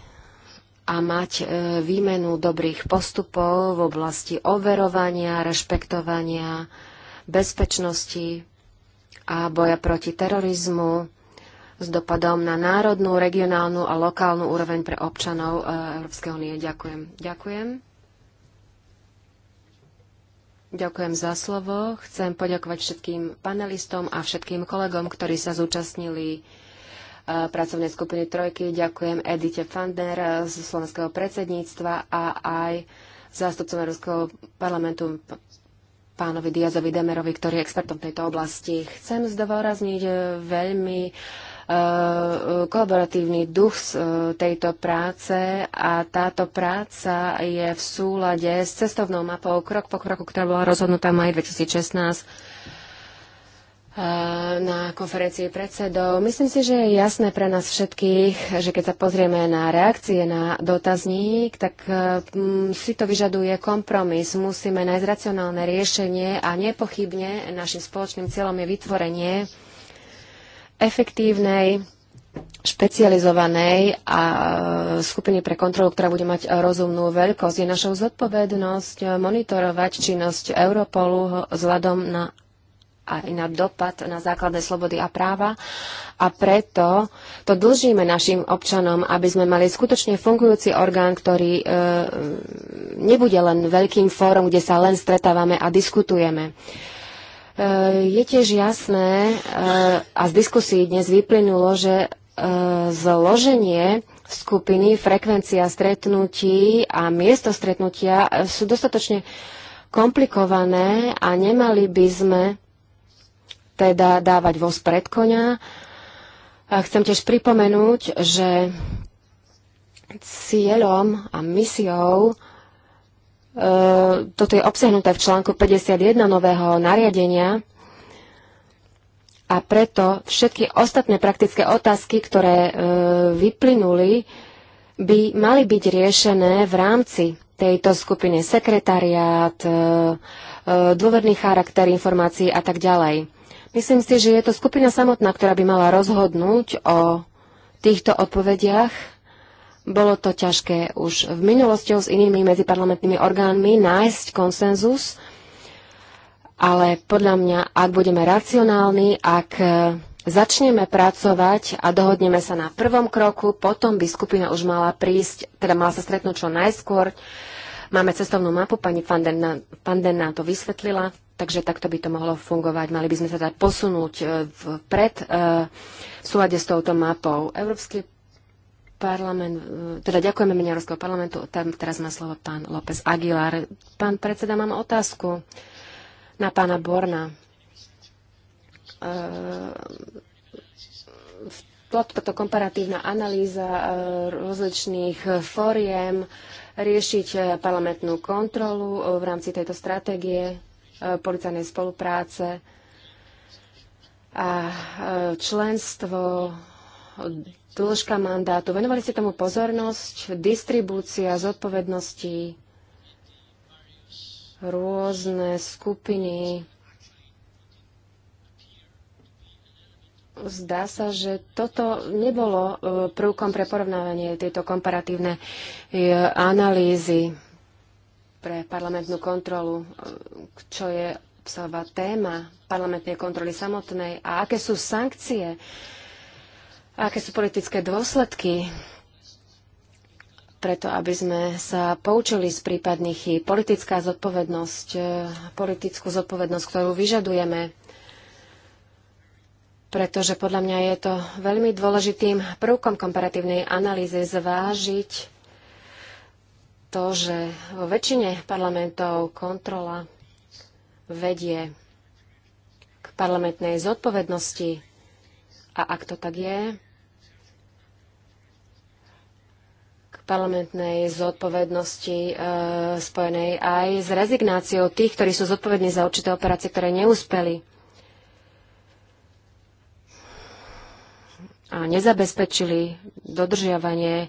a mať e, výmenu dobrých postupov v oblasti overovania, rešpektovania, bezpečnosti a boja proti terorizmu s dopadom na národnú, regionálnu a lokálnu úroveň pre občanov Európskej únie. Ďakujem. Ďakujem. Ďakujem za slovo. Chcem poďakovať všetkým panelistom a všetkým kolegom, ktorí sa zúčastnili e, pracovnej skupiny Trojky. Ďakujem Edite Fander z slovenského predsedníctva a aj zástupcom Európskeho parlamentu pánovi Diazovi Demerovi, ktorý je expertom tejto oblasti. Chcem zdôrazniť e, veľmi Eh, kolaboratívny duch z eh, tejto práce a táto práca je v súlade s cestovnou mapou krok po kroku, ktorá bola rozhodnutá v maj 2016 eh, na konferencii predsedov. Myslím si, že je jasné pre nás všetkých, že keď sa pozrieme na reakcie na dotazník, tak si to vyžaduje kompromis. Musíme nájsť racionálne riešenie a nepochybne našim spoločným cieľom je vytvorenie efektívnej špecializovanej a e, skupiny pre kontrolu, ktorá bude mať rozumnú veľkosť. Je našou zodpovednosť monitorovať činnosť Europolu vzhľadom na aj na dopad na základné slobody a práva. A preto to dlžíme našim občanom, aby sme mali skutočne fungujúci orgán, ktorý e, nebude len veľkým fórum, kde sa len stretávame a diskutujeme. E, Eh, je tiež jasné eh, a z diskusí dnes vyplynulo, že eh, zloženie skupiny, frekvencia stretnutí a miesto stretnutia sú dostatočne komplikované a nemali by sme teda dávať voz pred konia. A chcem tiež pripomenúť, že cieľom a misiou E, toto je obsiahnuté v článku 51 nového nariadenia a preto všetky ostatné praktické otázky, ktoré e, vyplynuli, by mali byť riešené v rámci tejto skupiny, sekretariát, e, dôverný charakter informácií a tak ďalej. Myslím si, že je to skupina samotná, ktorá by mala rozhodnúť o týchto odpovediach bolo to ťažké už v minulosti s inými medziparlamentnými orgánmi nájsť konsenzus, ale podľa mňa, ak budeme racionálni, ak e, začneme pracovať a dohodneme sa na prvom kroku, potom by skupina už mala prísť, teda mala sa stretnúť čo najskôr. Máme cestovnú mapu, pani Fanden nám to vysvetlila, takže takto by to mohlo fungovať. Mali by sme sa teda posunúť e, vpred e, v súlade s touto mapou. Európsky parlament, e, teda ďakujeme mene Európskeho parlamentu. Tam teraz má slovo pán López Aguilar. Pán predseda, mám otázku na pána Borna. E, Toto komparatívna analýza e, rozličných fóriem riešiť parlamentnú kontrolu v rámci tejto stratégie policajnej spolupráce a členstvo dĺžka mandátu. Venovali ste tomu pozornosť, distribúcia zodpovedností, rôzne skupiny. Zdá sa, že toto nebolo e, prvkom pre porovnávanie tejto komparatívne e, analýzy pre parlamentnú kontrolu, e, čo je obsahová téma parlamentnej kontroly samotnej a aké sú sankcie aké sú politické dôsledky preto, aby sme sa poučili z prípadných chýb. Politická zodpovednosť, e, politickú zodpovednosť, ktorú vyžadujeme, pretože podľa mňa je to veľmi dôležitým prvkom komparatívnej analýzy zvážiť to, že vo väčšine parlamentov kontrola vedie k parlamentnej zodpovednosti a ak to tak je, k parlamentnej zodpovednosti e, spojenej aj s rezignáciou tých, ktorí sú zodpovední za určité operácie, ktoré neúspeli a nezabezpečili dodržiavanie e,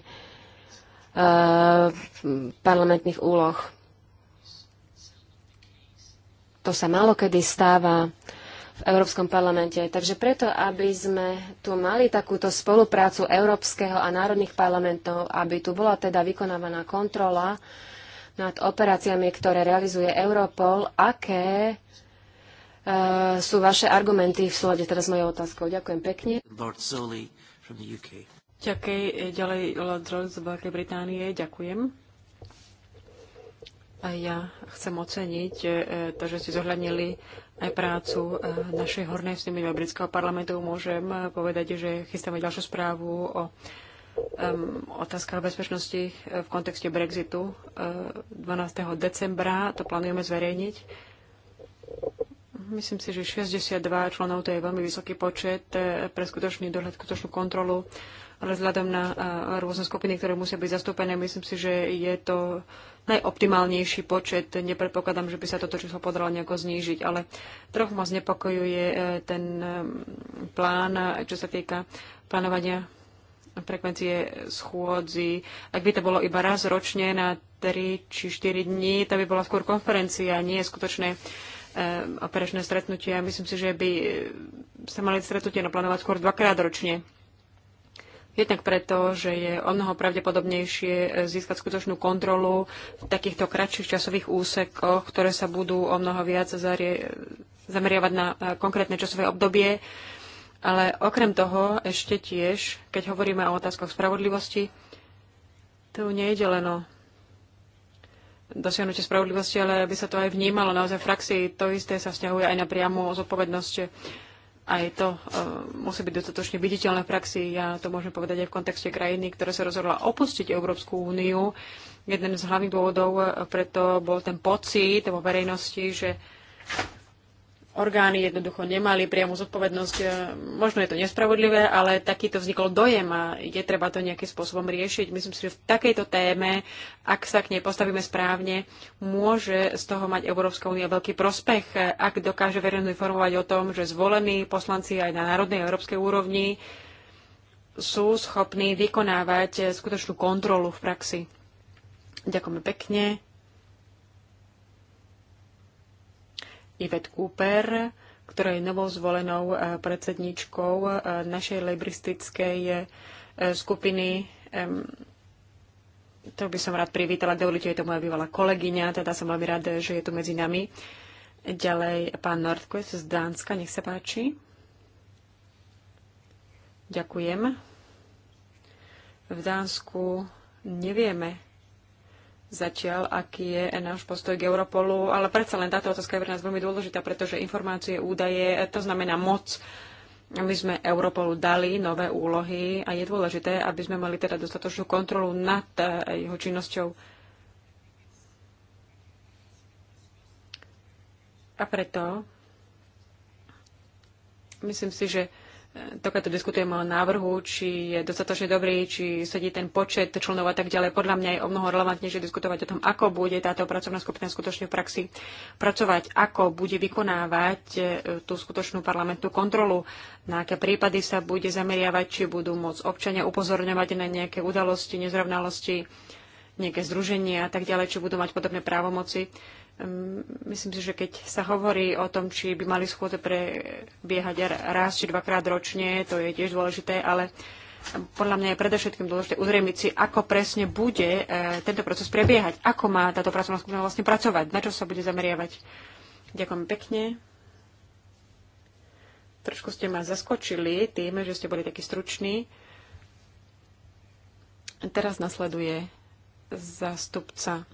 parlamentných úloh. To sa málo kedy stáva. E, v Európskom parlamente. Takže preto, aby sme tu mali takúto spoluprácu Európskeho a národných parlamentov, aby tu bola teda vykonávaná kontrola nad operáciami, ktoré realizuje Europol, aké e, sú vaše argumenty v súlade teraz s mojou otázkou. Ďakujem pekne.
Lord Zoli from the UK.
Ďakej, e, ďalej Lord Zoli z Veľkej Británie. Ďakujem. A ja chcem oceniť e, to, že ste zohľadnili aj prácu eh, našej hornej snemovne britského parlamentu. Môžem eh, povedať, že chystáme ďalšiu správu o um, otázkach bezpečnosti eh, v kontexte Brexitu 12. decembra. To plánujeme zverejniť. Myslím si, že 62 členov to je veľmi vysoký počet pre skutočný dohľad, skutočnú kontrolu, ale vzhľadom na rôzne skupiny, ktoré musia byť zastúpené, myslím si, že je to najoptimálnejší počet. Nepredpokladám, že by sa toto číslo podalo nejako znížiť, ale trochu ma znepokojuje e, ten e, plán, e, čo sa týka plánovania frekvencie schôdzi. Ak by to bolo iba raz ročne na 3 či 4 dní, to by bola skôr konferencia, nie skutočné operačné stretnutie. Myslím si, že by sa mali stretnutie naplánovať skôr dvakrát ročne. Jednak preto, že je o mnoho pravdepodobnejšie eh, získať skutočnú kontrolu v takýchto kratších časových úsekoch, ktoré sa budú o mnoho viac zameriavať na eh, konkrétne časové obdobie. Ale okrem toho ešte tiež, keď hovoríme o otázkach spravodlivosti, tu nie je deleno dosiahnutie spravodlivosti, ale by sa to aj vnímalo naozaj v praxi. To isté sa vzťahuje aj na priamu zodpovednosť aj to e, musí byť dostatočne viditeľné v praxi. Ja to môžem povedať aj v kontexte krajiny, ktorá sa rozhodla opustiť Európsku úniu. Jeden z hlavných dôvodov e, preto bol ten pocit vo verejnosti, že orgány jednoducho nemali priamu zodpovednosť. E, možno je to nespravodlivé, ale takýto vznikol dojem a je treba to nejakým spôsobom riešiť. Myslím si, že v takejto téme, ak sa k nej postavíme správne, môže z toho mať Európska únia veľký prospech, ak dokáže verejne informovať o tom, že zvolení poslanci aj na národnej a európskej úrovni sú schopní vykonávať skutočnú kontrolu v praxi. Ďakujeme pekne. Ivet Cooper, ktorá je novou zvolenou eh, predsedničkou eh, našej lebristickej eh, skupiny. To by som rád privítala. Dovolite, je to moja bývalá kolegyňa, teda som veľmi rád, že je tu medzi nami. Ďalej pán Nordquist z Dánska, nech sa páči. Ďakujem. V Dánsku nevieme zatiaľ, aký je náš postoj k Europolu, ale predsa len táto otázka je pre nás veľmi dôležitá, pretože informácie, údaje, to znamená moc. My sme Europolu dali nové úlohy a je dôležité, aby sme mali teda dostatočnú kontrolu nad eh, jeho činnosťou. A preto myslím si, že Tokiaľ tu diskutujeme o návrhu, či je dostatočne dobrý, či sedí ten počet členov a tak ďalej. Podľa mňa je o mnoho relevantnejšie diskutovať o tom, ako bude táto pracovná skupina skutočne v praxi pracovať, ako bude vykonávať e, tú skutočnú parlamentnú kontrolu, na aké prípady sa bude zameriavať, či budú môcť občania upozorňovať na nejaké udalosti, nezrovnalosti, nejaké združenia a tak ďalej, či budú mať podobné právomoci. Ehm, myslím si, že keď sa hovorí o tom, či by mali schôdze prebiehať raz či dvakrát ročne, to je tiež dôležité, ale podľa mňa je predovšetkým dôležité uzrejmiť si, ako presne bude eh, tento proces prebiehať, ako má táto pracovná skupina vlastne pracovať, na čo sa bude zameriavať. Ďakujem pekne. Trošku ste ma zaskočili tým, že ste boli takí struční. Teraz nasleduje zástupca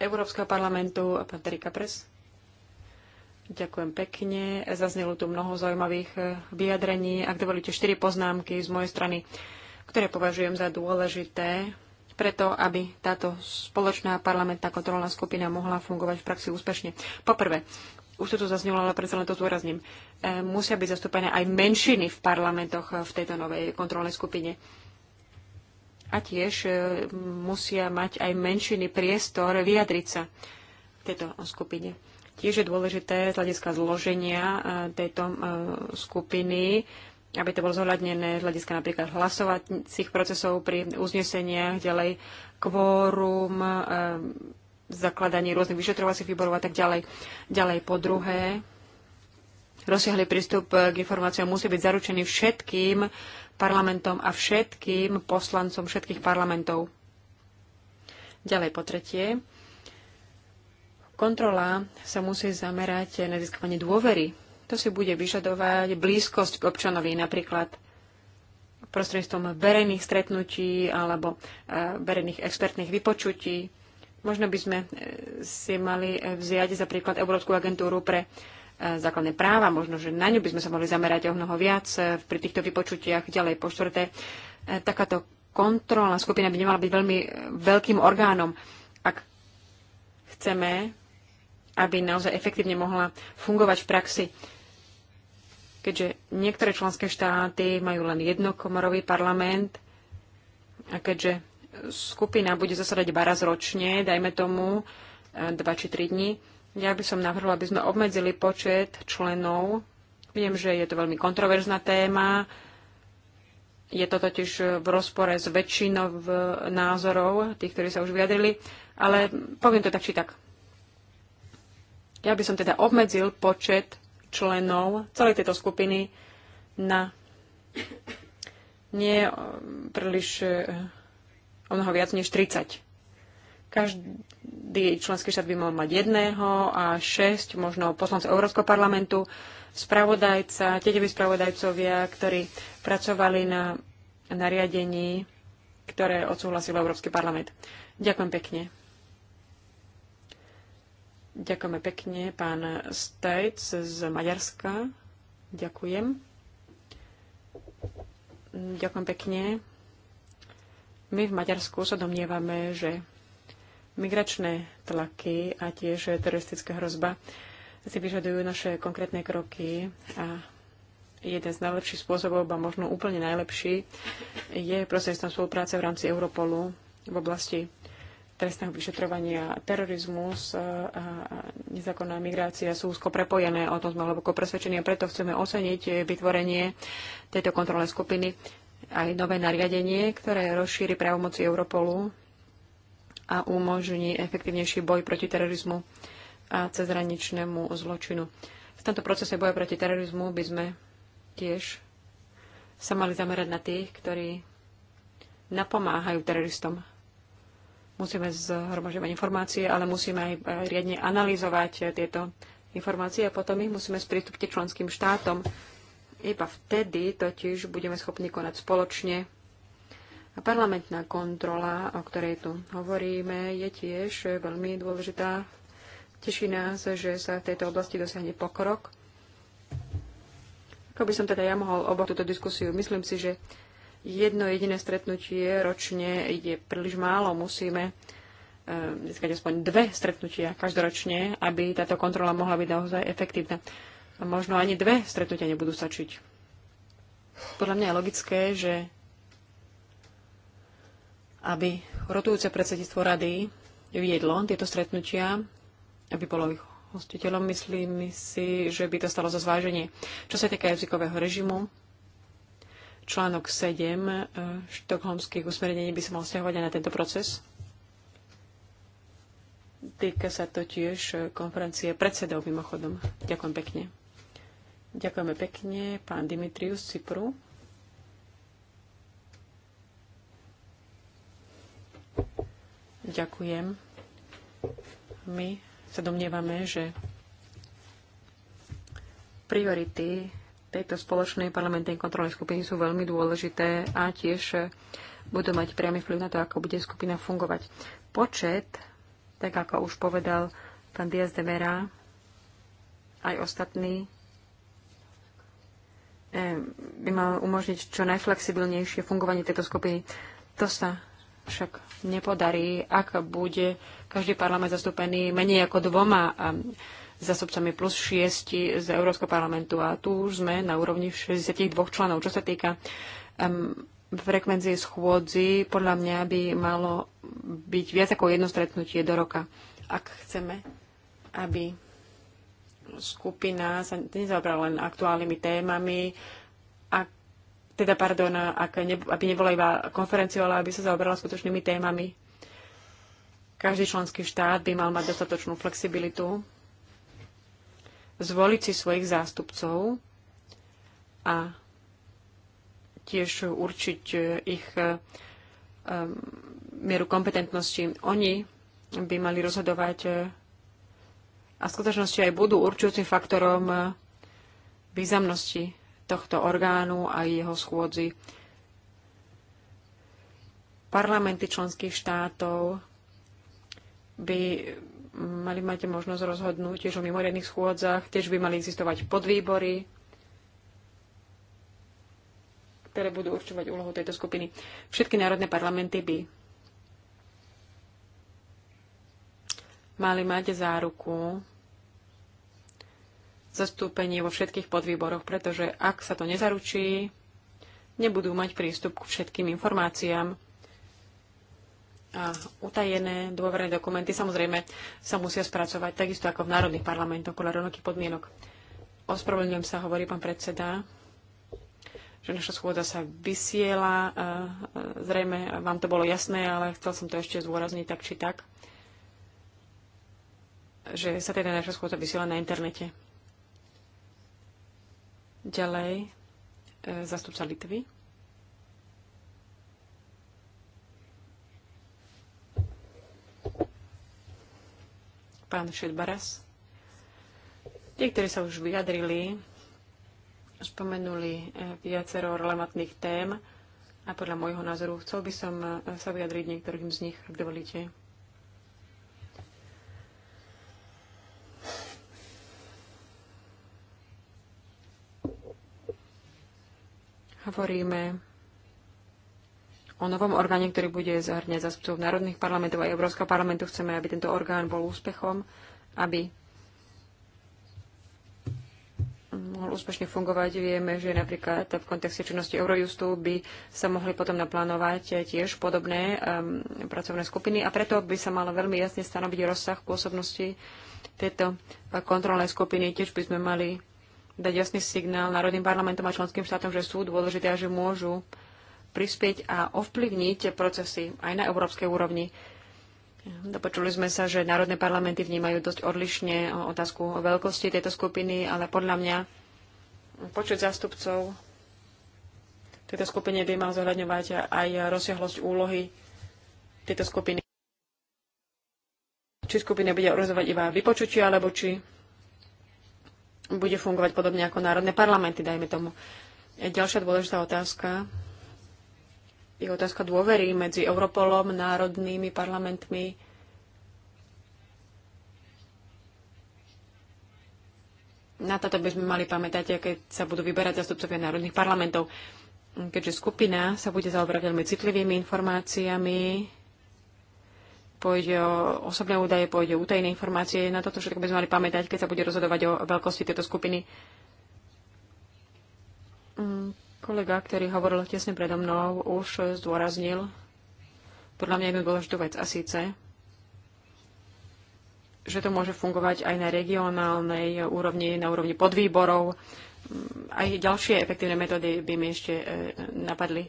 Európskeho parlamentu, pán Terika Pres. Ďakujem pekne. Zaznelo tu mnoho zaujímavých eh, vyjadrení. Ak dovolíte, štyri poznámky z mojej strany, ktoré považujem za dôležité preto, aby táto spoločná parlamentná kontrolná skupina mohla fungovať v praxi úspešne. Poprvé, už to tu zaznelo, ale predsa len to zdôrazním, eh, musia byť zastúpené aj menšiny v parlamentoch eh, v tejto novej kontrolnej skupine a tiež e, musia mať aj menšiny priestor vyjadriť sa v tejto skupine. Tiež je dôležité z hľadiska zloženia e, tejto e, skupiny, aby to bolo zohľadnené z hľadiska napríklad hlasovacích procesov pri uzneseniach, ďalej kvórum, zakladanie rôznych vyšetrovacích výborov a tak ďalej. Ďalej po druhé, rozsiahly prístup k informáciám musí byť zaručený všetkým parlamentom a všetkým poslancom všetkých parlamentov. Ďalej po tretie. Kontrola sa musí zamerať na získavanie dôvery. To si bude vyžadovať blízkosť k občanovi, napríklad prostredstvom verejných stretnutí alebo e, verejných expertných vypočutí. Možno by sme e, si mali e, vziať za príklad Európsku agentúru pre E, základné práva. Možno, že na ňu by sme sa mohli zamerať o mnoho viac e, pri týchto vypočutiach ďalej. Po štvrté, e, takáto kontrolná skupina by nemala byť veľmi veľkým orgánom. Ak chceme, aby naozaj efektívne mohla fungovať v praxi, keďže niektoré členské štáty majú len jednokomorový parlament a keďže skupina bude zasadať raz ročne, dajme tomu dva či tri dní, ja by som navrhla, aby sme obmedzili počet členov. Viem, že je to veľmi kontroverzná téma. Je to totiž v rozpore s väčšinou názorov tých, ktorí sa už vyjadrili, ale poviem to tak či tak. Ja by som teda obmedzil počet členov celej tejto skupiny na nie eh, príliš eh, o mnoho viac než 30. Každý členský štát by mal mať jedného a šesť možno poslancov Európskeho parlamentu, spravodajca, tiedeví spravodajcovia, ktorí pracovali na nariadení, ktoré odsúhlasil Európsky parlament. Ďakujem pekne. Ďakujeme pekne, pán Stejc z Maďarska. Ďakujem. Ďakujem pekne. My v Maďarsku sa domnievame, že migračné tlaky a tiež teroristická hrozba si vyžadujú naše konkrétne kroky a jeden z najlepších spôsobov, a možno úplne najlepší, je prostredstvom spolupráce v rámci Europolu v oblasti trestného vyšetrovania terorizmus a nezákonná migrácia sú úzko prepojené, o tom sme hlboko presvedčení a preto chceme oceniť vytvorenie tejto kontrolnej skupiny aj nové nariadenie, ktoré rozšíri právomoci Europolu a umožní efektívnejší boj proti terorizmu a cezhraničnému zločinu. V tomto procese boja proti terorizmu by sme tiež sa mali zamerať na tých, ktorí napomáhajú teroristom. Musíme zhromažďovať informácie, ale musíme aj riadne analyzovať tieto informácie a potom ich musíme sprístupniť členským štátom. Iba vtedy totiž budeme schopní konať spoločne a parlamentná kontrola, o ktorej tu hovoríme, je tiež veľmi dôležitá. Teší nás, že sa v tejto oblasti dosiahne pokrok. Ako by som teda ja mohol oboch túto diskusiu? Myslím si, že jedno jediné stretnutie ročne je príliš málo. Musíme eh, získať aspoň dve stretnutia každoročne, aby táto kontrola mohla byť naozaj efektívna. A možno ani dve stretnutia nebudú stačiť. Podľa mňa je logické, že aby rotujúce predsedníctvo rady viedlo tieto stretnutia, aby bolo ich hostiteľom. Myslím si, že by to stalo za zváženie. Čo sa týka jazykového režimu, článok 7 e, štokholmských usmernení by sa mal stiahovať aj na tento proces. Týka sa to tiež e, konferencie predsedov, mimochodom. Ďakujem pekne. Ďakujeme pekne, pán Dimitrius Cypru. Ďakujem. My sa domnievame, že priority tejto spoločnej parlamentnej kontrolnej skupiny sú veľmi dôležité a tiež budú mať priamy vplyv na to, ako bude skupina fungovať. Počet, tak ako už povedal pán Diaz de Vera, aj ostatní, eh, by mal umožniť čo najflexibilnejšie fungovanie tejto skupiny. To sa však nepodarí, ak bude každý parlament zastúpený menej ako dvoma zastupcami plus šiesti z Európskeho parlamentu. A tu už sme na úrovni 62 členov. Čo sa týka um, frekvencie schôdzi, podľa mňa by malo byť viac ako jedno stretnutie do roka, ak chceme, aby skupina sa nezabrala len aktuálnymi témami, teda pardon, ak ne, aby nebola iba konferenciou, ale aby sa zaoberala skutočnými témami. Každý členský štát by mal mať dostatočnú flexibilitu, zvoliť si svojich zástupcov a tiež určiť ich um, mieru kompetentnosti. Oni by mali rozhodovať e, a v skutočnosti aj budú určujúcim faktorom e, významnosti tohto orgánu a jeho schôdzi. Parlamenty členských štátov by mali mať možnosť rozhodnúť tiež o mimoriadných schôdzach, tiež by mali existovať podvýbory, ktoré budú určovať úlohu tejto skupiny. Všetky národné parlamenty by mali mať záruku zastúpenie vo všetkých podvýboroch, pretože ak sa to nezaručí, nebudú mať prístup k všetkým informáciám. A utajené dôverné dokumenty samozrejme sa musia spracovať takisto ako v národných parlamentoch podľa rovnakých podmienok. Ospravedlňujem sa, hovorí pán predseda, že naša schôdza sa vysiela. Zrejme vám to bolo jasné, ale chcel som to ešte zdôrazniť tak či tak, že sa teda naša schôdza vysiela na internete. Ďalej e, zastupca Litvy. Pán Šedbaras. Tie, ktorí sa už vyjadrili, spomenuli e, viacero relevantných tém a podľa môjho názoru chcel by som e, sa vyjadriť niektorým z nich, ak dovolíte. Hovoríme o novom orgáne, ktorý bude zahrňať zástupcov národných parlamentov a Európskeho parlamentu. Chceme, aby tento orgán bol úspechom, aby mohol úspešne fungovať. Vieme, že napríklad v kontexte činnosti Eurojustu by sa mohli potom naplánovať tiež podobné um, pracovné skupiny a preto by sa malo veľmi jasne stanoviť rozsah pôsobnosti tejto kontrolnej skupiny. Tiež by sme mali dať jasný signál národným parlamentom a členským štátom, že sú dôležité a že môžu prispieť a ovplyvniť tie procesy aj na európskej úrovni. Dopočuli sme sa, že národné parlamenty vnímajú dosť odlišne otázku o veľkosti tejto skupiny, ale podľa mňa počet zástupcov tejto skupine by mal zohľadňovať aj rozsiahlosť úlohy tejto skupiny. Či skupina bude rozhodovať iba vypočutie, alebo či bude fungovať podobne ako národné parlamenty, dajme tomu. E, ďalšia dôležitá otázka je otázka dôvery medzi Europolom, národnými parlamentmi. Na toto by sme mali pamätať, keď sa budú vyberať zastupcovia národných parlamentov. Keďže skupina sa bude zaoberať veľmi citlivými informáciami, pôjde o osobné údaje, pôjde o útajné informácie. Na toto všetko by sme mali pamätať, keď sa bude rozhodovať o veľkosti tejto skupiny. Mm, kolega, ktorý hovoril tesne predo mnou, už zdôraznil podľa mňa jednu dôležitú vec a síce, že to môže fungovať aj na regionálnej úrovni, na úrovni podvýborov. Mm, aj ďalšie efektívne metódy by mi ešte e, napadli.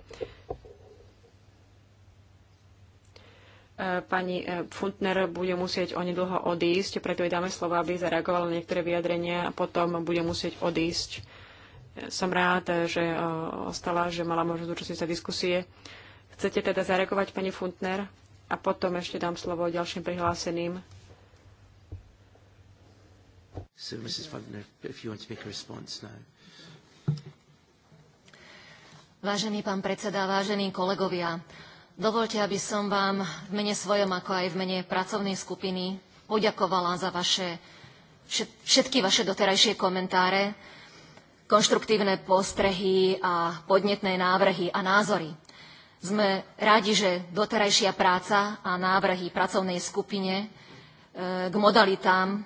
E, pani e, Funtner bude musieť onedlho odísť, preto jej dáme slovo, aby zareagovala na niektoré vyjadrenia a potom bude musieť odísť. E, som rád, že ostala, že mala možnosť zúčastniť sa diskusie. Chcete teda zareagovať, pani Funtner? A potom ešte dám slovo ďalším prihláseným. So, Mrs. Funtner, if you want to make a response now.
Vážený pán predseda, vážení kolegovia, Dovolte, aby som vám v mene svojom, ako aj v mene pracovnej skupiny poďakovala za vaše, všetky vaše doterajšie komentáre, konštruktívne postrehy a podnetné návrhy a názory. Sme rádi, že doterajšia práca a návrhy pracovnej skupine e, k modalitám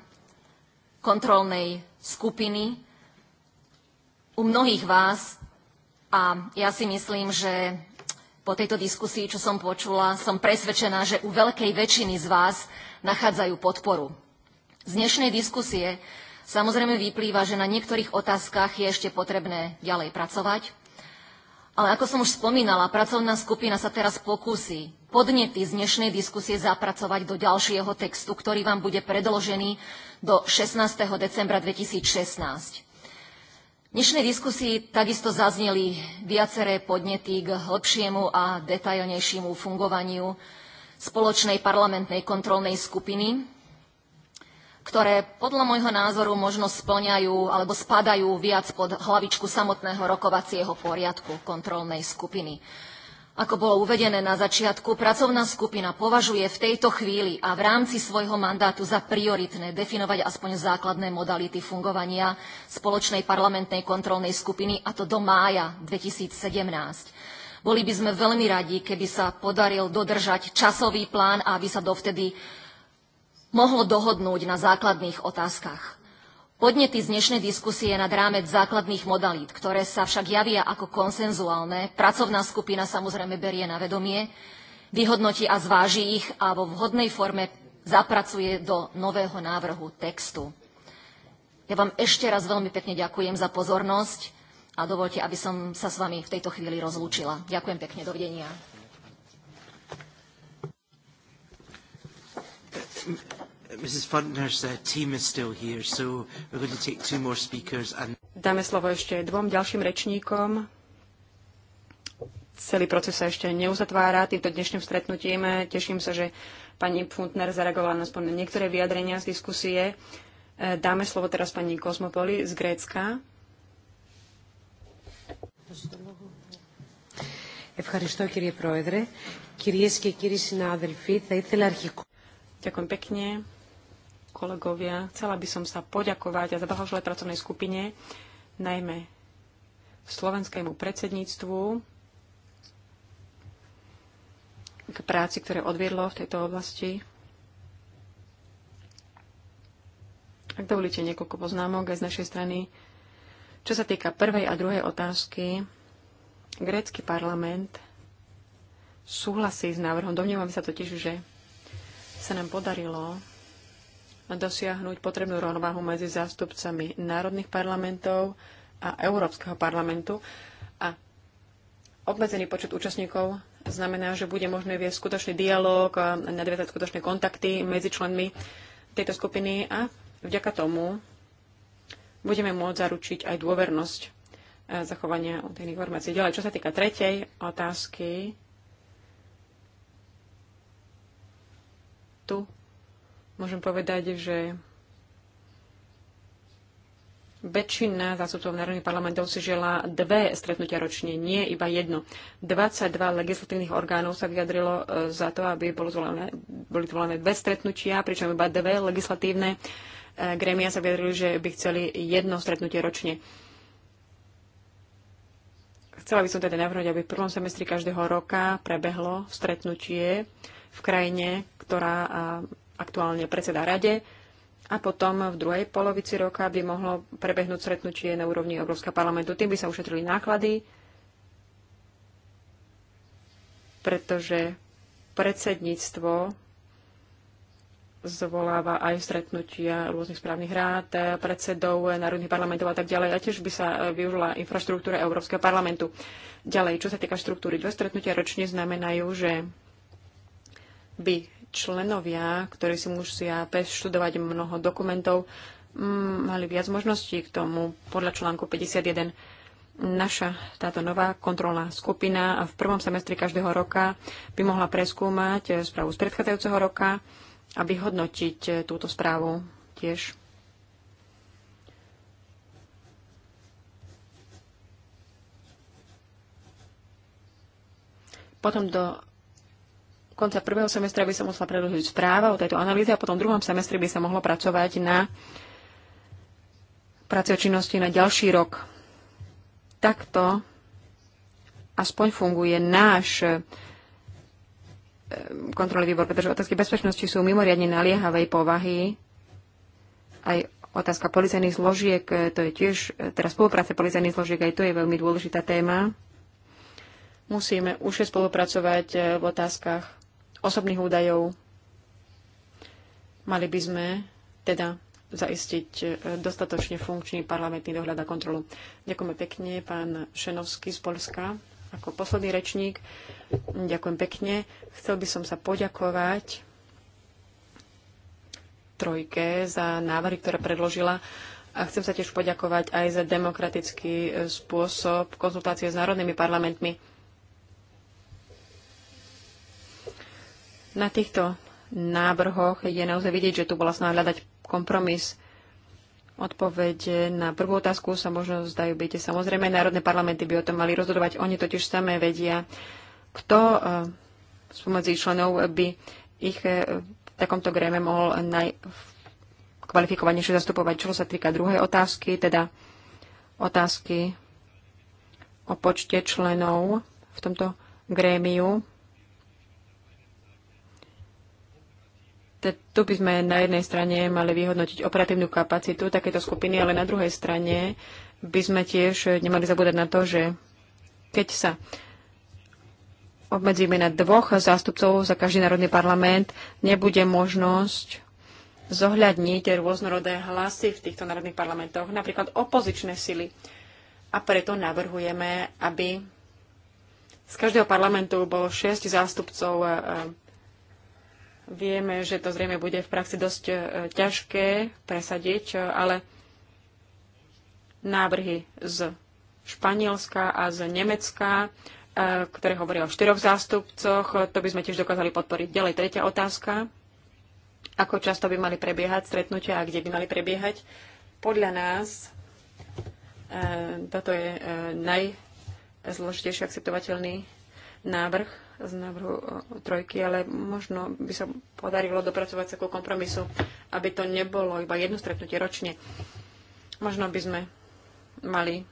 kontrolnej skupiny u mnohých vás a ja si myslím, že po tejto diskusii, čo som počula, som presvedčená, že u veľkej väčšiny z vás nachádzajú podporu. Z dnešnej diskusie samozrejme vyplýva, že na niektorých otázkach je ešte potrebné ďalej pracovať, ale ako som už spomínala, pracovná skupina sa teraz pokúsi podnety z dnešnej diskusie zapracovať do ďalšieho textu, ktorý vám bude predložený do 16. decembra 2016. V dnešnej diskusii takisto zazneli viaceré podnety k hĺbšiemu a detailnejšiemu fungovaniu spoločnej parlamentnej kontrolnej skupiny, ktoré podľa môjho názoru možno splňajú alebo spadajú viac pod hlavičku samotného rokovacieho poriadku kontrolnej skupiny. Ako bolo uvedené na začiatku, pracovná skupina považuje v tejto chvíli a v rámci svojho mandátu za prioritné definovať aspoň základné modality fungovania spoločnej parlamentnej kontrolnej skupiny, a to do mája 2017. Boli by sme veľmi radi, keby sa podaril dodržať časový plán a aby sa dovtedy mohlo dohodnúť na základných otázkach. Podnety z dnešnej diskusie nad rámec základných modalít, ktoré sa však javia ako konsenzuálne, pracovná skupina samozrejme berie na vedomie, vyhodnotí a zváži ich a vo vhodnej forme zapracuje do nového návrhu textu. Ja vám ešte raz veľmi pekne ďakujem za pozornosť a dovolte, aby som sa s vami v tejto chvíli rozlúčila. Ďakujem pekne, dovidenia. Mrs. Uh, team is still here, so we're going to take two more speakers. And...
Dáme slovo ešte dvom ďalším rečníkom. Celý proces sa ešte neuzatvára týmto dnešným stretnutím. Teším sa, že pani Funtner zareagovala na aspoň niektoré vyjadrenia z diskusie. E, dáme slovo teraz pani Kosmopoli z Grécka. Ευχαριστώ κύριε Πρόεδρε. Κυρίες και κύριοι συνάδελφοι, θα ήθελα αρχικό... Ďakujem pekne kolegovia. Chcela by som sa poďakovať a zablahoželať pracovnej skupine, najmä slovenskému predsedníctvu k práci, ktoré odviedlo v tejto oblasti. Ak dovolíte niekoľko poznámok aj z našej strany. Čo sa týka prvej a druhej otázky, grécky parlament súhlasí s návrhom. Domnievam sa totiž, že sa nám podarilo dosiahnuť potrebnú rovnováhu medzi zástupcami národných parlamentov a Európskeho parlamentu. A obmedzený počet účastníkov znamená, že bude možné viesť skutočný dialog a nadviazať skutočné kontakty medzi členmi tejto skupiny a vďaka tomu budeme môcť zaručiť aj dôvernosť e, zachovania tých informácií. Ďalej, čo sa týka tretej otázky, tu môžem povedať, že väčšina zástupcov národných parlamentov si žela dve stretnutia ročne, nie iba jedno. 22 legislatívnych orgánov sa vyjadrilo e, za to, aby bolo zvolené, boli zvolené dve stretnutia, pričom iba dve legislatívne e, gremia sa vyjadrili, že by chceli jedno stretnutie ročne. Chcela by som teda navrhnúť, aby v prvom semestri každého roka prebehlo stretnutie v krajine, ktorá aktuálne predseda rade a potom v druhej polovici roka by mohlo prebehnúť stretnutie na úrovni Európskeho parlamentu. Tým by sa ušetrili náklady, pretože predsedníctvo zvoláva aj stretnutia rôznych správnych rád, predsedov národných parlamentov a tak ďalej. A tiež by sa využila infraštruktúra Európskeho parlamentu. Ďalej, čo sa týka štruktúry, dve stretnutia ročne znamenajú, že by členovia, ktorí si musia preštudovať mnoho dokumentov, mali viac možností k tomu podľa článku 51. Naša táto nová kontrolná skupina v prvom semestri každého roka by mohla preskúmať e, správu z predchádzajúceho roka a vyhodnotiť e, túto správu tiež. Potom do konca prvého semestra by sa musela predložiť správa o tejto analýze a potom v druhom semestri by sa mohlo pracovať na práce činnosti na ďalší rok. Takto aspoň funguje náš e, kontrolný výbor, pretože otázky bezpečnosti sú mimoriadne naliehavej povahy. Aj otázka policajných zložiek, e, to je tiež, e, teraz spolupráce policajných zložiek, aj to je veľmi dôležitá téma. Musíme už spolupracovať v otázkach osobných údajov. Mali by sme teda zaistiť e, dostatočne funkčný parlamentný dohľad a kontrolu. Ďakujeme pekne, pán Šenovský z Polska, ako posledný rečník. Ďakujem pekne. Chcel by som sa poďakovať trojke za návrhy, ktoré predložila. A chcem sa tiež poďakovať aj za demokratický e, spôsob konzultácie s národnými parlamentmi. Na týchto návrhoch je naozaj vidieť, že tu bola snaha hľadať kompromis. Odpovede na prvú otázku sa možno zdajú byť samozrejme. Národné parlamenty by o tom mali rozhodovať. Oni totiž samé vedia, kto e, spomedzi členov by ich e, v takomto gréme mohol najkvalifikovanejšie zastupovať. Čo sa týka druhej otázky, teda otázky o počte členov v tomto grémiu. tu by sme na jednej strane mali vyhodnotiť operatívnu kapacitu takéto skupiny, ale na druhej strane by sme tiež nemali zabúdať na to, že keď sa obmedzíme na dvoch zástupcov za každý národný parlament, nebude možnosť zohľadniť rôznorodé hlasy v týchto národných parlamentoch, napríklad opozičné sily. A preto navrhujeme, aby z každého parlamentu bolo šesť zástupcov eh, Vieme, že to zrejme bude v praxi dosť e, ťažké presadiť, e, ale návrhy z Španielska a z Nemecka, e, ktoré hovoria o štyroch zástupcoch, to by sme tiež dokázali podporiť. Ďalej tretia otázka. Ako často by mali prebiehať stretnutia a kde by mali prebiehať? Podľa nás toto je najzložitejšie akceptovateľný návrh z návrhu e, trojky, ale možno by sa podarilo dopracovať sa ku kompromisu, aby to nebolo iba jedno stretnutie ročne. Možno by sme mali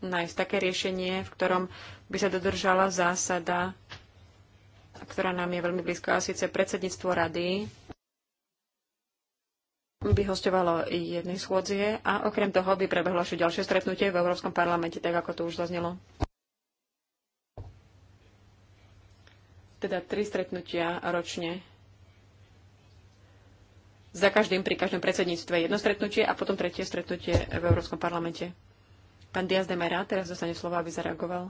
nájsť také riešenie, v ktorom by sa dodržala zásada, ktorá nám je veľmi blízka, a síce predsedníctvo rady by hostovalo jednej schôdzie a okrem toho by prebehlo ešte ďalšie stretnutie v Európskom parlamente, tak ako to už zaznelo. teda tri stretnutia ročne. Za každým, pri každom predsedníctve jedno stretnutie a potom tretie stretnutie v Európskom parlamente. Pán Diaz de Mera teraz dostane slovo, aby zareagoval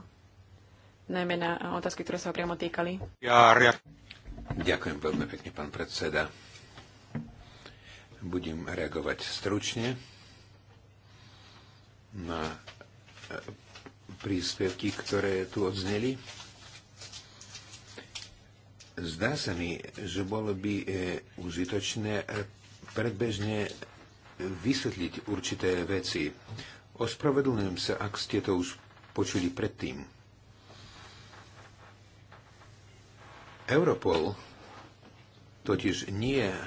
najmä na otázky, ktoré sa ho priamo týkali.
Ja, ja. Ďakujem veľmi pekne, pán predseda. Budem reagovať stručne na eh, príspevky, ktoré tu odzneli. Zdá sa mi, že bolo by e, užitočné e, predbežne vysvetliť určité veci. Ospravedlňujem sa, ak ste to už počuli predtým. Europol totiž nie je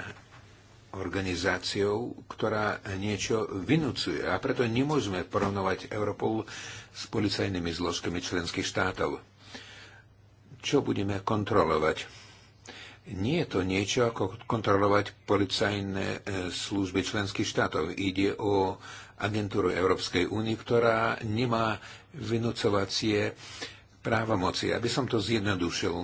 organizáciou, ktorá niečo vynúcuje a preto nemôžeme porovnovať Europol s policajnými zložkami členských štátov čo budeme kontrolovať. Nie je to niečo ako kontrolovať policajné e, služby členských štátov. Ide o agentúru Európskej únie, ktorá nemá vynúcovacie právomoci. Aby som to zjednodušil,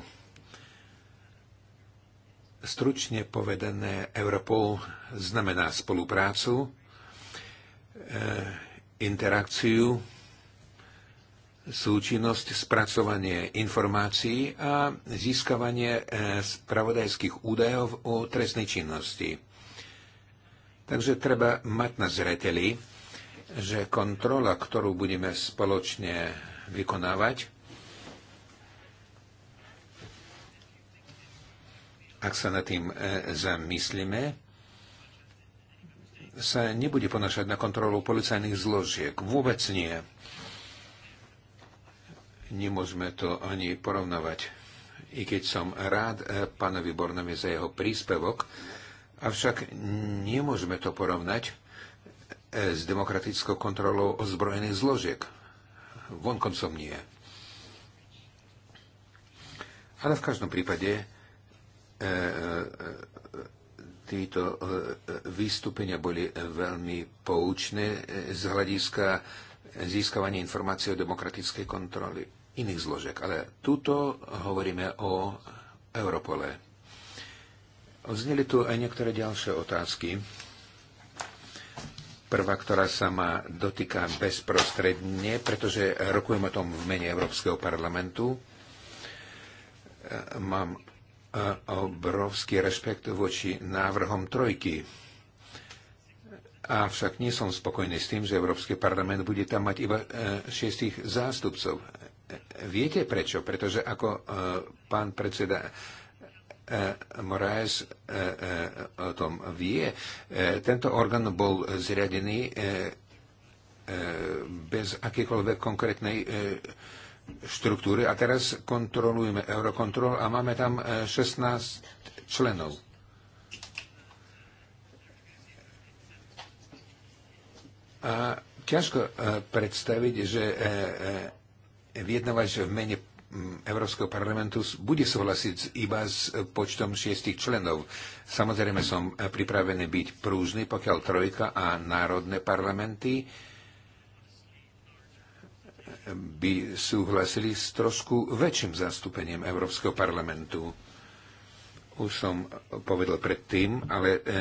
stručne povedané Europol znamená spoluprácu, e, interakciu súčinnosť, spracovanie informácií a získavanie e, spravodajských údajov o trestnej činnosti. Takže treba mať na zreteli, že kontrola, ktorú budeme spoločne vykonávať, ak sa nad tým e, zamyslíme, sa nebude ponašať na kontrolu policajných zložiek. Vôbec nie nemôžeme to ani porovnávať. I keď som rád e, pánovi Bornovi za jeho príspevok, avšak nemôžeme to porovnať e, s demokratickou kontrolou ozbrojených zložiek. Vonkoncom nie. Ale v každom prípade e, títo vystúpenia boli veľmi poučné z hľadiska získavania informácií o demokratickej kontroli iných zložiek. Ale tuto hovoríme o Europole. Odzneli tu aj niektoré ďalšie otázky. Prvá, ktorá sa ma dotýka bezprostredne, pretože rokujem o tom v mene Európskeho parlamentu. E, mám e, obrovský rešpekt voči návrhom trojky. Avšak nie som spokojný s tým, že Európsky parlament bude tam mať iba e, šiestich zástupcov. Viete prečo? Pretože ako e, pán predseda e, Moraes e, o tom vie, tento orgán bol zriadený bez akýkoľvek konkrétnej štruktúry a teraz kontrolujeme Eurokontrol a máme tam 16 členov. A ťažko predstaviť, že že v mene mm, Európskeho parlamentu bude súhlasiť iba s počtom šiestich členov. Samozrejme som eh, pripravený byť prúžny, pokiaľ trojka a národné parlamenty eh, by súhlasili s trošku väčším zastúpením Európskeho parlamentu. Už som povedal predtým, ale e, e,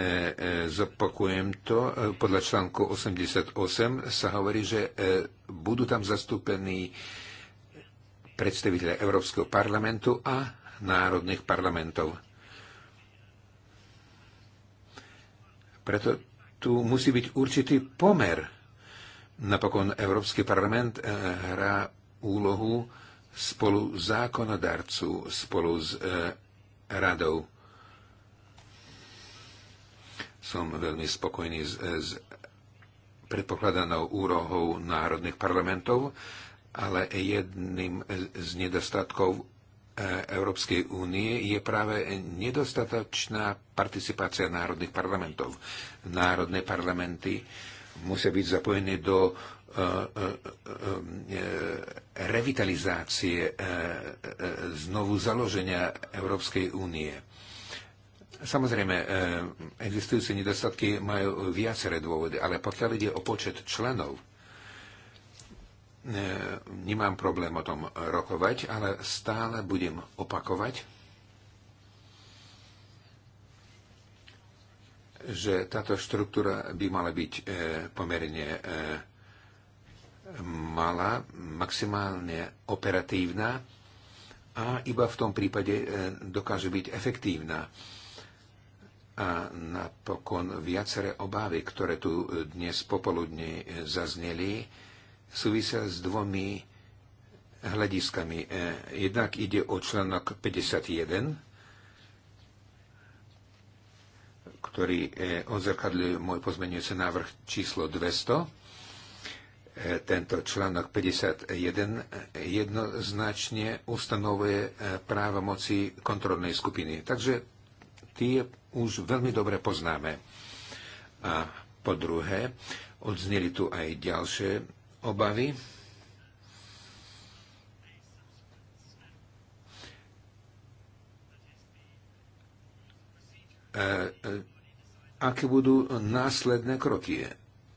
zopakujem to. Podľa článku 88 sa hovorí, že e, budú tam zastúpení e, predstaviteľa Európskeho parlamentu a národných parlamentov. Preto tu musí byť určitý pomer. Napokon Európsky parlament eh, hrá úlohu spolu zákonodarcu, spolu s eh, radou. Som veľmi spokojný s, eh, s predpokladanou úrohou národných parlamentov ale jedným z nedostatkov e, Európskej únie je práve nedostatočná participácia národných parlamentov. Národné parlamenty musia byť zapojené do e, e, revitalizácie, znovu založenia Európskej únie. Samozrejme, existujúce nedostatky majú viaceré dôvody, ale pokiaľ ide o počet členov, E, nemám problém o tom rokovať, ale stále budem opakovať, že táto štruktúra by mala byť e, pomerne e, malá, maximálne operatívna a iba v tom prípade dokáže byť efektívna. A napokon viaceré obavy, ktoré tu dnes popoludne zazneli, súvisia s dvomi hľadiskami. E, jednak ide o článok 51, ktorý e, odzrkadľuje môj pozmenujúci návrh číslo 200. E, tento článok 51 jednoznačne ustanovuje práva moci kontrolnej skupiny. Takže tie už veľmi dobre poznáme. A po druhé, odzneli tu aj ďalšie obavy, E, e, aké budú následné kroky,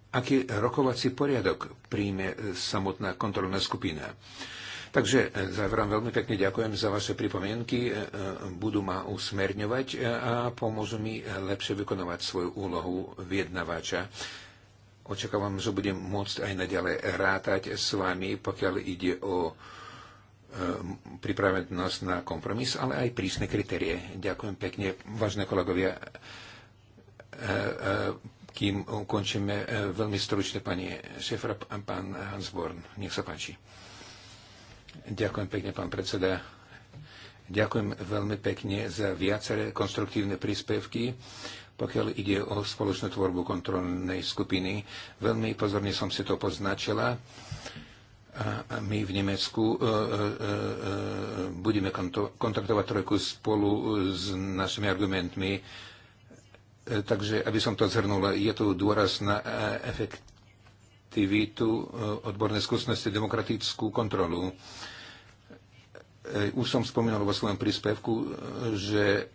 aký rokovací poriadok príjme samotná kontrolná skupina. Takže e, záverom veľmi pekne ďakujem za vaše pripomienky, e, e, budú ma usmerňovať a pomôžu mi lepšie vykonovať svoju úlohu vyjednávača očakávam, že budem môcť aj naďalej rátať s vami, pokiaľ ide o e, pripravenosť na kompromis, ale aj prísne kritérie. Ďakujem pekne, vážne kolegovia. E, e, kým ukončíme veľmi stručne pani Šefra a pán Hansborn. Nech sa páči. Ďakujem pekne, pán predseda. Ďakujem veľmi pekne za viaceré konstruktívne príspevky. Pokiaľ ide o spoločnú tvorbu kontrolnej skupiny, veľmi pozorne som si to poznačila. A my v Nemecku e, e, e, budeme kontaktovať trojku spolu s našimi argumentmi. Takže, aby som to zhrnula, je tu dôraz na efektivitu, odborné skúsenosti, demokratickú kontrolu. Už som spomínal vo svojom príspevku, že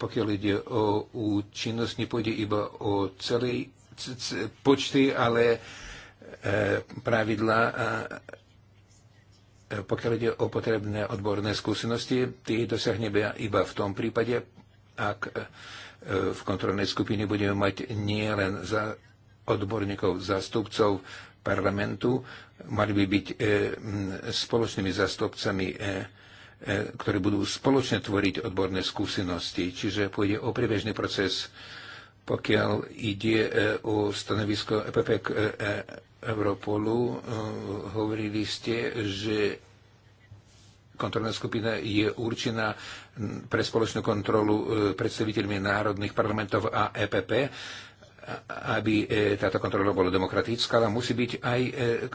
pokiaľ ide o účinnosť, nepôjde iba o celý počty, ale e, pravidla, e, pokiaľ ide o potrebné odborné skúsenosti, tie dosiahneme iba v tom prípade, ak e, v kontrolnej skupine budeme mať nielen za odborníkov, zástupcov parlamentu, mali by byť spoločnými zástupcami E, ktoré budú spoločne tvoriť odborné skúsenosti, čiže pôjde o priebežný proces, pokiaľ ide e, o stanovisko EPP k e, Europolu, hovorili ste, že kontrolná skupina je určená pre spoločnú kontrolu predstaviteľmi národných parlamentov a EPP, aby táto kontrola bola demokratická, ale musí byť aj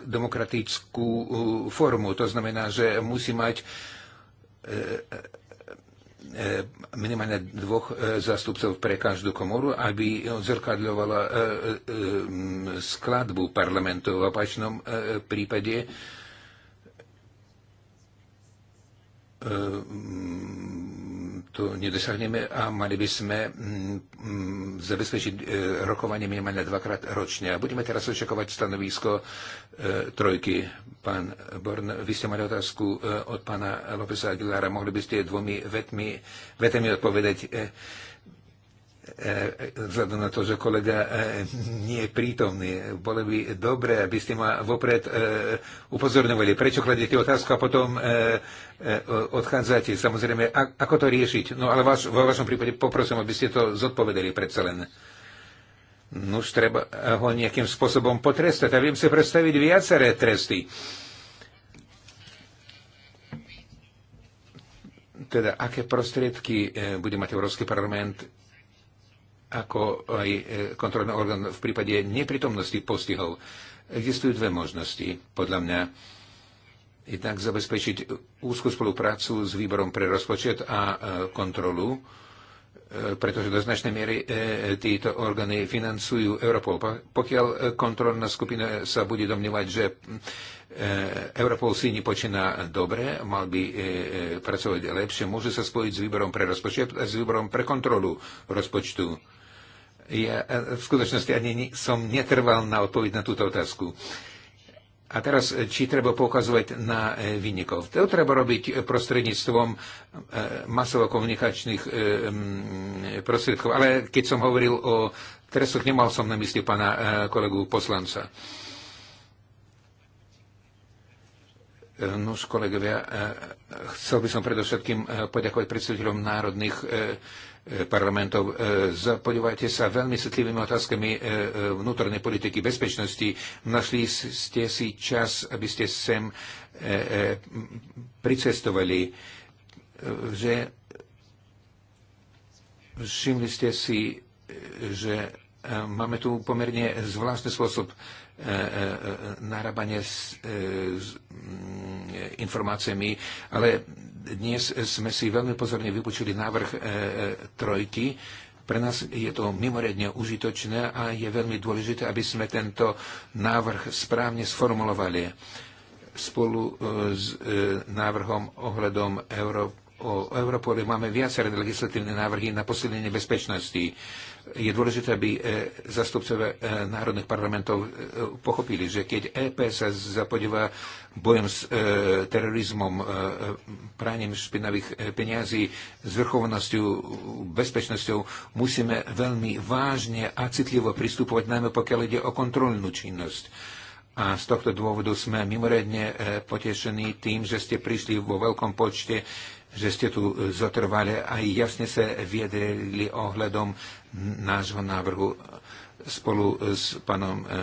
demokratickú formu. To znamená, že musí mať minimálne dvoch e, zástupcov pre každú komoru, aby zrkadľovala e, e, skladbu parlamentu. V opačnom prípade Ehm, to nedosiahneme a mali by sme mm, zabezpečiť e, rokovanie minimálne dvakrát ročne. A budeme teraz očakovať stanovisko e, trojky. Pán Born, vy ste mali otázku e, od pána Lópeza Aguilara. Mohli by ste dvomi vetmi, vetami odpovedať vzhľadom na to, že kolega e, nie je prítomný. Bolo by dobré, aby ste ma vopred e, upozorňovali, prečo kladete otázku a potom e, odchádzate. Samozrejme, ako to riešiť? No ale vo vašom prípade poprosím, aby ste to zodpovedali predsa len. No už treba ho nejakým spôsobom potrestať. A viem si predstaviť viaceré tresty. Teda, aké prostriedky bude mať Európsky parlament ako aj e, kontrolný orgán v prípade neprítomnosti postihov. Existujú dve možnosti, podľa mňa. Jednak zabezpečiť úzkú spoluprácu s výborom pre rozpočet a e, kontrolu, e, pretože do značnej miery títo orgány financujú Europol. Pokiaľ kontrolná skupina sa bude domnievať, že Europol si nepočína dobre, mal by pracovať lepšie, môže sa spojiť s výborom pre rozpočet a s výborom pre kontrolu rozpočtu ja e, v skutočnosti ani som netrval na odpoveď na túto otázku. A teraz, e, či treba poukazovať na e, vynikov. To treba robiť prostredníctvom masovo-komunikačných prostriedkov. Ale keď som hovoril o trestoch, nemal som na mysli pána kolegu poslanca. Nuž, kolegovia, chcel by som predovšetkým poďakovať predstaviteľom národných parlamentov. E, zapodívajte sa veľmi citlivými otázkami e, e, vnútornej politiky bezpečnosti. Našli ste si čas, aby ste sem pricestovali, že všimli ste si, že máme tu pomerne zvláštny spôsob narábanie s informáciami, ale dnes sme si veľmi pozorne vypočuli návrh e, e, trojky. Pre nás je to mimoriadne užitočné a je veľmi dôležité, aby sme tento návrh správne sformulovali spolu e, s e, návrhom ohľadom Európy o Európole máme viaceré legislatívne návrhy na posilnenie bezpečnosti je dôležité, aby e, zastupcové e, národných parlamentov e, pochopili, že keď EP sa zapodieva bojom s terorizmom, praním špinavých peniazí, zvrchovanosťou, bezpečnosťou, musíme veľmi vážne a citlivo pristupovať, najmä pokiaľ ide o kontrolnú činnosť. A z tohto dôvodu sme mimoriadne potešení tým, že ste prišli vo veľkom počte že ste tu zotrvali a jasne sa viedeli ohľadom nášho návrhu. Spolu s pánom e, e,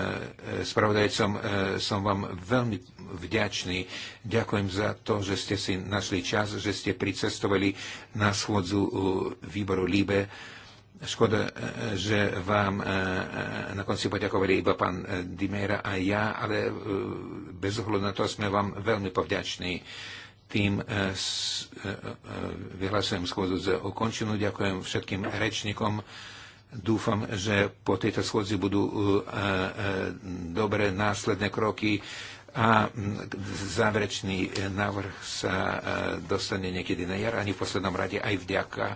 spravodajcom e, som vám veľmi vďačný. Ďakujem za to, že ste si našli čas, že ste pricestovali na schôdzu výboru LIBE. Škoda, že vám na konci poďakovali iba pán Dimera a ja, ale bez ohľadu na to sme vám veľmi povďační. Tým vyhlasujem schôdzu za ukončenú. Ďakujem všetkým rečníkom. Dúfam, že po tejto schôdzi budú e, e, dobré následné kroky a záverečný návrh sa e, dostane niekedy na jar, ani v poslednom rade aj vďaka